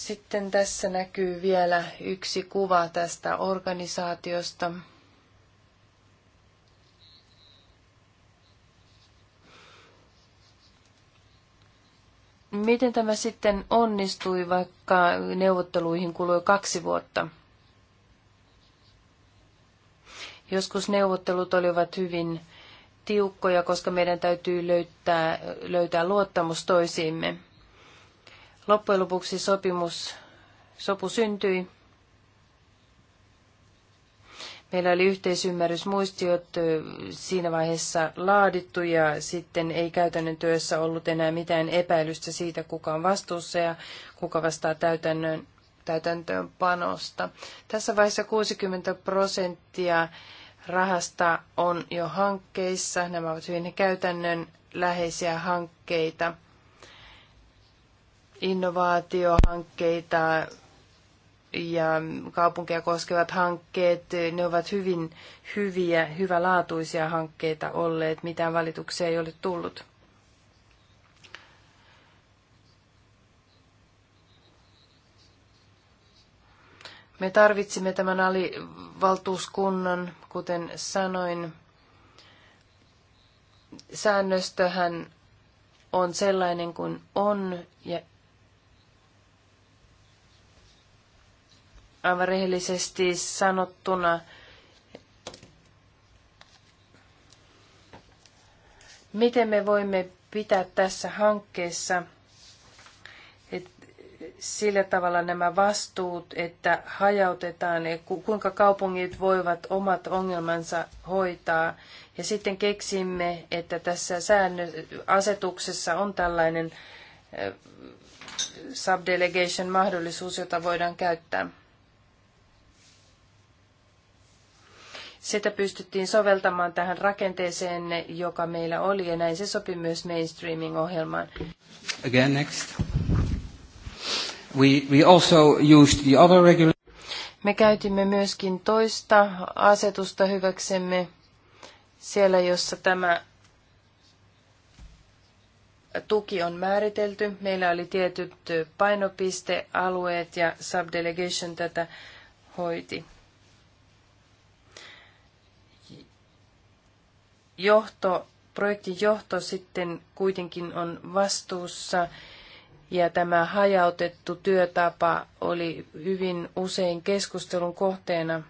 Sitten tässä näkyy vielä yksi kuva tästä organisaatiosta. Miten tämä sitten onnistui, vaikka neuvotteluihin kului kaksi vuotta? Joskus neuvottelut olivat hyvin tiukkoja, koska meidän täytyy löytää, löytää luottamus toisiimme. Loppujen lopuksi sopimus, sopu syntyi. Meillä oli muistiot siinä vaiheessa laadittu ja sitten ei käytännön työssä ollut enää mitään epäilystä siitä, kuka on vastuussa ja kuka vastaa täytännön, täytäntöönpanosta. Tässä vaiheessa 60 prosenttia rahasta on jo hankkeissa. Nämä ovat hyvin käytännön läheisiä hankkeita innovaatiohankkeita ja kaupunkia koskevat hankkeet, ne ovat hyvin hyviä, hyvälaatuisia hankkeita olleet, mitään valituksia ei ole tullut. Me tarvitsimme tämän alivaltuuskunnan, kuten sanoin. Säännöstöhän on sellainen kuin on ja aivan rehellisesti sanottuna miten me voimme pitää tässä hankkeessa sillä tavalla nämä vastuut, että hajautetaan, kuinka kaupungit voivat omat ongelmansa hoitaa. Ja sitten keksimme, että tässä säännö, asetuksessa on tällainen eh, subdelegation mahdollisuus, jota voidaan käyttää. Sitä pystyttiin soveltamaan tähän rakenteeseen, joka meillä oli, ja näin se sopi myös mainstreaming-ohjelmaan. Again, next. We, we also used the other Me käytimme myöskin toista asetusta hyväksemme siellä, jossa tämä tuki on määritelty. Meillä oli tietyt painopistealueet ja subdelegation tätä hoiti. johto, projektin johto sitten kuitenkin on vastuussa ja tämä hajautettu työtapa oli hyvin usein keskustelun kohteena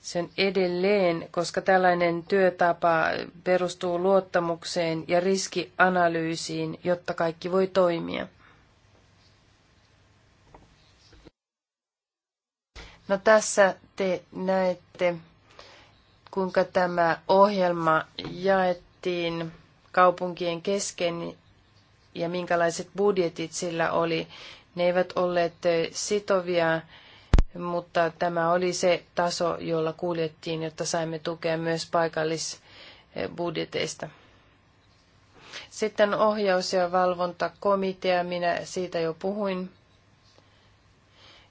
sen edelleen, koska tällainen työtapa perustuu luottamukseen ja riskianalyysiin, jotta kaikki voi toimia. No tässä te näette kuinka tämä ohjelma jaettiin kaupunkien kesken ja minkälaiset budjetit sillä oli. Ne eivät olleet sitovia, mutta tämä oli se taso, jolla kuljettiin, jotta saimme tukea myös paikallisbudjeteista. Sitten ohjaus- ja valvontakomitea, minä siitä jo puhuin.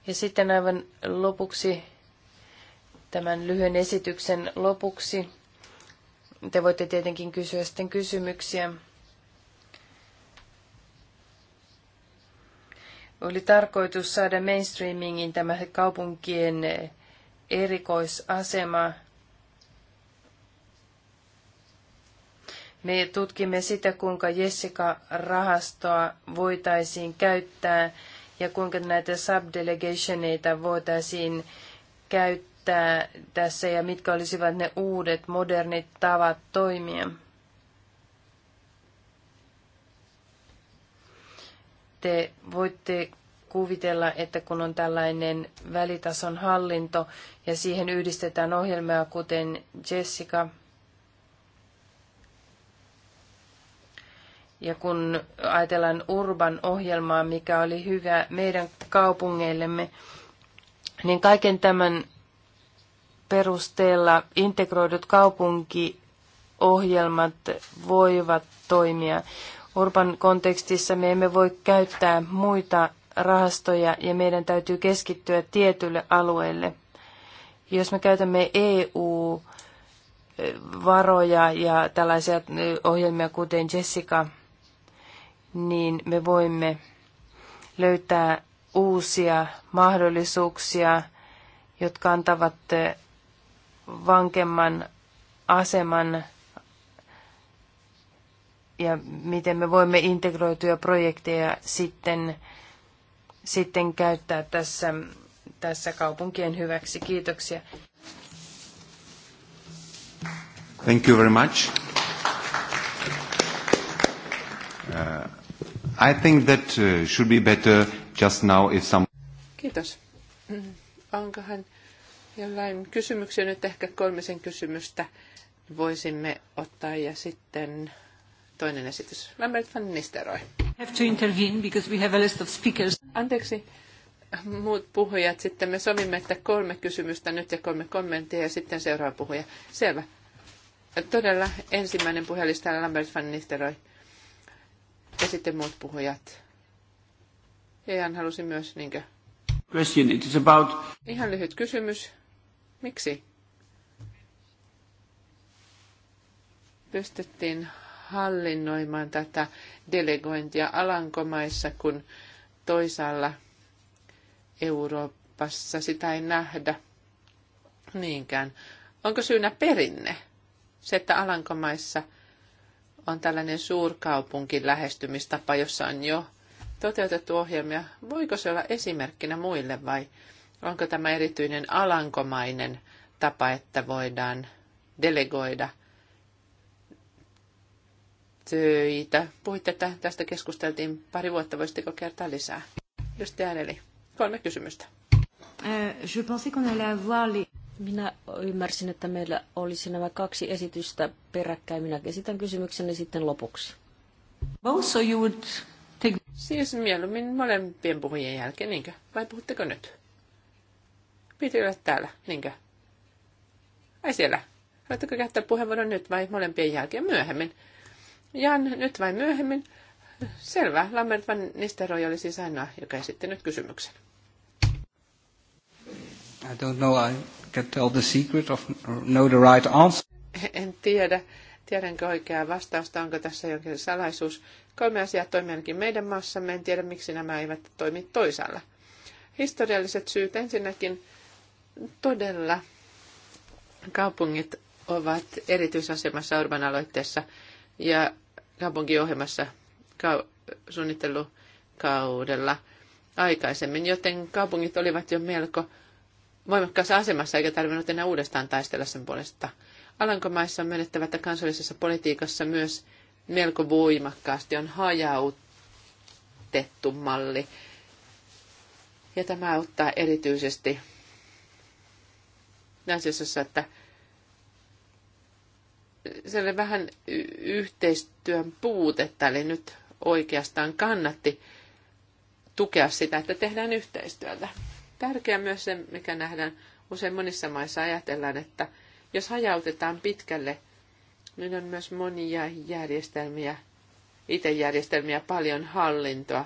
Ja sitten aivan lopuksi tämän lyhyen esityksen lopuksi. Te voitte tietenkin kysyä sitten kysymyksiä. Oli tarkoitus saada mainstreamingin tämä kaupunkien erikoisasema. Me tutkimme sitä, kuinka Jessica-rahastoa voitaisiin käyttää ja kuinka näitä subdelegationeita voitaisiin käyttää käyttää tässä ja mitkä olisivat ne uudet modernit tavat toimia. Te voitte kuvitella, että kun on tällainen välitason hallinto ja siihen yhdistetään ohjelmaa kuten Jessica, Ja kun ajatellaan Urban ohjelmaa, mikä oli hyvä meidän kaupungeillemme, niin kaiken tämän perusteella integroidut kaupunkiohjelmat voivat toimia. Urban kontekstissa me emme voi käyttää muita rahastoja ja meidän täytyy keskittyä tietylle alueelle. Jos me käytämme EU-varoja ja tällaisia ohjelmia kuten Jessica, niin me voimme löytää uusia mahdollisuuksia, jotka antavat vankemman aseman ja miten me voimme integroituja projekteja sitten, sitten käyttää tässä, tässä kaupunkien hyväksi. Kiitoksia. Thank you very much. Uh, I think that uh, should be better just now if some... Kiitos. Onkohan jollain kysymyksiä nyt ehkä kolmisen kysymystä voisimme ottaa ja sitten toinen esitys. Lambert van Nisteroi. Have to intervene because we have a list of speakers. Anteeksi, muut puhujat. Sitten me sovimme, että kolme kysymystä nyt ja kolme kommenttia ja sitten seuraava puhuja. Selvä. Todella ensimmäinen puhelista Lambert van Nisteroi. Ja sitten muut puhujat. Ean halusi myös niinkö? Question. It is about... Ihan lyhyt kysymys. Miksi? Pystyttiin hallinnoimaan tätä delegointia Alankomaissa, kun toisaalla Euroopassa sitä ei nähdä niinkään. Onko syynä perinne? Se, että Alankomaissa on tällainen suurkaupunkin lähestymistapa, jossa on jo toteutettu ohjelmia. Voiko se olla esimerkkinä muille vai Onko tämä erityinen alankomainen tapa, että voidaan delegoida töitä? Puhuitte, että tästä keskusteltiin pari vuotta. Voisitteko kertoa lisää? Just eli kolme kysymystä. Eh, Minä ymmärsin, että meillä olisi nämä kaksi esitystä peräkkäin. Minä esitän kysymykseni sitten lopuksi. Siis mieluummin molempien puhujien jälkeen, niinkö? Vai puhutteko nyt? Piti olla täällä, niinkö? Ai siellä. Haluatteko käyttää puheenvuoron nyt vai molempien jälkeen myöhemmin? Jan, nyt vai myöhemmin? Selvä. Lambert van Nisteroi oli siis aina, joka esitti nyt kysymyksen. I don't know, I can tell the secret of know the right answer. En tiedä, tiedänkö oikeaa vastausta, onko tässä jonkin salaisuus. Kolme asiaa toimii ainakin meidän maassamme, en tiedä miksi nämä eivät toimi toisaalla. Historialliset syyt ensinnäkin todella kaupungit ovat erityisasemassa urban aloitteessa ja kaupunkiohjelmassa ka- suunnittelukaudella aikaisemmin, joten kaupungit olivat jo melko voimakkaassa asemassa eikä tarvinnut enää uudestaan taistella sen puolesta. Alankomaissa on myönnettävä, että kansallisessa politiikassa myös melko voimakkaasti on hajautettu malli. Ja tämä auttaa erityisesti länsiosassa, että se vähän yhteistyön puutetta, eli nyt oikeastaan kannatti tukea sitä, että tehdään yhteistyötä. Tärkeää myös se, mikä nähdään usein monissa maissa ajatellaan, että jos hajautetaan pitkälle, niin on myös monia järjestelmiä, itejärjestelmiä, paljon hallintoa,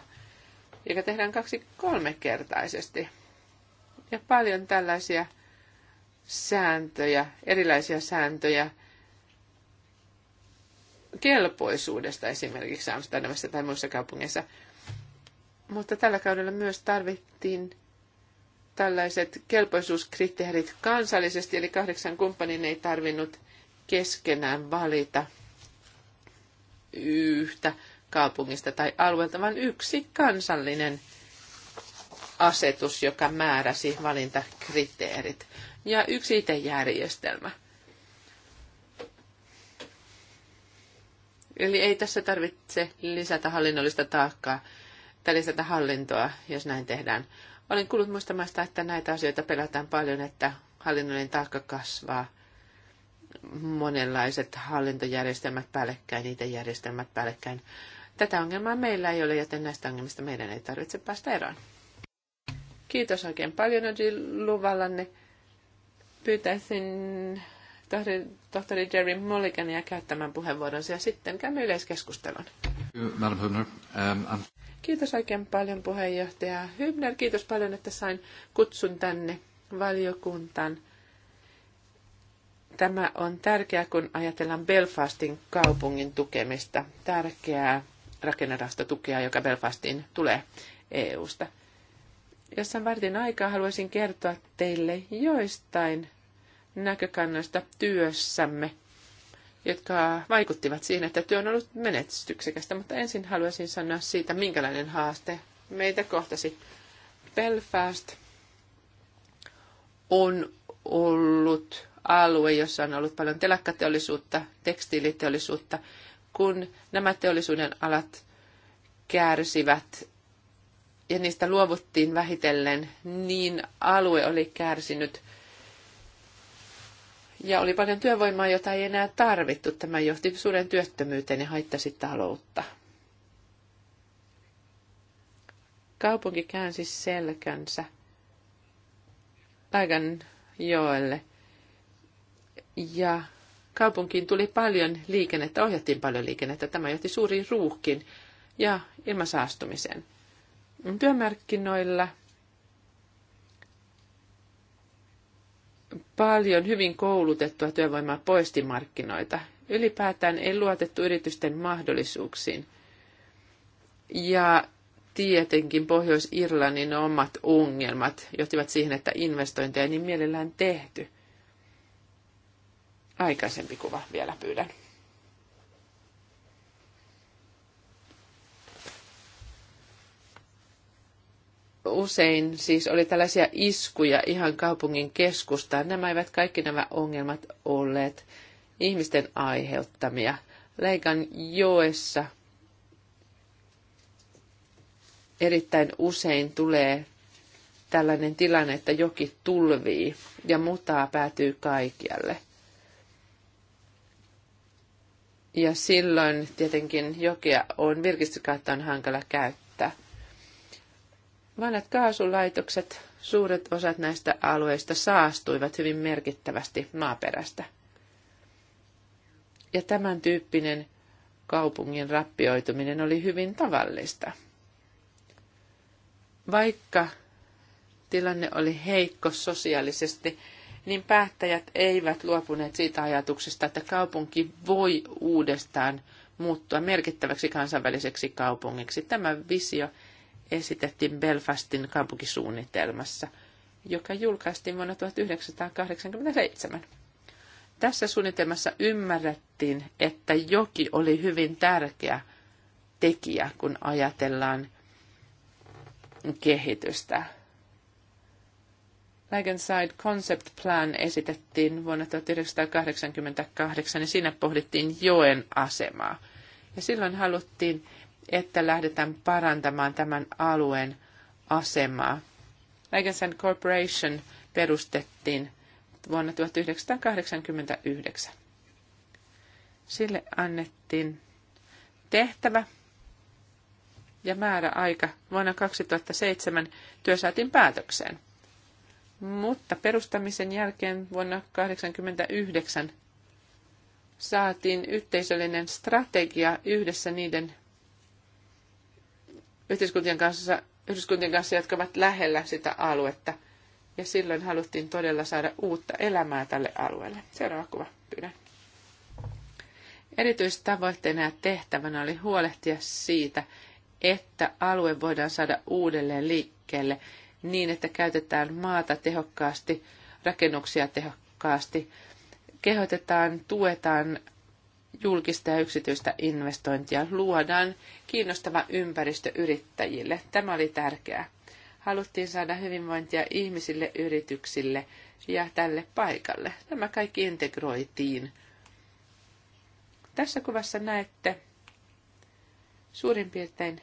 joka tehdään kaksi-kolmekertaisesti. Ja paljon tällaisia sääntöjä, erilaisia sääntöjä kelpoisuudesta esimerkiksi Amsterdamissa tai muissa kaupungeissa. Mutta tällä kaudella myös tarvittiin tällaiset kelpoisuuskriteerit kansallisesti, eli kahdeksan kumppanin ei tarvinnut keskenään valita yhtä kaupungista tai alueelta, vaan yksi kansallinen asetus, joka määräsi valintakriteerit ja yksi järjestelmä. Eli ei tässä tarvitse lisätä hallinnollista taakkaa tai lisätä hallintoa, jos näin tehdään. Olen kuullut muistamasta, että näitä asioita pelätään paljon, että hallinnollinen taakka kasvaa. Monenlaiset hallintojärjestelmät päällekkäin, niitä järjestelmät päällekkäin. Tätä ongelmaa meillä ei ole, joten näistä ongelmista meidän ei tarvitse päästä eroon. Kiitos oikein paljon Odin luvallanne. Pyytäisin tohtori, tohtori Jerry Mulligania käyttämään puheenvuoronsa ja sitten käymme yleiskeskustelun. Um, Kiitos oikein paljon puheenjohtaja Hybner. Kiitos paljon, että sain kutsun tänne valiokuntaan. Tämä on tärkeää, kun ajatellaan Belfastin kaupungin tukemista. Tärkeää rakennerahastotukea, joka Belfastiin tulee EU-sta jos on vartin aikaa, haluaisin kertoa teille joistain näkökannoista työssämme, jotka vaikuttivat siihen, että työ on ollut menestyksekästä. Mutta ensin haluaisin sanoa siitä, minkälainen haaste meitä kohtasi. Belfast on ollut alue, jossa on ollut paljon telakkateollisuutta, tekstiiliteollisuutta. Kun nämä teollisuuden alat kärsivät ja niistä luovuttiin vähitellen, niin alue oli kärsinyt. Ja oli paljon työvoimaa, jota ei enää tarvittu. Tämä johti suuren työttömyyteen ja haittasi taloutta. Kaupunki käänsi selkänsä joelle. Ja kaupunkiin tuli paljon liikennettä, ohjattiin paljon liikennettä. Tämä johti suuriin ruuhkiin ja ilmasaastumiseen työmarkkinoilla paljon hyvin koulutettua työvoimaa poisti markkinoita. Ylipäätään ei luotettu yritysten mahdollisuuksiin. Ja tietenkin Pohjois-Irlannin omat ongelmat johtivat siihen, että investointeja ei niin mielellään tehty. Aikaisempi kuva vielä pyydän. usein siis oli tällaisia iskuja ihan kaupungin keskustaan. Nämä eivät kaikki nämä ongelmat olleet ihmisten aiheuttamia. Leikan joessa erittäin usein tulee tällainen tilanne, että joki tulvii ja mutaa päätyy kaikkialle. Ja silloin tietenkin jokea on virkistyskautta on hankala käyttää Vanhat kaasulaitokset, suuret osat näistä alueista saastuivat hyvin merkittävästi maaperästä. Ja tämän tyyppinen kaupungin rappioituminen oli hyvin tavallista. Vaikka tilanne oli heikko sosiaalisesti, niin päättäjät eivät luopuneet siitä ajatuksesta, että kaupunki voi uudestaan muuttua merkittäväksi kansainväliseksi kaupungiksi. Tämä visio esitettiin Belfastin kaupunkisuunnitelmassa, joka julkaistiin vuonna 1987. Tässä suunnitelmassa ymmärrettiin, että joki oli hyvin tärkeä tekijä, kun ajatellaan kehitystä. Lagenside Concept Plan esitettiin vuonna 1988, niin siinä pohdittiin joen asemaa. Ja silloin haluttiin että lähdetään parantamaan tämän alueen asemaa. Legacy Corporation perustettiin vuonna 1989. Sille annettiin tehtävä ja määräaika vuonna 2007 työ saatiin päätökseen. Mutta perustamisen jälkeen vuonna 1989 saatiin yhteisöllinen strategia yhdessä niiden yhteiskuntien kanssa, yhdyskuntien kanssa, jotka ovat lähellä sitä aluetta. Ja silloin haluttiin todella saada uutta elämää tälle alueelle. Seuraava kuva, pyydän. Erityistavoitteena ja tehtävänä oli huolehtia siitä, että alue voidaan saada uudelleen liikkeelle niin, että käytetään maata tehokkaasti, rakennuksia tehokkaasti, kehotetaan, tuetaan julkista ja yksityistä investointia. Luodaan kiinnostava ympäristö yrittäjille. Tämä oli tärkeää. Haluttiin saada hyvinvointia ihmisille, yrityksille ja tälle paikalle. Tämä kaikki integroitiin. Tässä kuvassa näette suurin piirtein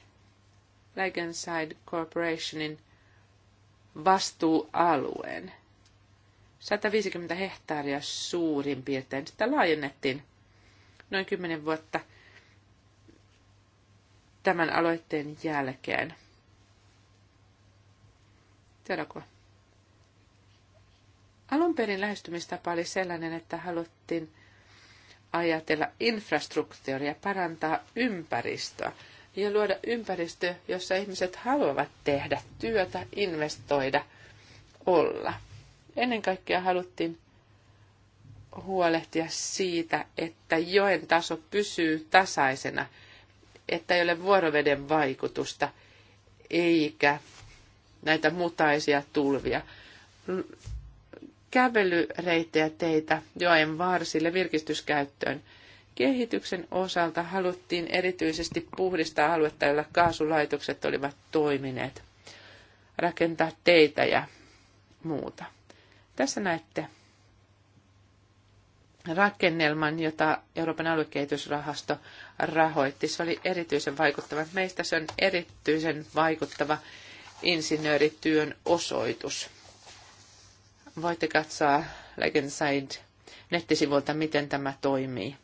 Lagenside Corporationin vastuualueen. 150 hehtaaria suurin piirtein. Sitä laajennettiin noin kymmenen vuotta tämän aloitteen jälkeen. Tiedäkö? Alun perin lähestymistapa oli sellainen, että haluttiin ajatella infrastruktuuria, parantaa ympäristöä ja luoda ympäristö, jossa ihmiset haluavat tehdä työtä, investoida, olla. Ennen kaikkea haluttiin huolehtia siitä, että joen taso pysyy tasaisena, että ei ole vuoroveden vaikutusta eikä näitä mutaisia tulvia. Kävelyreittejä teitä joen varsille virkistyskäyttöön. Kehityksen osalta haluttiin erityisesti puhdistaa aluetta, jolla kaasulaitokset olivat toimineet, rakentaa teitä ja muuta. Tässä näette rakennelman, jota Euroopan aluekehitysrahasto rahoitti. Se oli erityisen vaikuttava. Meistä se on erityisen vaikuttava insinöörityön osoitus. Voitte katsoa Legendside nettisivulta, miten tämä toimii.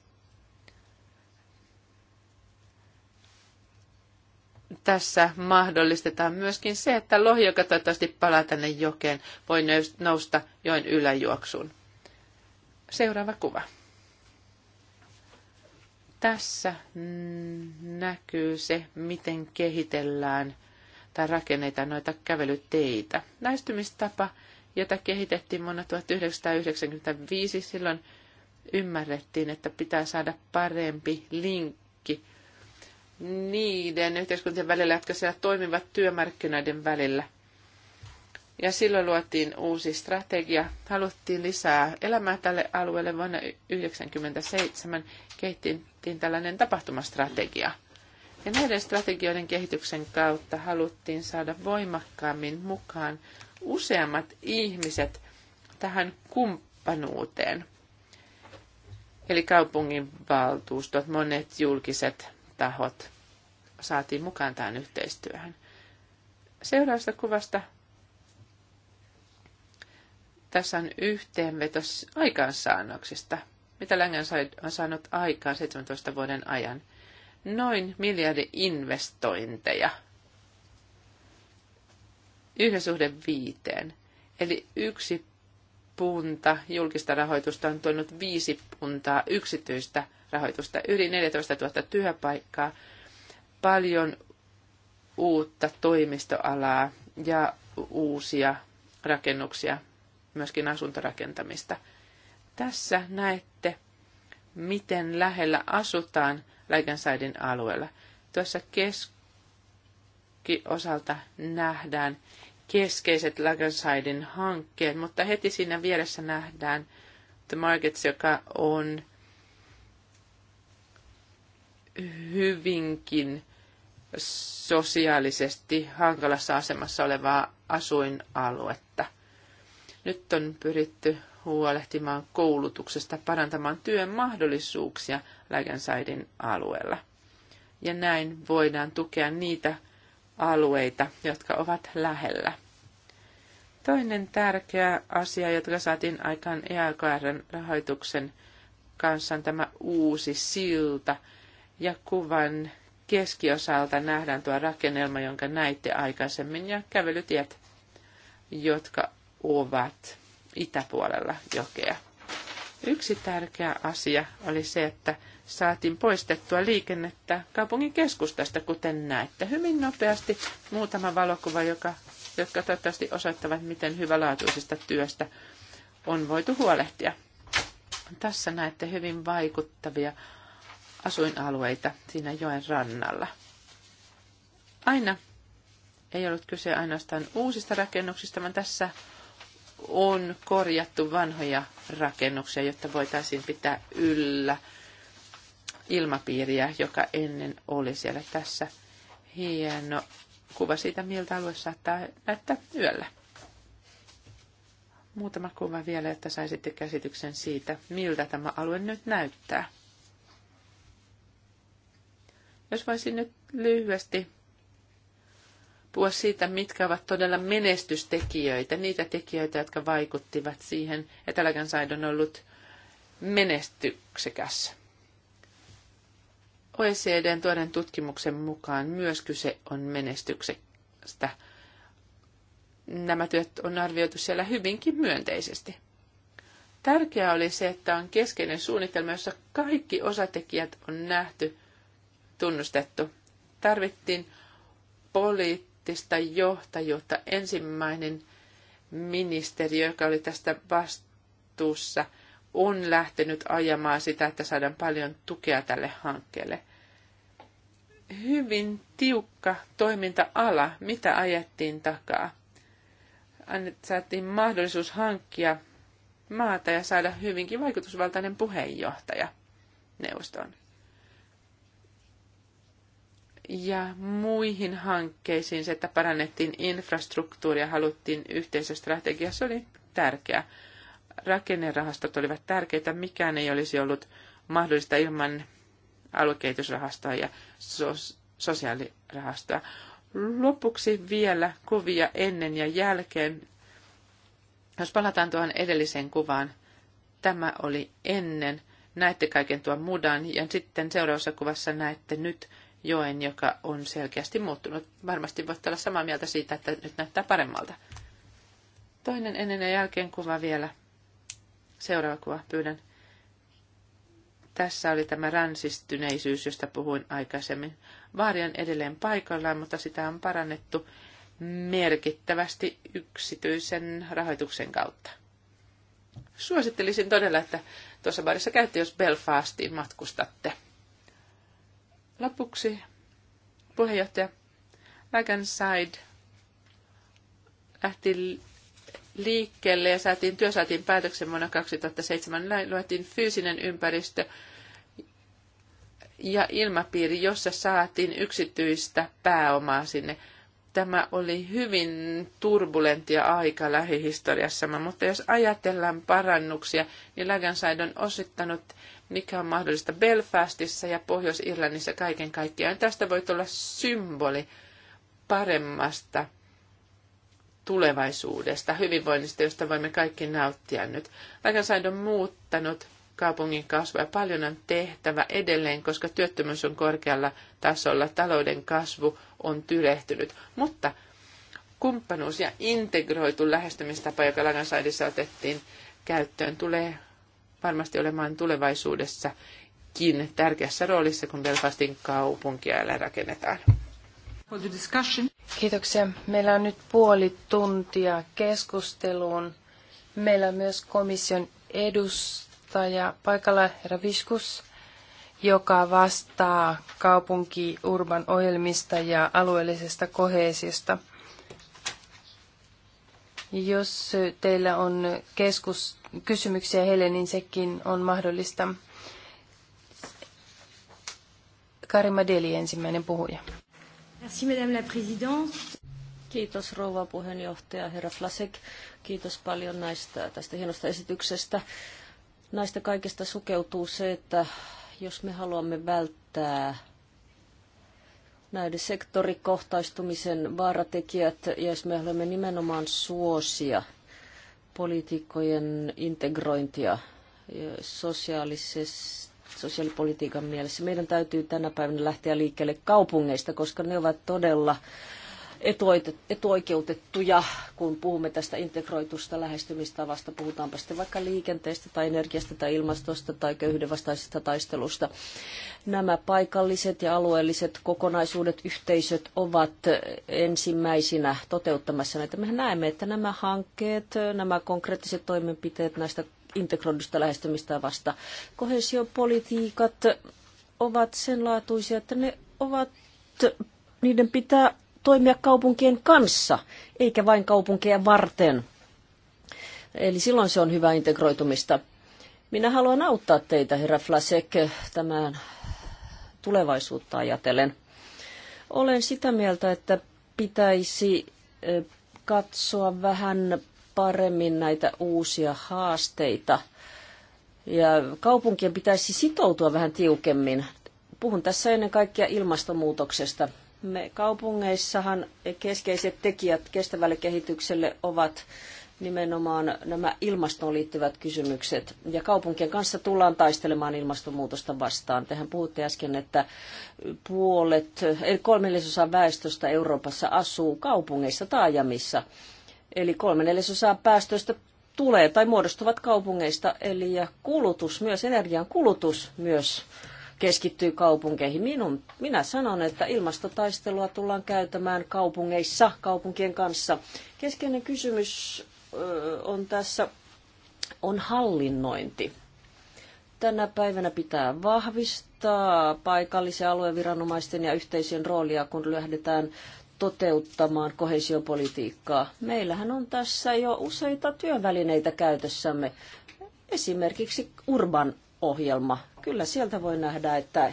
Tässä mahdollistetaan myöskin se, että lohi, joka toivottavasti palaa tänne jokeen, voi nousta joen yläjuoksuun. Seuraava kuva. Tässä näkyy se, miten kehitellään tai rakennetaan noita kävelyteitä. Lähestymistapa, jota kehitettiin vuonna 1995, silloin ymmärrettiin, että pitää saada parempi linkki niiden yhteiskuntien välillä, jotka siellä toimivat työmarkkinoiden välillä – ja silloin luotiin uusi strategia. Haluttiin lisää elämää tälle alueelle. Vuonna 1997 kehittiin tällainen tapahtumastrategia. Ja näiden strategioiden kehityksen kautta haluttiin saada voimakkaammin mukaan useammat ihmiset tähän kumppanuuteen. Eli kaupungin valtuustot, monet julkiset tahot saatiin mukaan tähän yhteistyöhön. Seuraavasta kuvasta tässä on yhteenvetos aikaansaannoksista, mitä Längen on saanut aikaan 17 vuoden ajan. Noin miljardi investointeja. Yhden suhde viiteen. Eli yksi punta julkista rahoitusta on tuonut viisi puntaa yksityistä rahoitusta. Yli 14 000 työpaikkaa, paljon uutta toimistoalaa ja uusia rakennuksia myöskin asuntorakentamista. Tässä näette, miten lähellä asutaan Lakensaidin alueella. Tuossa keskiosalta nähdään keskeiset Lakensaidin hankkeet, mutta heti siinä vieressä nähdään The Markets, joka on hyvinkin sosiaalisesti hankalassa asemassa olevaa asuinaluetta – nyt on pyritty huolehtimaan koulutuksesta, parantamaan työn mahdollisuuksia Lägensaidin alueella. Ja näin voidaan tukea niitä alueita, jotka ovat lähellä. Toinen tärkeä asia, jotka saatiin aikaan EAKRn rahoituksen kanssa, on tämä uusi silta. Ja kuvan keskiosalta nähdään tuo rakennelma, jonka näitte aikaisemmin, ja kävelytiet, jotka ovat itäpuolella jokea. Yksi tärkeä asia oli se, että saatiin poistettua liikennettä kaupungin keskustasta, kuten näette, hyvin nopeasti. Muutama valokuva, joka, jotka toivottavasti osoittavat, miten hyvälaatuisesta työstä on voitu huolehtia. Tässä näette hyvin vaikuttavia asuinalueita siinä joen rannalla. Aina ei ollut kyse ainoastaan uusista rakennuksista, vaan tässä on korjattu vanhoja rakennuksia, jotta voitaisiin pitää yllä ilmapiiriä, joka ennen oli siellä tässä. Hieno kuva siitä, miltä alue saattaa näyttää yöllä. Muutama kuva vielä, että saisitte käsityksen siitä, miltä tämä alue nyt näyttää. Jos voisin nyt lyhyesti puhua siitä, mitkä ovat todella menestystekijöitä, niitä tekijöitä, jotka vaikuttivat siihen, että Lagansaid on ollut menestyksekäs. OECDn tuoden tutkimuksen mukaan myös kyse on menestyksestä. Nämä työt on arvioitu siellä hyvinkin myönteisesti. Tärkeää oli se, että on keskeinen suunnitelma, jossa kaikki osatekijät on nähty, tunnustettu. Tarvittiin poliittista poliittista johtajuutta. Ensimmäinen ministeri, joka oli tästä vastuussa, on lähtenyt ajamaan sitä, että saadaan paljon tukea tälle hankkeelle. Hyvin tiukka toiminta-ala, mitä ajettiin takaa. Saatiin mahdollisuus hankkia maata ja saada hyvinkin vaikutusvaltainen puheenjohtaja neuvostoon ja muihin hankkeisiin, se, että parannettiin infrastruktuuria, haluttiin yhteisöstrategia, se oli tärkeää. Rakennerahastot olivat tärkeitä, mikään ei olisi ollut mahdollista ilman aluekehitysrahastoa ja sos- sosiaalirahastoa. Lopuksi vielä kuvia ennen ja jälkeen. Jos palataan tuohon edelliseen kuvaan, tämä oli ennen. Näette kaiken tuon mudan ja sitten seuraavassa kuvassa näette nyt joen, joka on selkeästi muuttunut. Varmasti voit olla samaa mieltä siitä, että nyt näyttää paremmalta. Toinen ennen ja jälkeen kuva vielä. Seuraava kuva pyydän. Tässä oli tämä ränsistyneisyys, josta puhuin aikaisemmin. Vaari on edelleen paikallaan, mutta sitä on parannettu merkittävästi yksityisen rahoituksen kautta. Suosittelisin todella, että tuossa baarissa käytte, jos Belfastiin matkustatte. Lopuksi puheenjohtaja Wagenside lähti liikkeelle ja saatiin, työ saatiin päätöksen vuonna 2007. Näin luettiin fyysinen ympäristö ja ilmapiiri, jossa saatiin yksityistä pääomaa sinne. Tämä oli hyvin turbulentia aika lähihistoriassamme, mutta jos ajatellaan parannuksia, niin Lagansaid on osittanut mikä on mahdollista Belfastissa ja Pohjois-Irlannissa kaiken kaikkiaan. Tästä voi olla symboli paremmasta tulevaisuudesta, hyvinvoinnista, josta voimme kaikki nauttia nyt. Lakansaid on muuttanut kaupungin kasvua paljon on tehtävä edelleen, koska työttömyys on korkealla tasolla, talouden kasvu on tyrehtynyt. Mutta kumppanuus ja integroitu lähestymistapa, joka Lakansaidissa otettiin käyttöön, tulee varmasti olemaan tulevaisuudessakin tärkeässä roolissa, kun Belfastin kaupunkia rakennetaan. Kiitoksia. Meillä on nyt puoli tuntia keskusteluun. Meillä on myös komission edustaja paikalla, herra Viskus, joka vastaa kaupunki urban ohjelmista ja alueellisesta koheesiosta. Jos teillä on keskusteluun kysymyksiä heille, niin sekin on mahdollista. Karima Deli, ensimmäinen puhuja. Merci, Madame la Présidente. Kiitos rouva puheenjohtaja, herra Flasek. Kiitos paljon näistä, tästä hienosta esityksestä. Näistä kaikista sukeutuu se, että jos me haluamme välttää näiden sektorikohtaistumisen vaaratekijät, ja jos me haluamme nimenomaan suosia poliitikkojen integrointia sosiaalipolitiikan mielessä. Meidän täytyy tänä päivänä lähteä liikkeelle kaupungeista, koska ne ovat todella etuoikeutettuja, kun puhumme tästä integroitusta lähestymistavasta. Puhutaanpa sitten vaikka liikenteestä tai energiasta tai ilmastosta tai köyhyydenvastaisesta taistelusta. Nämä paikalliset ja alueelliset kokonaisuudet, yhteisöt ovat ensimmäisinä toteuttamassa näitä. Mehän näemme, että nämä hankkeet, nämä konkreettiset toimenpiteet näistä integroidusta lähestymistavasta, kohesiopolitiikat ovat sen laatuisia, että ne ovat niiden pitää toimia kaupunkien kanssa, eikä vain kaupunkien varten. Eli silloin se on hyvä integroitumista. Minä haluan auttaa teitä, herra Flasek, tämän tulevaisuutta ajatellen. Olen sitä mieltä, että pitäisi katsoa vähän paremmin näitä uusia haasteita. Ja kaupunkien pitäisi sitoutua vähän tiukemmin. Puhun tässä ennen kaikkea ilmastonmuutoksesta. Me kaupungeissahan keskeiset tekijät kestävälle kehitykselle ovat nimenomaan nämä ilmastoon liittyvät kysymykset. Ja kaupunkien kanssa tullaan taistelemaan ilmastonmuutosta vastaan. Tehän puhutte äsken, että puolet, eli väestöstä Euroopassa asuu kaupungeissa taajamissa. Eli kolme neljäsosaa päästöistä tulee tai muodostuvat kaupungeista, eli ja kulutus myös, energian kulutus myös keskittyy kaupunkeihin. Minun, minä sanon, että ilmastotaistelua tullaan käytämään kaupungeissa, kaupunkien kanssa. Keskeinen kysymys on tässä on hallinnointi. Tänä päivänä pitää vahvistaa paikallisen alueviranomaisten ja yhteisön roolia, kun lähdetään toteuttamaan kohesiopolitiikkaa. Meillähän on tässä jo useita työvälineitä käytössämme. Esimerkiksi Urban ohjelma, Kyllä sieltä voi nähdä, että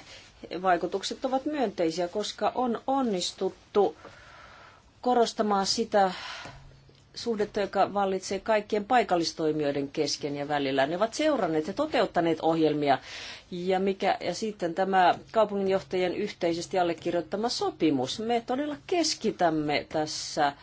vaikutukset ovat myönteisiä, koska on onnistuttu korostamaan sitä suhdetta, joka vallitsee kaikkien paikallistoimijoiden kesken ja välillä. Ne ovat seuranneet ja toteuttaneet ohjelmia. Ja, mikä, ja sitten tämä kaupunginjohtajien yhteisesti allekirjoittama sopimus. Me todella keskitämme tässä äh,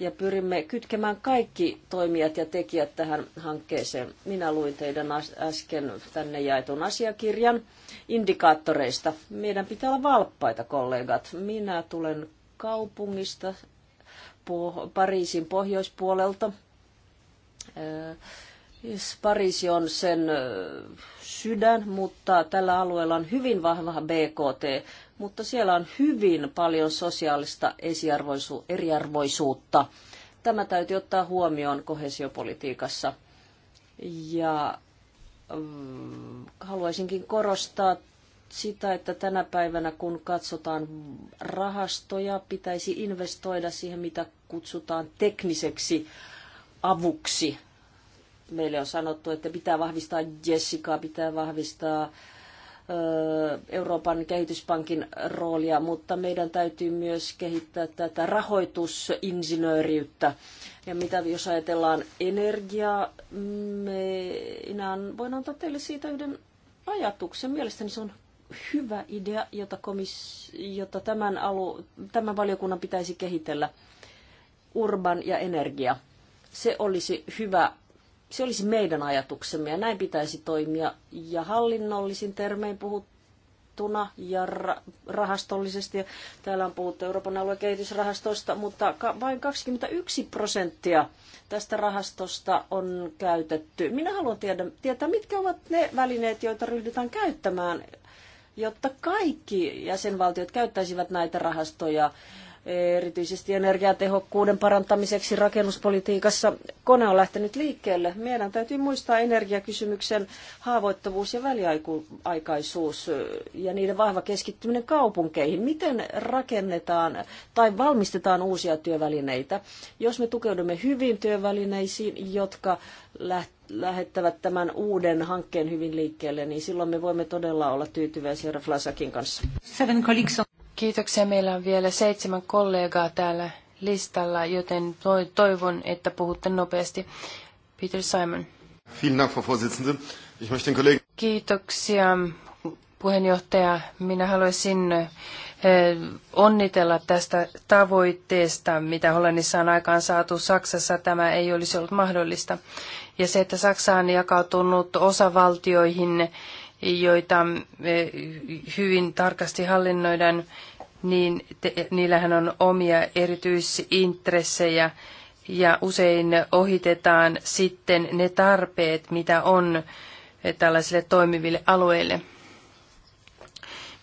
ja pyrimme kytkemään kaikki toimijat ja tekijät tähän hankkeeseen. Minä luin teidän äsken tänne jaetun asiakirjan indikaattoreista. Meidän pitää olla valppaita, kollegat. Minä tulen kaupungista Pariisin pohjoispuolelta. Äh, Pariisi on sen äh, sydän, mutta tällä alueella on hyvin vahva BKT, mutta siellä on hyvin paljon sosiaalista eriarvoisuutta. Tämä täytyy ottaa huomioon kohesiopolitiikassa. Ja mm, haluaisinkin korostaa sitä, että tänä päivänä kun katsotaan rahastoja, pitäisi investoida siihen, mitä kutsutaan tekniseksi avuksi. Meille on sanottu, että pitää vahvistaa Jessica, pitää vahvistaa Euroopan kehityspankin roolia, mutta meidän täytyy myös kehittää tätä rahoitusinsinööriyttä. Ja mitä jos ajatellaan energiaa, minä voin antaa teille siitä yhden ajatuksen. Mielestäni se on hyvä idea, jota, komis, jota tämän, alu, tämän valiokunnan pitäisi kehitellä. Urban ja energia. Se olisi hyvä se olisi meidän ajatuksemme ja näin pitäisi toimia. Ja hallinnollisin termein puhuttuna ja ra- rahastollisesti, täällä on puhuttu Euroopan alueen kehitysrahastoista, mutta vain 21 prosenttia tästä rahastosta on käytetty. Minä haluan tiedä, tietää, mitkä ovat ne välineet, joita ryhdytään käyttämään jotta kaikki jäsenvaltiot käyttäisivät näitä rahastoja erityisesti energiatehokkuuden parantamiseksi rakennuspolitiikassa. Kone on lähtenyt liikkeelle. Meidän täytyy muistaa energiakysymyksen haavoittuvuus ja väliaikaisuus ja niiden vahva keskittyminen kaupunkeihin. Miten rakennetaan tai valmistetaan uusia työvälineitä? Jos me tukeudumme hyvin työvälineisiin, jotka lähtevät lähettävät tämän uuden hankkeen hyvin liikkeelle, niin silloin me voimme todella olla tyytyväisiä Raflasakin kanssa. Seven colleagues Kiitoksia. Meillä on vielä seitsemän kollegaa täällä listalla, joten toivon, että puhutte nopeasti. Peter Simon. Kiitoksia, puheenjohtaja. Minä haluaisin eh, onnitella tästä tavoitteesta, mitä Hollannissa on aikaan saatu. Saksassa tämä ei olisi ollut mahdollista. Ja se, että Saksa on jakautunut osavaltioihin, joita eh, hyvin tarkasti hallinnoidaan, niin te, niillähän on omia erityisintressejä ja usein ohitetaan sitten ne tarpeet, mitä on eh, tällaisille toimiville alueille.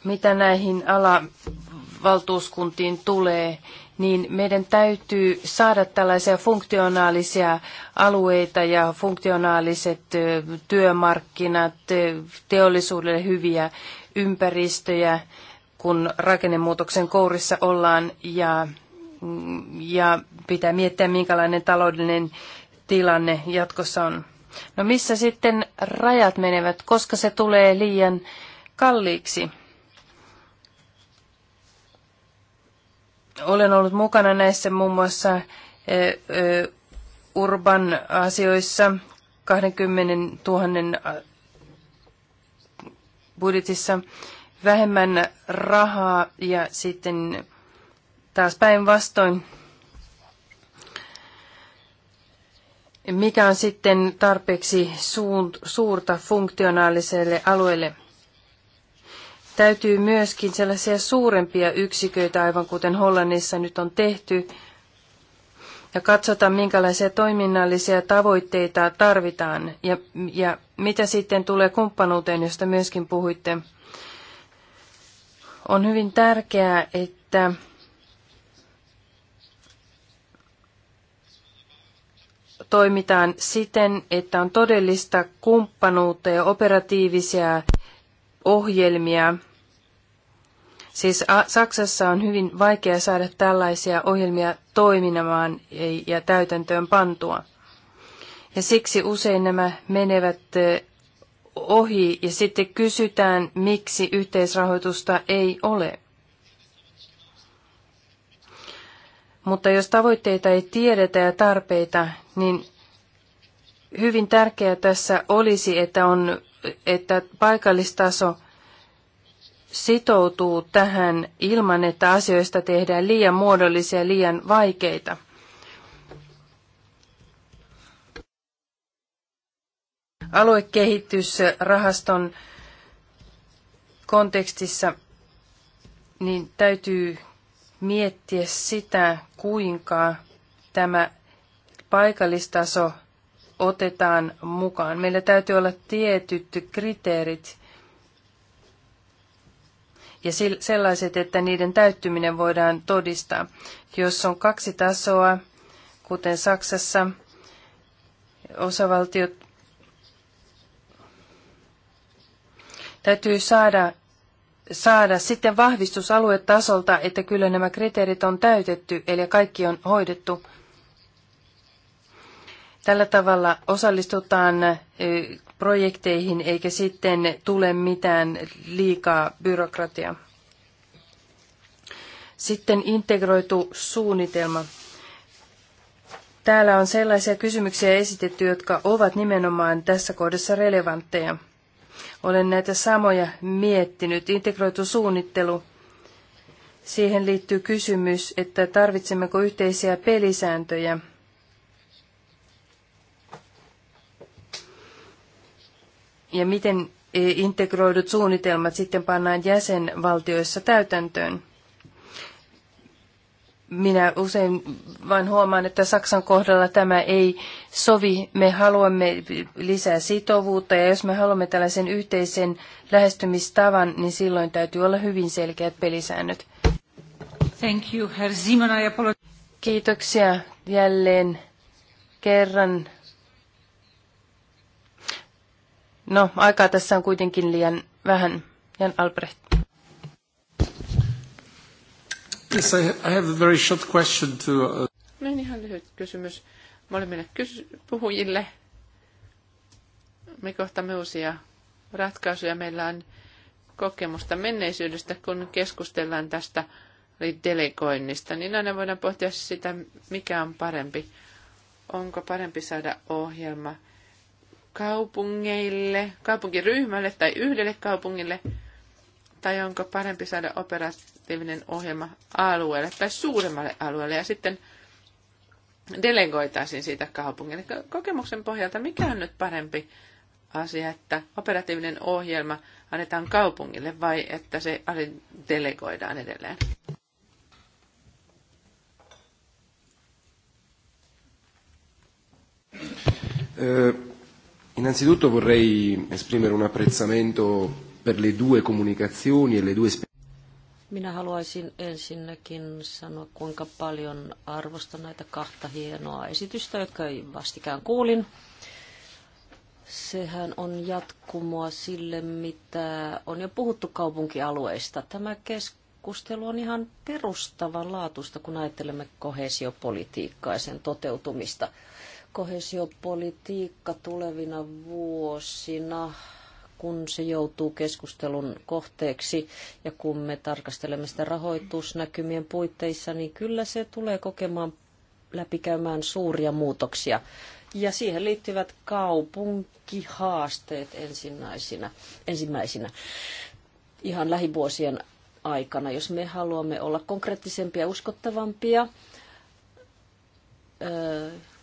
Mitä näihin alavaltuuskuntiin tulee, niin meidän täytyy saada tällaisia funktionaalisia alueita ja funktionaaliset eh, työmarkkinat, eh, teollisuudelle hyviä ympäristöjä, kun rakennemuutoksen kourissa ollaan ja, ja pitää miettiä, minkälainen taloudellinen tilanne jatkossa on. No missä sitten rajat menevät, koska se tulee liian kalliiksi? Olen ollut mukana näissä muun muassa eh, eh, urban asioissa 20 000 eh, budjetissa vähemmän rahaa ja sitten taas päinvastoin, mikä on sitten tarpeeksi suurta funktionaaliselle alueelle. Täytyy myöskin sellaisia suurempia yksiköitä, aivan kuten Hollannissa nyt on tehty, ja katsotaan, minkälaisia toiminnallisia tavoitteita tarvitaan ja, ja mitä sitten tulee kumppanuuteen, josta myöskin puhuitte. On hyvin tärkeää, että toimitaan siten, että on todellista kumppanuutta ja operatiivisia ohjelmia. Siis Saksassa on hyvin vaikea saada tällaisia ohjelmia toiminamaan ja täytäntöön pantua. Ja siksi usein nämä menevät ohi ja sitten kysytään, miksi yhteisrahoitusta ei ole. Mutta jos tavoitteita ei tiedetä ja tarpeita, niin hyvin tärkeää tässä olisi, että, on, että paikallistaso sitoutuu tähän ilman, että asioista tehdään liian muodollisia, liian vaikeita. aluekehitysrahaston kontekstissa, niin täytyy miettiä sitä, kuinka tämä paikallistaso otetaan mukaan. Meillä täytyy olla tietyt kriteerit ja sellaiset, että niiden täyttyminen voidaan todistaa. Jos on kaksi tasoa, kuten Saksassa, osavaltiot täytyy saada, saada sitten vahvistus aluetasolta, että kyllä nämä kriteerit on täytetty, eli kaikki on hoidettu. Tällä tavalla osallistutaan projekteihin eikä sitten tule mitään liikaa byrokratiaa. Sitten integroitu suunnitelma. Täällä on sellaisia kysymyksiä esitetty, jotka ovat nimenomaan tässä kohdassa relevantteja. Olen näitä samoja miettinyt. Integroitu suunnittelu. Siihen liittyy kysymys, että tarvitsemmeko yhteisiä pelisääntöjä. Ja miten eh, integroidut suunnitelmat sitten pannaan jäsenvaltioissa täytäntöön minä usein vain huomaan, että Saksan kohdalla tämä ei sovi. Me haluamme lisää sitovuutta ja jos me haluamme tällaisen yhteisen lähestymistavan, niin silloin täytyy olla hyvin selkeät pelisäännöt. Thank you, Herr Simon. Kiitoksia jälleen kerran. No, aikaa tässä on kuitenkin liian vähän. Jan Albrecht. Yes, I have a very short question to... Uh... No niin, ihan lyhyt kysymys molemmille kysy- puhujille. Me kohtamme uusia ratkaisuja. Meillä on kokemusta menneisyydestä, kun keskustellaan tästä delegoinnista, niin aina voidaan pohtia sitä, mikä on parempi. Onko parempi saada ohjelma kaupungeille, kaupunkiryhmälle tai yhdelle kaupungille, tai onko parempi saada operaatio operatiivinen ohjelma alueelle tai suuremmalle alueelle ja sitten delegoitaisiin siitä kaupungille. Kokemuksen pohjalta mikä on nyt parempi asia, että operatiivinen ohjelma annetaan kaupungille vai että se delegoidaan edelleen? Eh, innanzitutto vorrei esprimere un apprezzamento per le due comunicazioni e le due minä haluaisin ensinnäkin sanoa, kuinka paljon arvostan näitä kahta hienoa esitystä, jotka vastikään kuulin. Sehän on jatkumoa sille, mitä on jo puhuttu kaupunkialueista. Tämä keskustelu on ihan perustavanlaatuista, kun ajattelemme kohesiopolitiikkaa ja sen toteutumista. Kohesiopolitiikka tulevina vuosina kun se joutuu keskustelun kohteeksi ja kun me tarkastelemme sitä rahoitusnäkymien puitteissa, niin kyllä se tulee kokemaan läpikäymään suuria muutoksia. Ja siihen liittyvät kaupunkihaasteet ensimmäisinä, ensimmäisinä ihan lähivuosien aikana. Jos me haluamme olla konkreettisempia ja uskottavampia,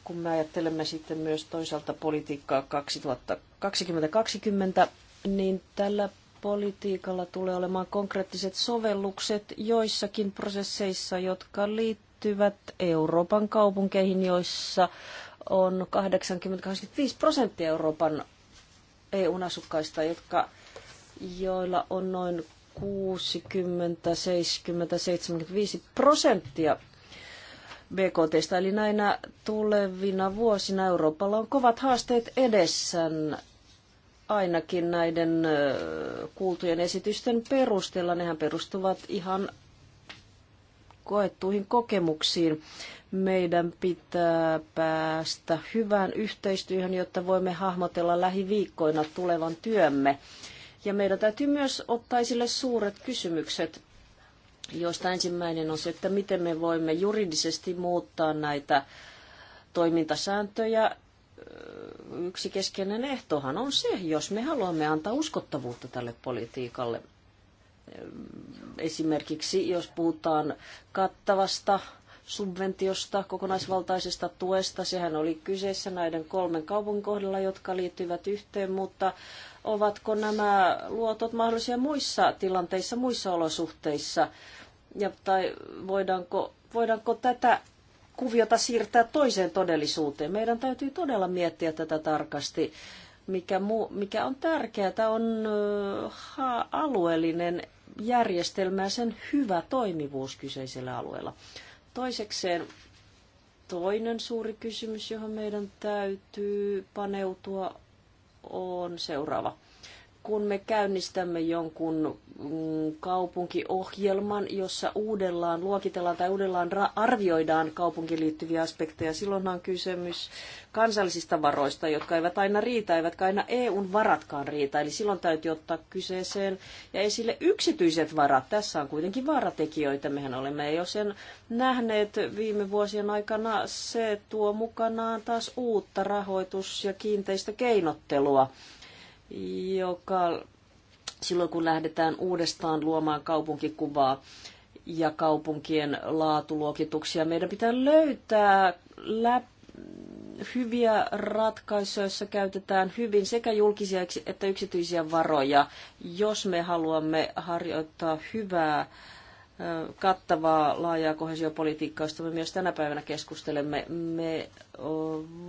kun me ajattelemme sitten myös toisaalta politiikkaa 2020, niin tällä politiikalla tulee olemaan konkreettiset sovellukset joissakin prosesseissa, jotka liittyvät Euroopan kaupunkeihin, joissa on 80-85 prosenttia Euroopan EUn asukkaista, jotka, joilla on noin 60, 70, 75 prosenttia BKTstä. Eli näinä tulevina vuosina Euroopalla on kovat haasteet edessään ainakin näiden kuultujen esitysten perusteella. Nehän perustuvat ihan koettuihin kokemuksiin. Meidän pitää päästä hyvään yhteistyöhön, jotta voimme hahmotella lähiviikkoina tulevan työmme. Ja meidän täytyy myös ottaa esille suuret kysymykset, joista ensimmäinen on se, että miten me voimme juridisesti muuttaa näitä toimintasääntöjä yksi keskeinen ehtohan on se, jos me haluamme antaa uskottavuutta tälle politiikalle. Esimerkiksi jos puhutaan kattavasta subventiosta, kokonaisvaltaisesta tuesta. Sehän oli kyseessä näiden kolmen kaupungin kohdalla, jotka liittyvät yhteen, mutta ovatko nämä luotot mahdollisia muissa tilanteissa, muissa olosuhteissa? Ja, tai voidaanko, voidaanko tätä kuviota siirtää toiseen todellisuuteen. Meidän täytyy todella miettiä tätä tarkasti. Mikä, mu, mikä on tärkeää, on ha, alueellinen järjestelmä ja sen hyvä toimivuus kyseisellä alueella. Toisekseen toinen suuri kysymys, johon meidän täytyy paneutua, on seuraava kun me käynnistämme jonkun mm, kaupunkiohjelman, jossa uudellaan luokitellaan tai uudellaan arvioidaan kaupunkiin liittyviä aspekteja, silloin on kysymys kansallisista varoista, jotka eivät aina riitä, eivätkä aina EUn varatkaan riitä. Eli silloin täytyy ottaa kyseeseen ja esille yksityiset varat. Tässä on kuitenkin vaaratekijöitä. Mehän olemme jo sen nähneet viime vuosien aikana. Se tuo mukanaan taas uutta rahoitus- ja kiinteistökeinottelua. keinottelua joka silloin kun lähdetään uudestaan luomaan kaupunkikuvaa ja kaupunkien laatuluokituksia, meidän pitää löytää läpi hyviä ratkaisuja, joissa käytetään hyvin sekä julkisia että yksityisiä varoja, jos me haluamme harjoittaa hyvää kattavaa laajaa kohesiopolitiikkaa, josta me myös tänä päivänä keskustelemme. Me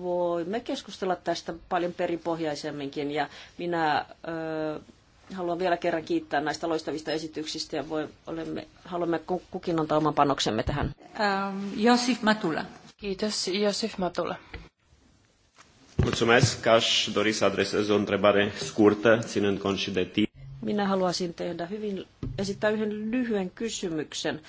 voimme keskustella tästä paljon peripohjaisemminkin ja minä haluan vielä kerran kiittää näistä loistavista esityksistä ja voi, olemme, haluamme kukin antaa oman panoksemme tähän. Ähm, Josif Matula. Kiitos, Josif Matula. Mulțumesc, aș dori să adresez o întrebare scurtă, ținând cont și de timp. Minä haluaisin tehdä hyvin, esittää yhden lyhyen kysymyksen,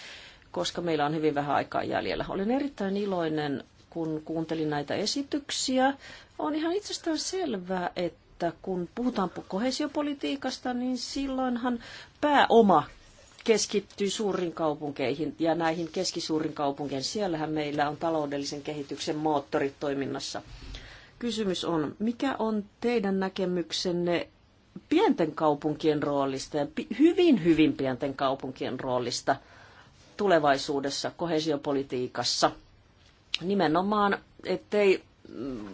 koska meillä on hyvin vähän aikaa jäljellä. Olen erittäin iloinen, kun kuuntelin näitä esityksiä. On ihan itsestään selvää, että kun puhutaan kohesiopolitiikasta, niin silloinhan pääoma keskittyy suurin kaupunkeihin ja näihin keskisuurin kaupunkeihin. Siellähän meillä on taloudellisen kehityksen moottorit toiminnassa. Kysymys on, mikä on teidän näkemyksenne pienten kaupunkien roolista ja hyvin, hyvin pienten kaupunkien roolista tulevaisuudessa kohesiopolitiikassa. Nimenomaan, ettei mm,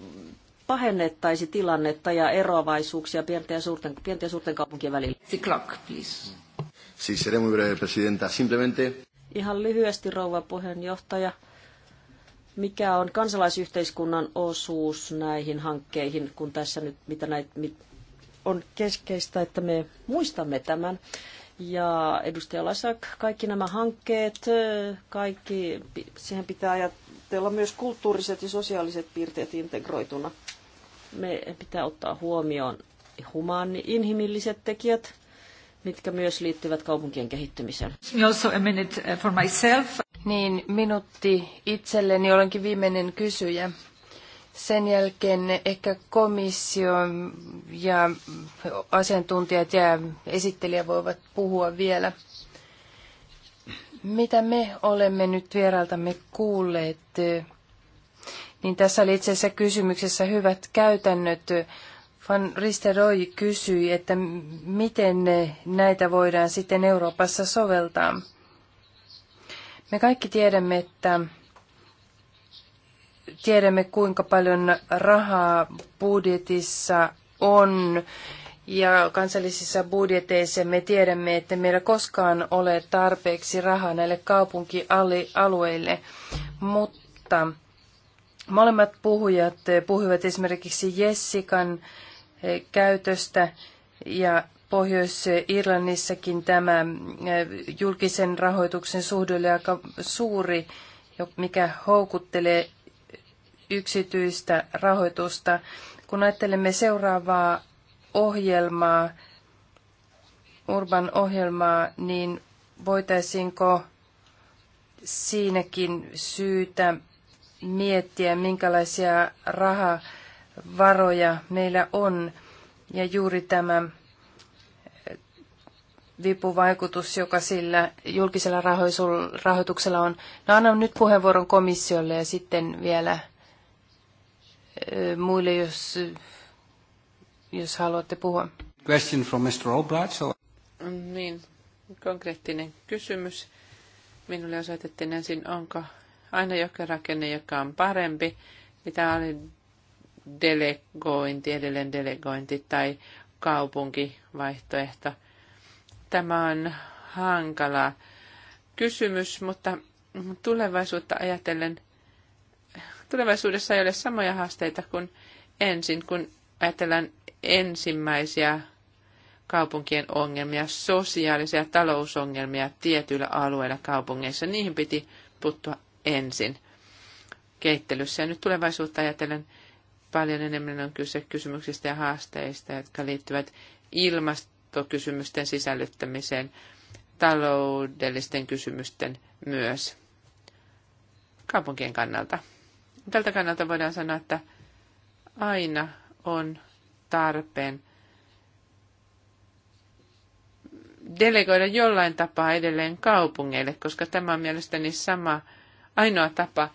pahennettaisi tilannetta ja eroavaisuuksia pienten ja suurten, pienten ja suurten kaupunkien välillä. The clock, please. seré muy breve, presidenta. Simplemente... Ihan lyhyesti, rouva puheenjohtaja. Mikä on kansalaisyhteiskunnan osuus näihin hankkeihin, kun tässä nyt, mitä näitä, mit, on keskeistä, että me muistamme tämän. Ja edustaja Lasak, kaikki nämä hankkeet, kaikki, siihen pitää ajatella myös kulttuuriset ja sosiaaliset piirteet integroituna. Me pitää ottaa huomioon humaani, inhimilliset tekijät, mitkä myös liittyvät kaupunkien kehittymiseen. Also a minute eh, for myself. Niin, minuutti itselleni olenkin viimeinen kysyjä. Sen jälkeen ehkä komissio ja asiantuntijat ja esittelijä voivat puhua vielä. Mitä me olemme nyt vierailtamme kuulleet, niin tässä oli itse asiassa kysymyksessä hyvät käytännöt. Van Risteroi kysyi, että miten näitä voidaan sitten Euroopassa soveltaa. Me kaikki tiedämme, että tiedämme, kuinka paljon rahaa budjetissa on. Ja kansallisissa budjeteissa me tiedämme, että meillä koskaan ole tarpeeksi rahaa näille kaupunkialueille. Mutta molemmat puhujat puhuivat esimerkiksi Jessikan eh, käytöstä ja Pohjois-Irlannissakin tämä eh, julkisen rahoituksen suhde oli aika suuri, mikä houkuttelee yksityistä rahoitusta. Kun ajattelemme seuraavaa ohjelmaa, Urban ohjelmaa, niin voitaisiinko siinäkin syytä miettiä, minkälaisia rahavaroja meillä on. Ja juuri tämä eh, vipuvaikutus, joka sillä julkisella rahoituksella on. No annan nyt puheenvuoron komissiolle ja sitten vielä muille, jos, jos haluatte puhua. Question from Mr. Albright. So... Niin, konkreettinen kysymys. Minulle osoitettiin ensin, onko aina joka rakenne, joka on parempi, mitä oli delegointi, edelleen delegointi tai kaupunkivaihtoehto. Tämä on hankala kysymys, mutta tulevaisuutta ajatellen – tulevaisuudessa ei ole samoja haasteita kuin ensin, kun ajatellaan ensimmäisiä kaupunkien ongelmia, sosiaalisia talousongelmia tietyillä alueilla kaupungeissa. Niihin piti puuttua ensin keittelyssä. Ja nyt tulevaisuutta ajatellen paljon enemmän on kyse kysymyksistä ja haasteista, jotka liittyvät ilmastokysymysten sisällyttämiseen, taloudellisten kysymysten myös kaupunkien kannalta. Tältä kannalta voidaan sanoa, että aina on tarpeen delegoida jollain tapaa edelleen kaupungeille, koska tämä on mielestäni sama ainoa tapa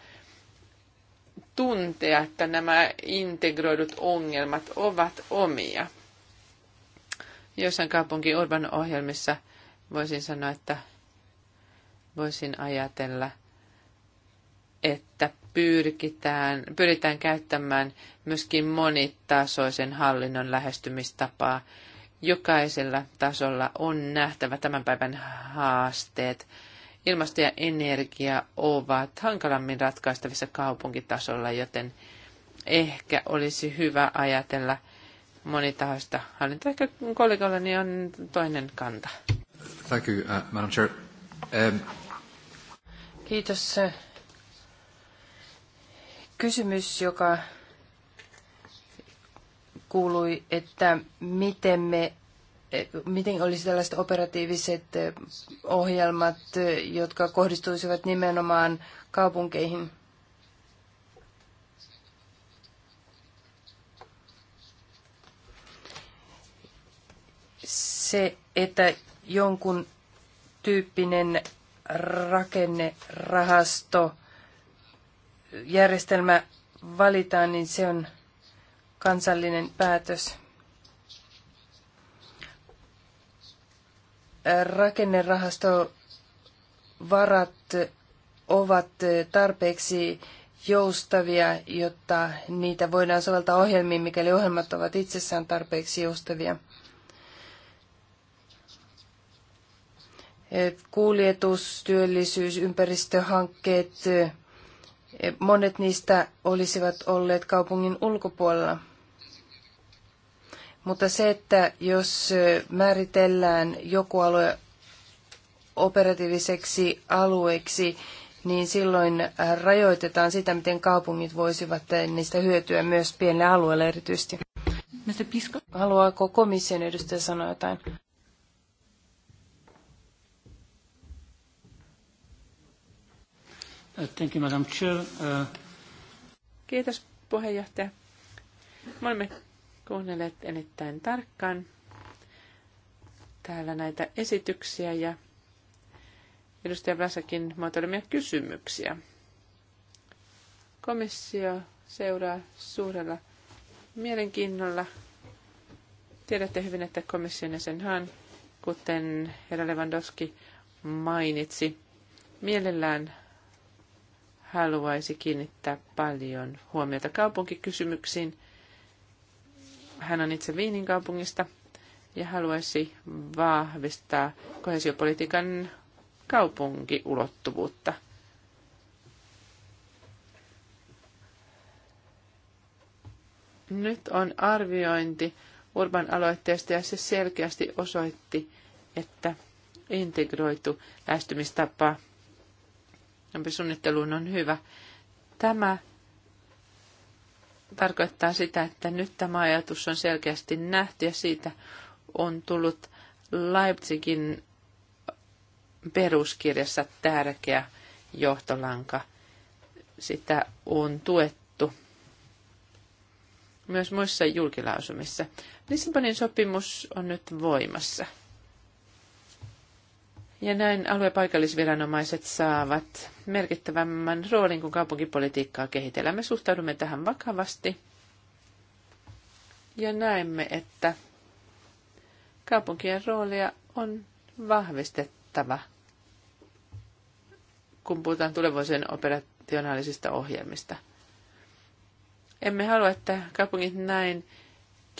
tuntea, että nämä integroidut ongelmat ovat omia. Jossain kaupunki urban ohjelmissa voisin sanoa, että voisin ajatella – että pyrkitään, pyritään käyttämään myöskin monitasoisen hallinnon lähestymistapaa. Jokaisella tasolla on nähtävä tämän päivän haasteet. Ilmasto ja energia ovat hankalammin ratkaistavissa kaupunkitasolla, joten ehkä olisi hyvä ajatella monitahoista hallintoa. Ehkä kollegollani on toinen kanta. Thank you, uh, Madam Chair. Um... Kiitos kysymys, joka kuului, että miten me miten olisi tällaiset operatiiviset ohjelmat, jotka kohdistuisivat nimenomaan kaupunkeihin? Se, että jonkun tyyppinen rakennerahasto – järjestelmä valitaan, niin se on kansallinen päätös. Rakennerahastovarat ovat tarpeeksi joustavia, jotta niitä voidaan soveltaa ohjelmiin, mikäli ohjelmat ovat itsessään tarpeeksi joustavia. Kuljetus, työllisyys, ympäristöhankkeet, Monet niistä olisivat olleet kaupungin ulkopuolella. Mutta se, että jos määritellään joku alue operatiiviseksi alueeksi, niin silloin rajoitetaan sitä, miten kaupungit voisivat niistä hyötyä myös pienelle alueelle erityisesti. Haluaako komission edustaja sanoa jotain? Uh, thank you, Madam Chair. Uh, Kiitos puheenjohtaja. Me olemme kuunnelleet erittäin tarkkaan täällä näitä esityksiä ja edustaja Vlasakin muotoilemia kysymyksiä. Komissio seuraa suurella mielenkiinnolla. Tiedätte hyvin, että komission jäsenhan, kuten herra Lewandowski mainitsi, mielellään haluaisi kiinnittää paljon huomiota kaupunkikysymyksiin. Hän on itse Viinin kaupungista ja haluaisi vahvistaa kohesiopolitiikan kaupunkiulottuvuutta. Nyt on arviointi Urban aloitteesta ja se selkeästi osoitti, että integroitu lähestymistapa suunnitteluun on hyvä. Tämä tarkoittaa sitä, että nyt tämä ajatus on selkeästi nähty ja siitä on tullut Leipzigin peruskirjassa tärkeä johtolanka. Sitä on tuettu myös muissa julkilausumissa. Lissabonin sopimus on nyt voimassa – ja näin aluepaikallisviranomaiset saavat merkittävämmän roolin, kun kaupunkipolitiikkaa kehitellään. Me suhtaudumme tähän vakavasti ja näemme, että kaupunkien roolia on vahvistettava, kun puhutaan tulevaisuuden operationaalisista ohjelmista. Emme halua, että kaupungit näin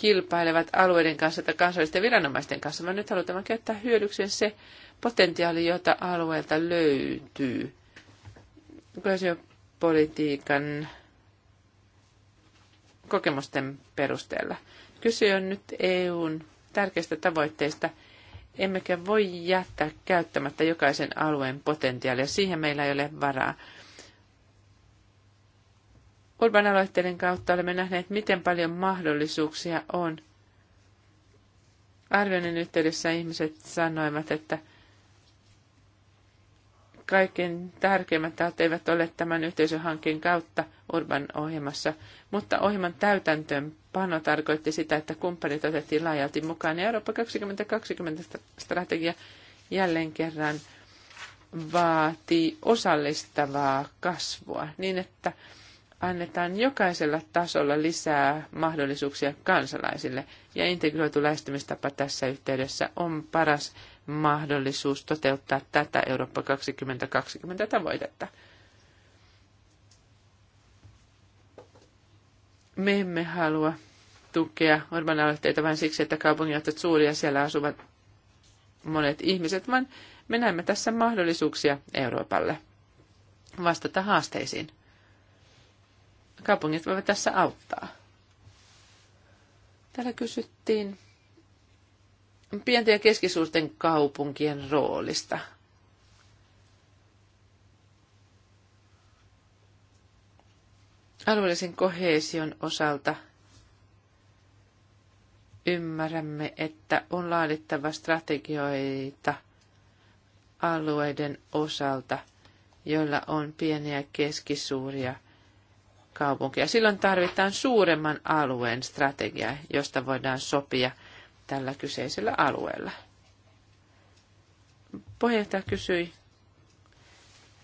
kilpailevat alueiden kanssa tai kansallisten viranomaisten kanssa, vaan nyt halutaan käyttää hyödykseen se potentiaali, jota alueelta löytyy. Koesiopolitiikan kokemusten perusteella. Kyse on nyt EUn tärkeistä tavoitteista. Emmekä voi jättää käyttämättä jokaisen alueen potentiaalia. Siihen meillä ei ole varaa. Urban aloitteiden kautta olemme nähneet, miten paljon mahdollisuuksia on. Arvioinnin yhteydessä ihmiset sanoivat, että kaiken tärkeimmät taat eivät ole tämän yhteisöhankkeen kautta Urban ohjelmassa, mutta ohjelman täytäntöönpano tarkoitti sitä, että kumppanit otettiin laajalti mukaan. Ja Eurooppa 2020 strategia jälleen kerran vaatii osallistavaa kasvua niin, että annetaan jokaisella tasolla lisää mahdollisuuksia kansalaisille. Ja integroitu lähestymistapa tässä yhteydessä on paras mahdollisuus toteuttaa tätä Eurooppa 2020 tavoitetta. Me emme halua tukea Orban aloitteita vain siksi, että kaupungit ovat suuria, siellä asuvat monet ihmiset, vaan me näemme tässä mahdollisuuksia Euroopalle vastata haasteisiin kaupungit voivat tässä auttaa. Täällä kysyttiin pienten ja keskisuurten kaupunkien roolista. Alueellisen kohesion osalta ymmärrämme, että on laadittava strategioita alueiden osalta, joilla on pieniä ja keskisuuria – kaupunkia. Silloin tarvitaan suuremman alueen strategia, josta voidaan sopia tällä kyseisellä alueella. Puheenjohtaja kysyi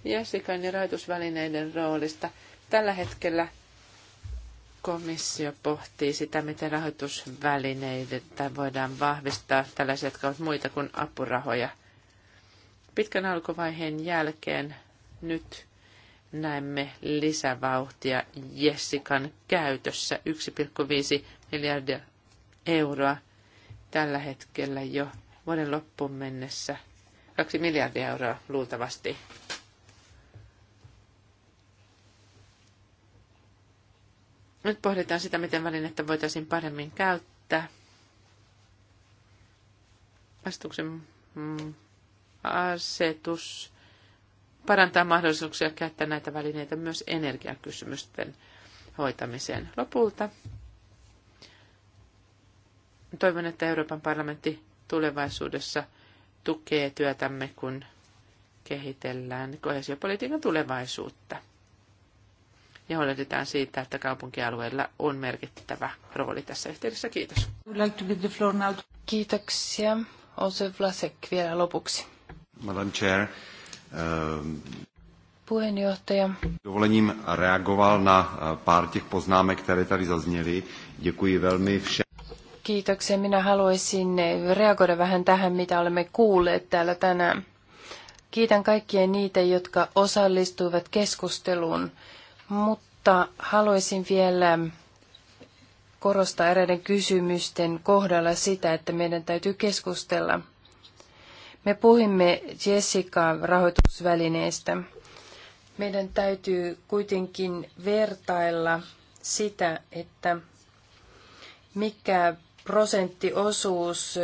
Jessica ja rajoitusvälineiden roolista. Tällä hetkellä komissio pohtii sitä, miten rahoitusvälineitä voidaan vahvistaa, tällaisia, jotka ovat muita kuin apurahoja. Pitkän alkuvaiheen jälkeen nyt näemme lisävauhtia Jessikan käytössä 1,5 miljardia euroa tällä hetkellä jo vuoden loppuun mennessä. 2 miljardia euroa luultavasti. Nyt pohditaan sitä, miten välinettä voitaisiin paremmin käyttää. Asetuksen mm, asetus parantaa mahdollisuuksia käyttää näitä välineitä myös energiakysymysten hoitamiseen. Lopulta toivon, että Euroopan parlamentti tulevaisuudessa tukee työtämme, kun kehitellään kohesiopolitiikan tulevaisuutta. Ja huolehditaan siitä, että kaupunkialueella on merkittävä rooli tässä yhteydessä. Kiitos. Kiitoksia. Osef Vlasek vielä lopuksi. Madam Chair. Ehm, Puheenjohtaja. Dovolením reagoval na eh, pár těch poznámek, které tady zazněly. Děkuji velmi všem. Kiitoksia. Minä haluaisin reagoida vähän tähän, mitä olemme kuulleet täällä tänään. Kiitän kaikkia niitä, jotka osallistuivat keskusteluun, mutta haluaisin vielä korostaa eräiden kysymysten kohdalla sitä, että meidän täytyy keskustella – me puhimme Jessica-rahoitusvälineestä. Meidän täytyy kuitenkin vertailla sitä, että mikä prosenttiosuus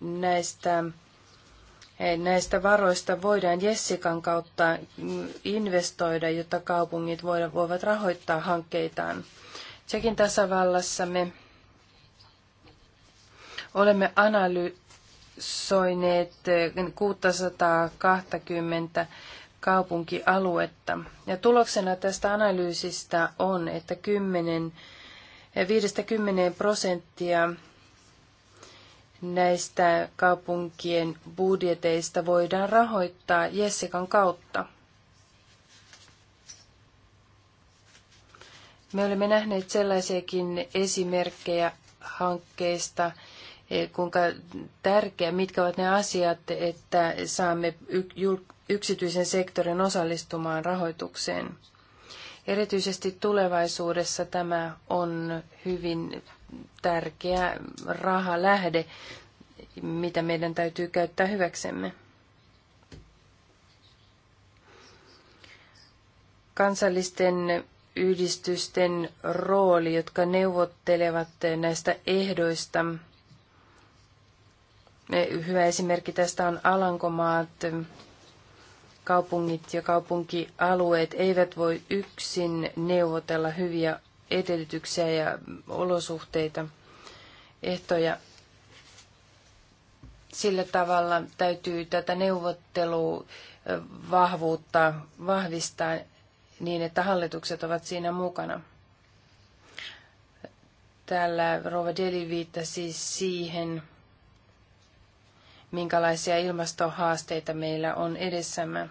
näistä, näistä varoista voidaan Jessikan kautta investoida, jotta kaupungit voivat rahoittaa hankkeitaan. Tsekin tasavallassa me olemme analy- analysoineet eh, 620 kaupunkialuetta. Ja tuloksena tästä analyysistä on, että 10, 50 eh, prosenttia näistä kaupunkien budjeteista voidaan rahoittaa Jessikan kautta. Me olemme nähneet sellaisiakin esimerkkejä hankkeista, Eh, kuinka tärkeä, mitkä ovat ne asiat, että saamme yksityisen sektorin osallistumaan rahoitukseen. Erityisesti tulevaisuudessa tämä on hyvin tärkeä rahalähde, mitä meidän täytyy käyttää hyväksemme. Kansallisten yhdistysten rooli, jotka neuvottelevat näistä ehdoista, Hyvä esimerkki tästä on Alankomaat. Kaupungit ja kaupunkialueet eivät voi yksin neuvotella hyviä edellytyksiä ja olosuhteita, ehtoja. Sillä tavalla täytyy tätä neuvotteluvahvuutta vahvistaa niin, että hallitukset ovat siinä mukana. Täällä Rova Deli viittasi siihen, minkälaisia ilmastohaasteita meillä on edessämme.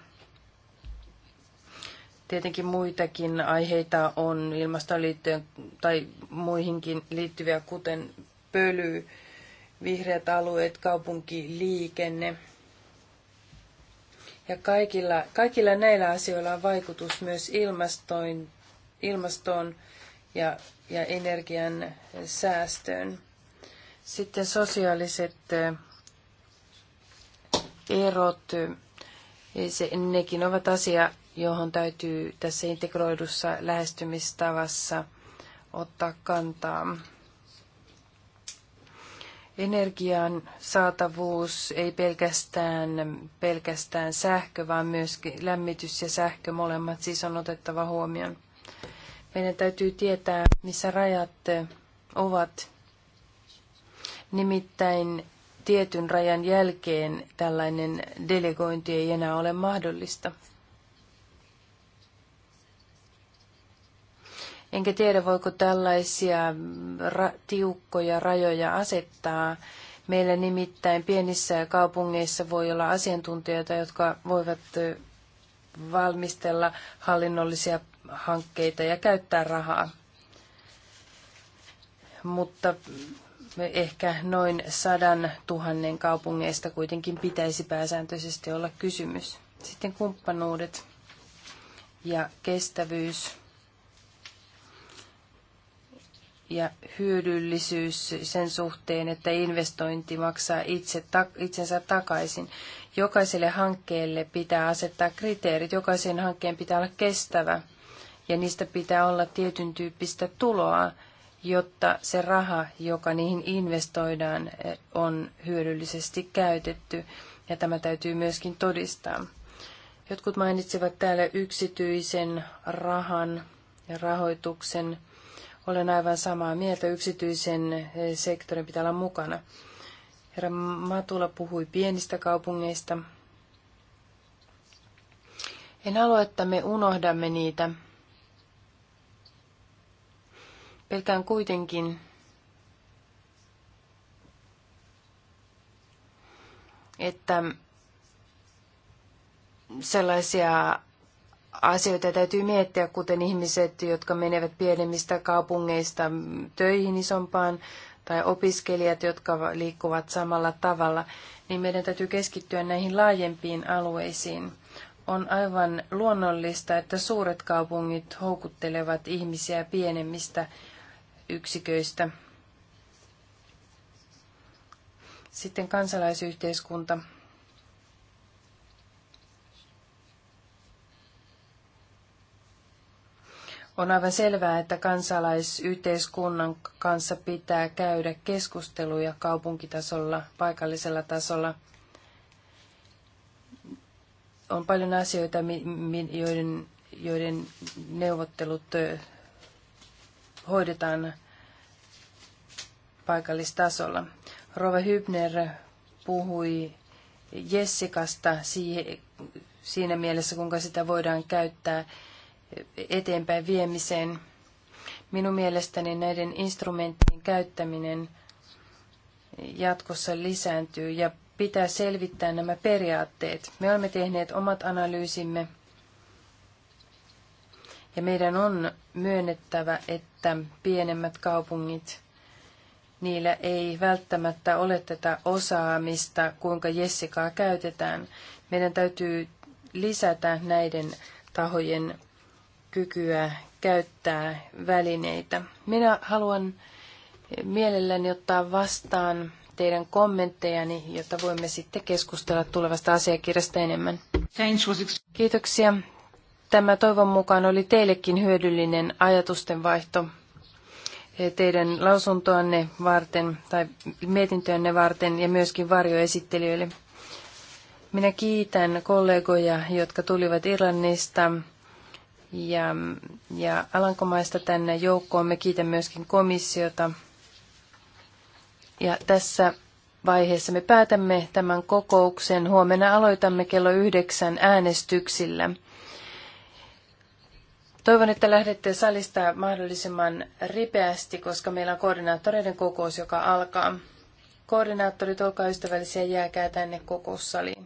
Tietenkin muitakin aiheita on ilmastoon liittyen tai muihinkin liittyviä, kuten pöly, vihreät alueet, kaupunkiliikenne. Ja kaikilla, kaikilla näillä asioilla on vaikutus myös ilmastoin, ilmastoon ja, ja energian säästöön. Sitten sosiaaliset erot, niin se, nekin ovat asia, johon täytyy tässä integroidussa lähestymistavassa ottaa kantaa. Energian saatavuus ei pelkästään, pelkästään sähkö, vaan myöskin lämmitys ja sähkö molemmat siis on otettava huomioon. Meidän täytyy tietää, missä rajat ovat. Nimittäin tietyn rajan jälkeen tällainen delegointi ei enää ole mahdollista. Enkä tiedä, voiko tällaisia ra- tiukkoja rajoja asettaa. Meillä nimittäin pienissä kaupungeissa voi olla asiantuntijoita, jotka voivat valmistella hallinnollisia hankkeita ja käyttää rahaa. Mutta ehkä noin sadan tuhannen kaupungeista kuitenkin pitäisi pääsääntöisesti olla kysymys. Sitten kumppanuudet ja kestävyys ja hyödyllisyys sen suhteen, että investointi maksaa itse, ta, itsensä takaisin. Jokaiselle hankkeelle pitää asettaa kriteerit. Jokaisen hankkeen pitää olla kestävä ja niistä pitää olla tietyn tyyppistä tuloa jotta se raha, joka niihin investoidaan, eh, on hyödyllisesti käytetty. Ja tämä täytyy myöskin todistaa. Jotkut mainitsivat täällä yksityisen rahan ja rahoituksen. Olen aivan samaa mieltä, yksityisen eh, sektorin pitää olla mukana. Herra Matula puhui pienistä kaupungeista. En halua, että me unohdamme niitä Pelkään kuitenkin, että sellaisia asioita täytyy miettiä, kuten ihmiset, jotka menevät pienemmistä kaupungeista töihin isompaan, tai opiskelijat, jotka liikkuvat samalla tavalla, niin meidän täytyy keskittyä näihin laajempiin alueisiin. On aivan luonnollista, että suuret kaupungit houkuttelevat ihmisiä pienemmistä yksiköistä. Sitten kansalaisyhteiskunta. On aivan selvää, että kansalaisyhteiskunnan kanssa pitää käydä keskusteluja kaupunkitasolla, paikallisella tasolla. On paljon asioita, joiden, joiden neuvottelut hoidetaan paikallistasolla. Rove Hybner puhui Jessikasta siinä mielessä, kuinka sitä voidaan käyttää eteenpäin viemiseen. Minun mielestäni näiden instrumenttien käyttäminen jatkossa lisääntyy ja pitää selvittää nämä periaatteet. Me olemme tehneet omat analyysimme ja meidän on myönnettävä, että pienemmät kaupungit, niillä ei välttämättä ole tätä osaamista, kuinka Jessikaa käytetään. Meidän täytyy lisätä näiden tahojen kykyä käyttää välineitä. Minä haluan mielelläni ottaa vastaan teidän kommenttejani, jotta voimme sitten keskustella tulevasta asiakirjasta enemmän. Kiitoksia. Tämä toivon mukaan oli teillekin hyödyllinen ajatustenvaihto eh, teidän lausuntoanne varten tai mietintöönne varten ja myöskin varjoesittelijöille. Minä kiitän kollegoja, jotka tulivat Irlannista ja, ja Alankomaista tänne joukkoon. Me kiitän myöskin komissiota. Ja tässä vaiheessa me päätämme tämän kokouksen. Huomenna aloitamme kello yhdeksän äänestyksillä. Toivon, että lähdette salista mahdollisimman ripeästi, koska meillä on koordinaattoreiden kokous, joka alkaa. Koordinaattorit, olkaa ystävällisiä, jääkää tänne kokoussaliin.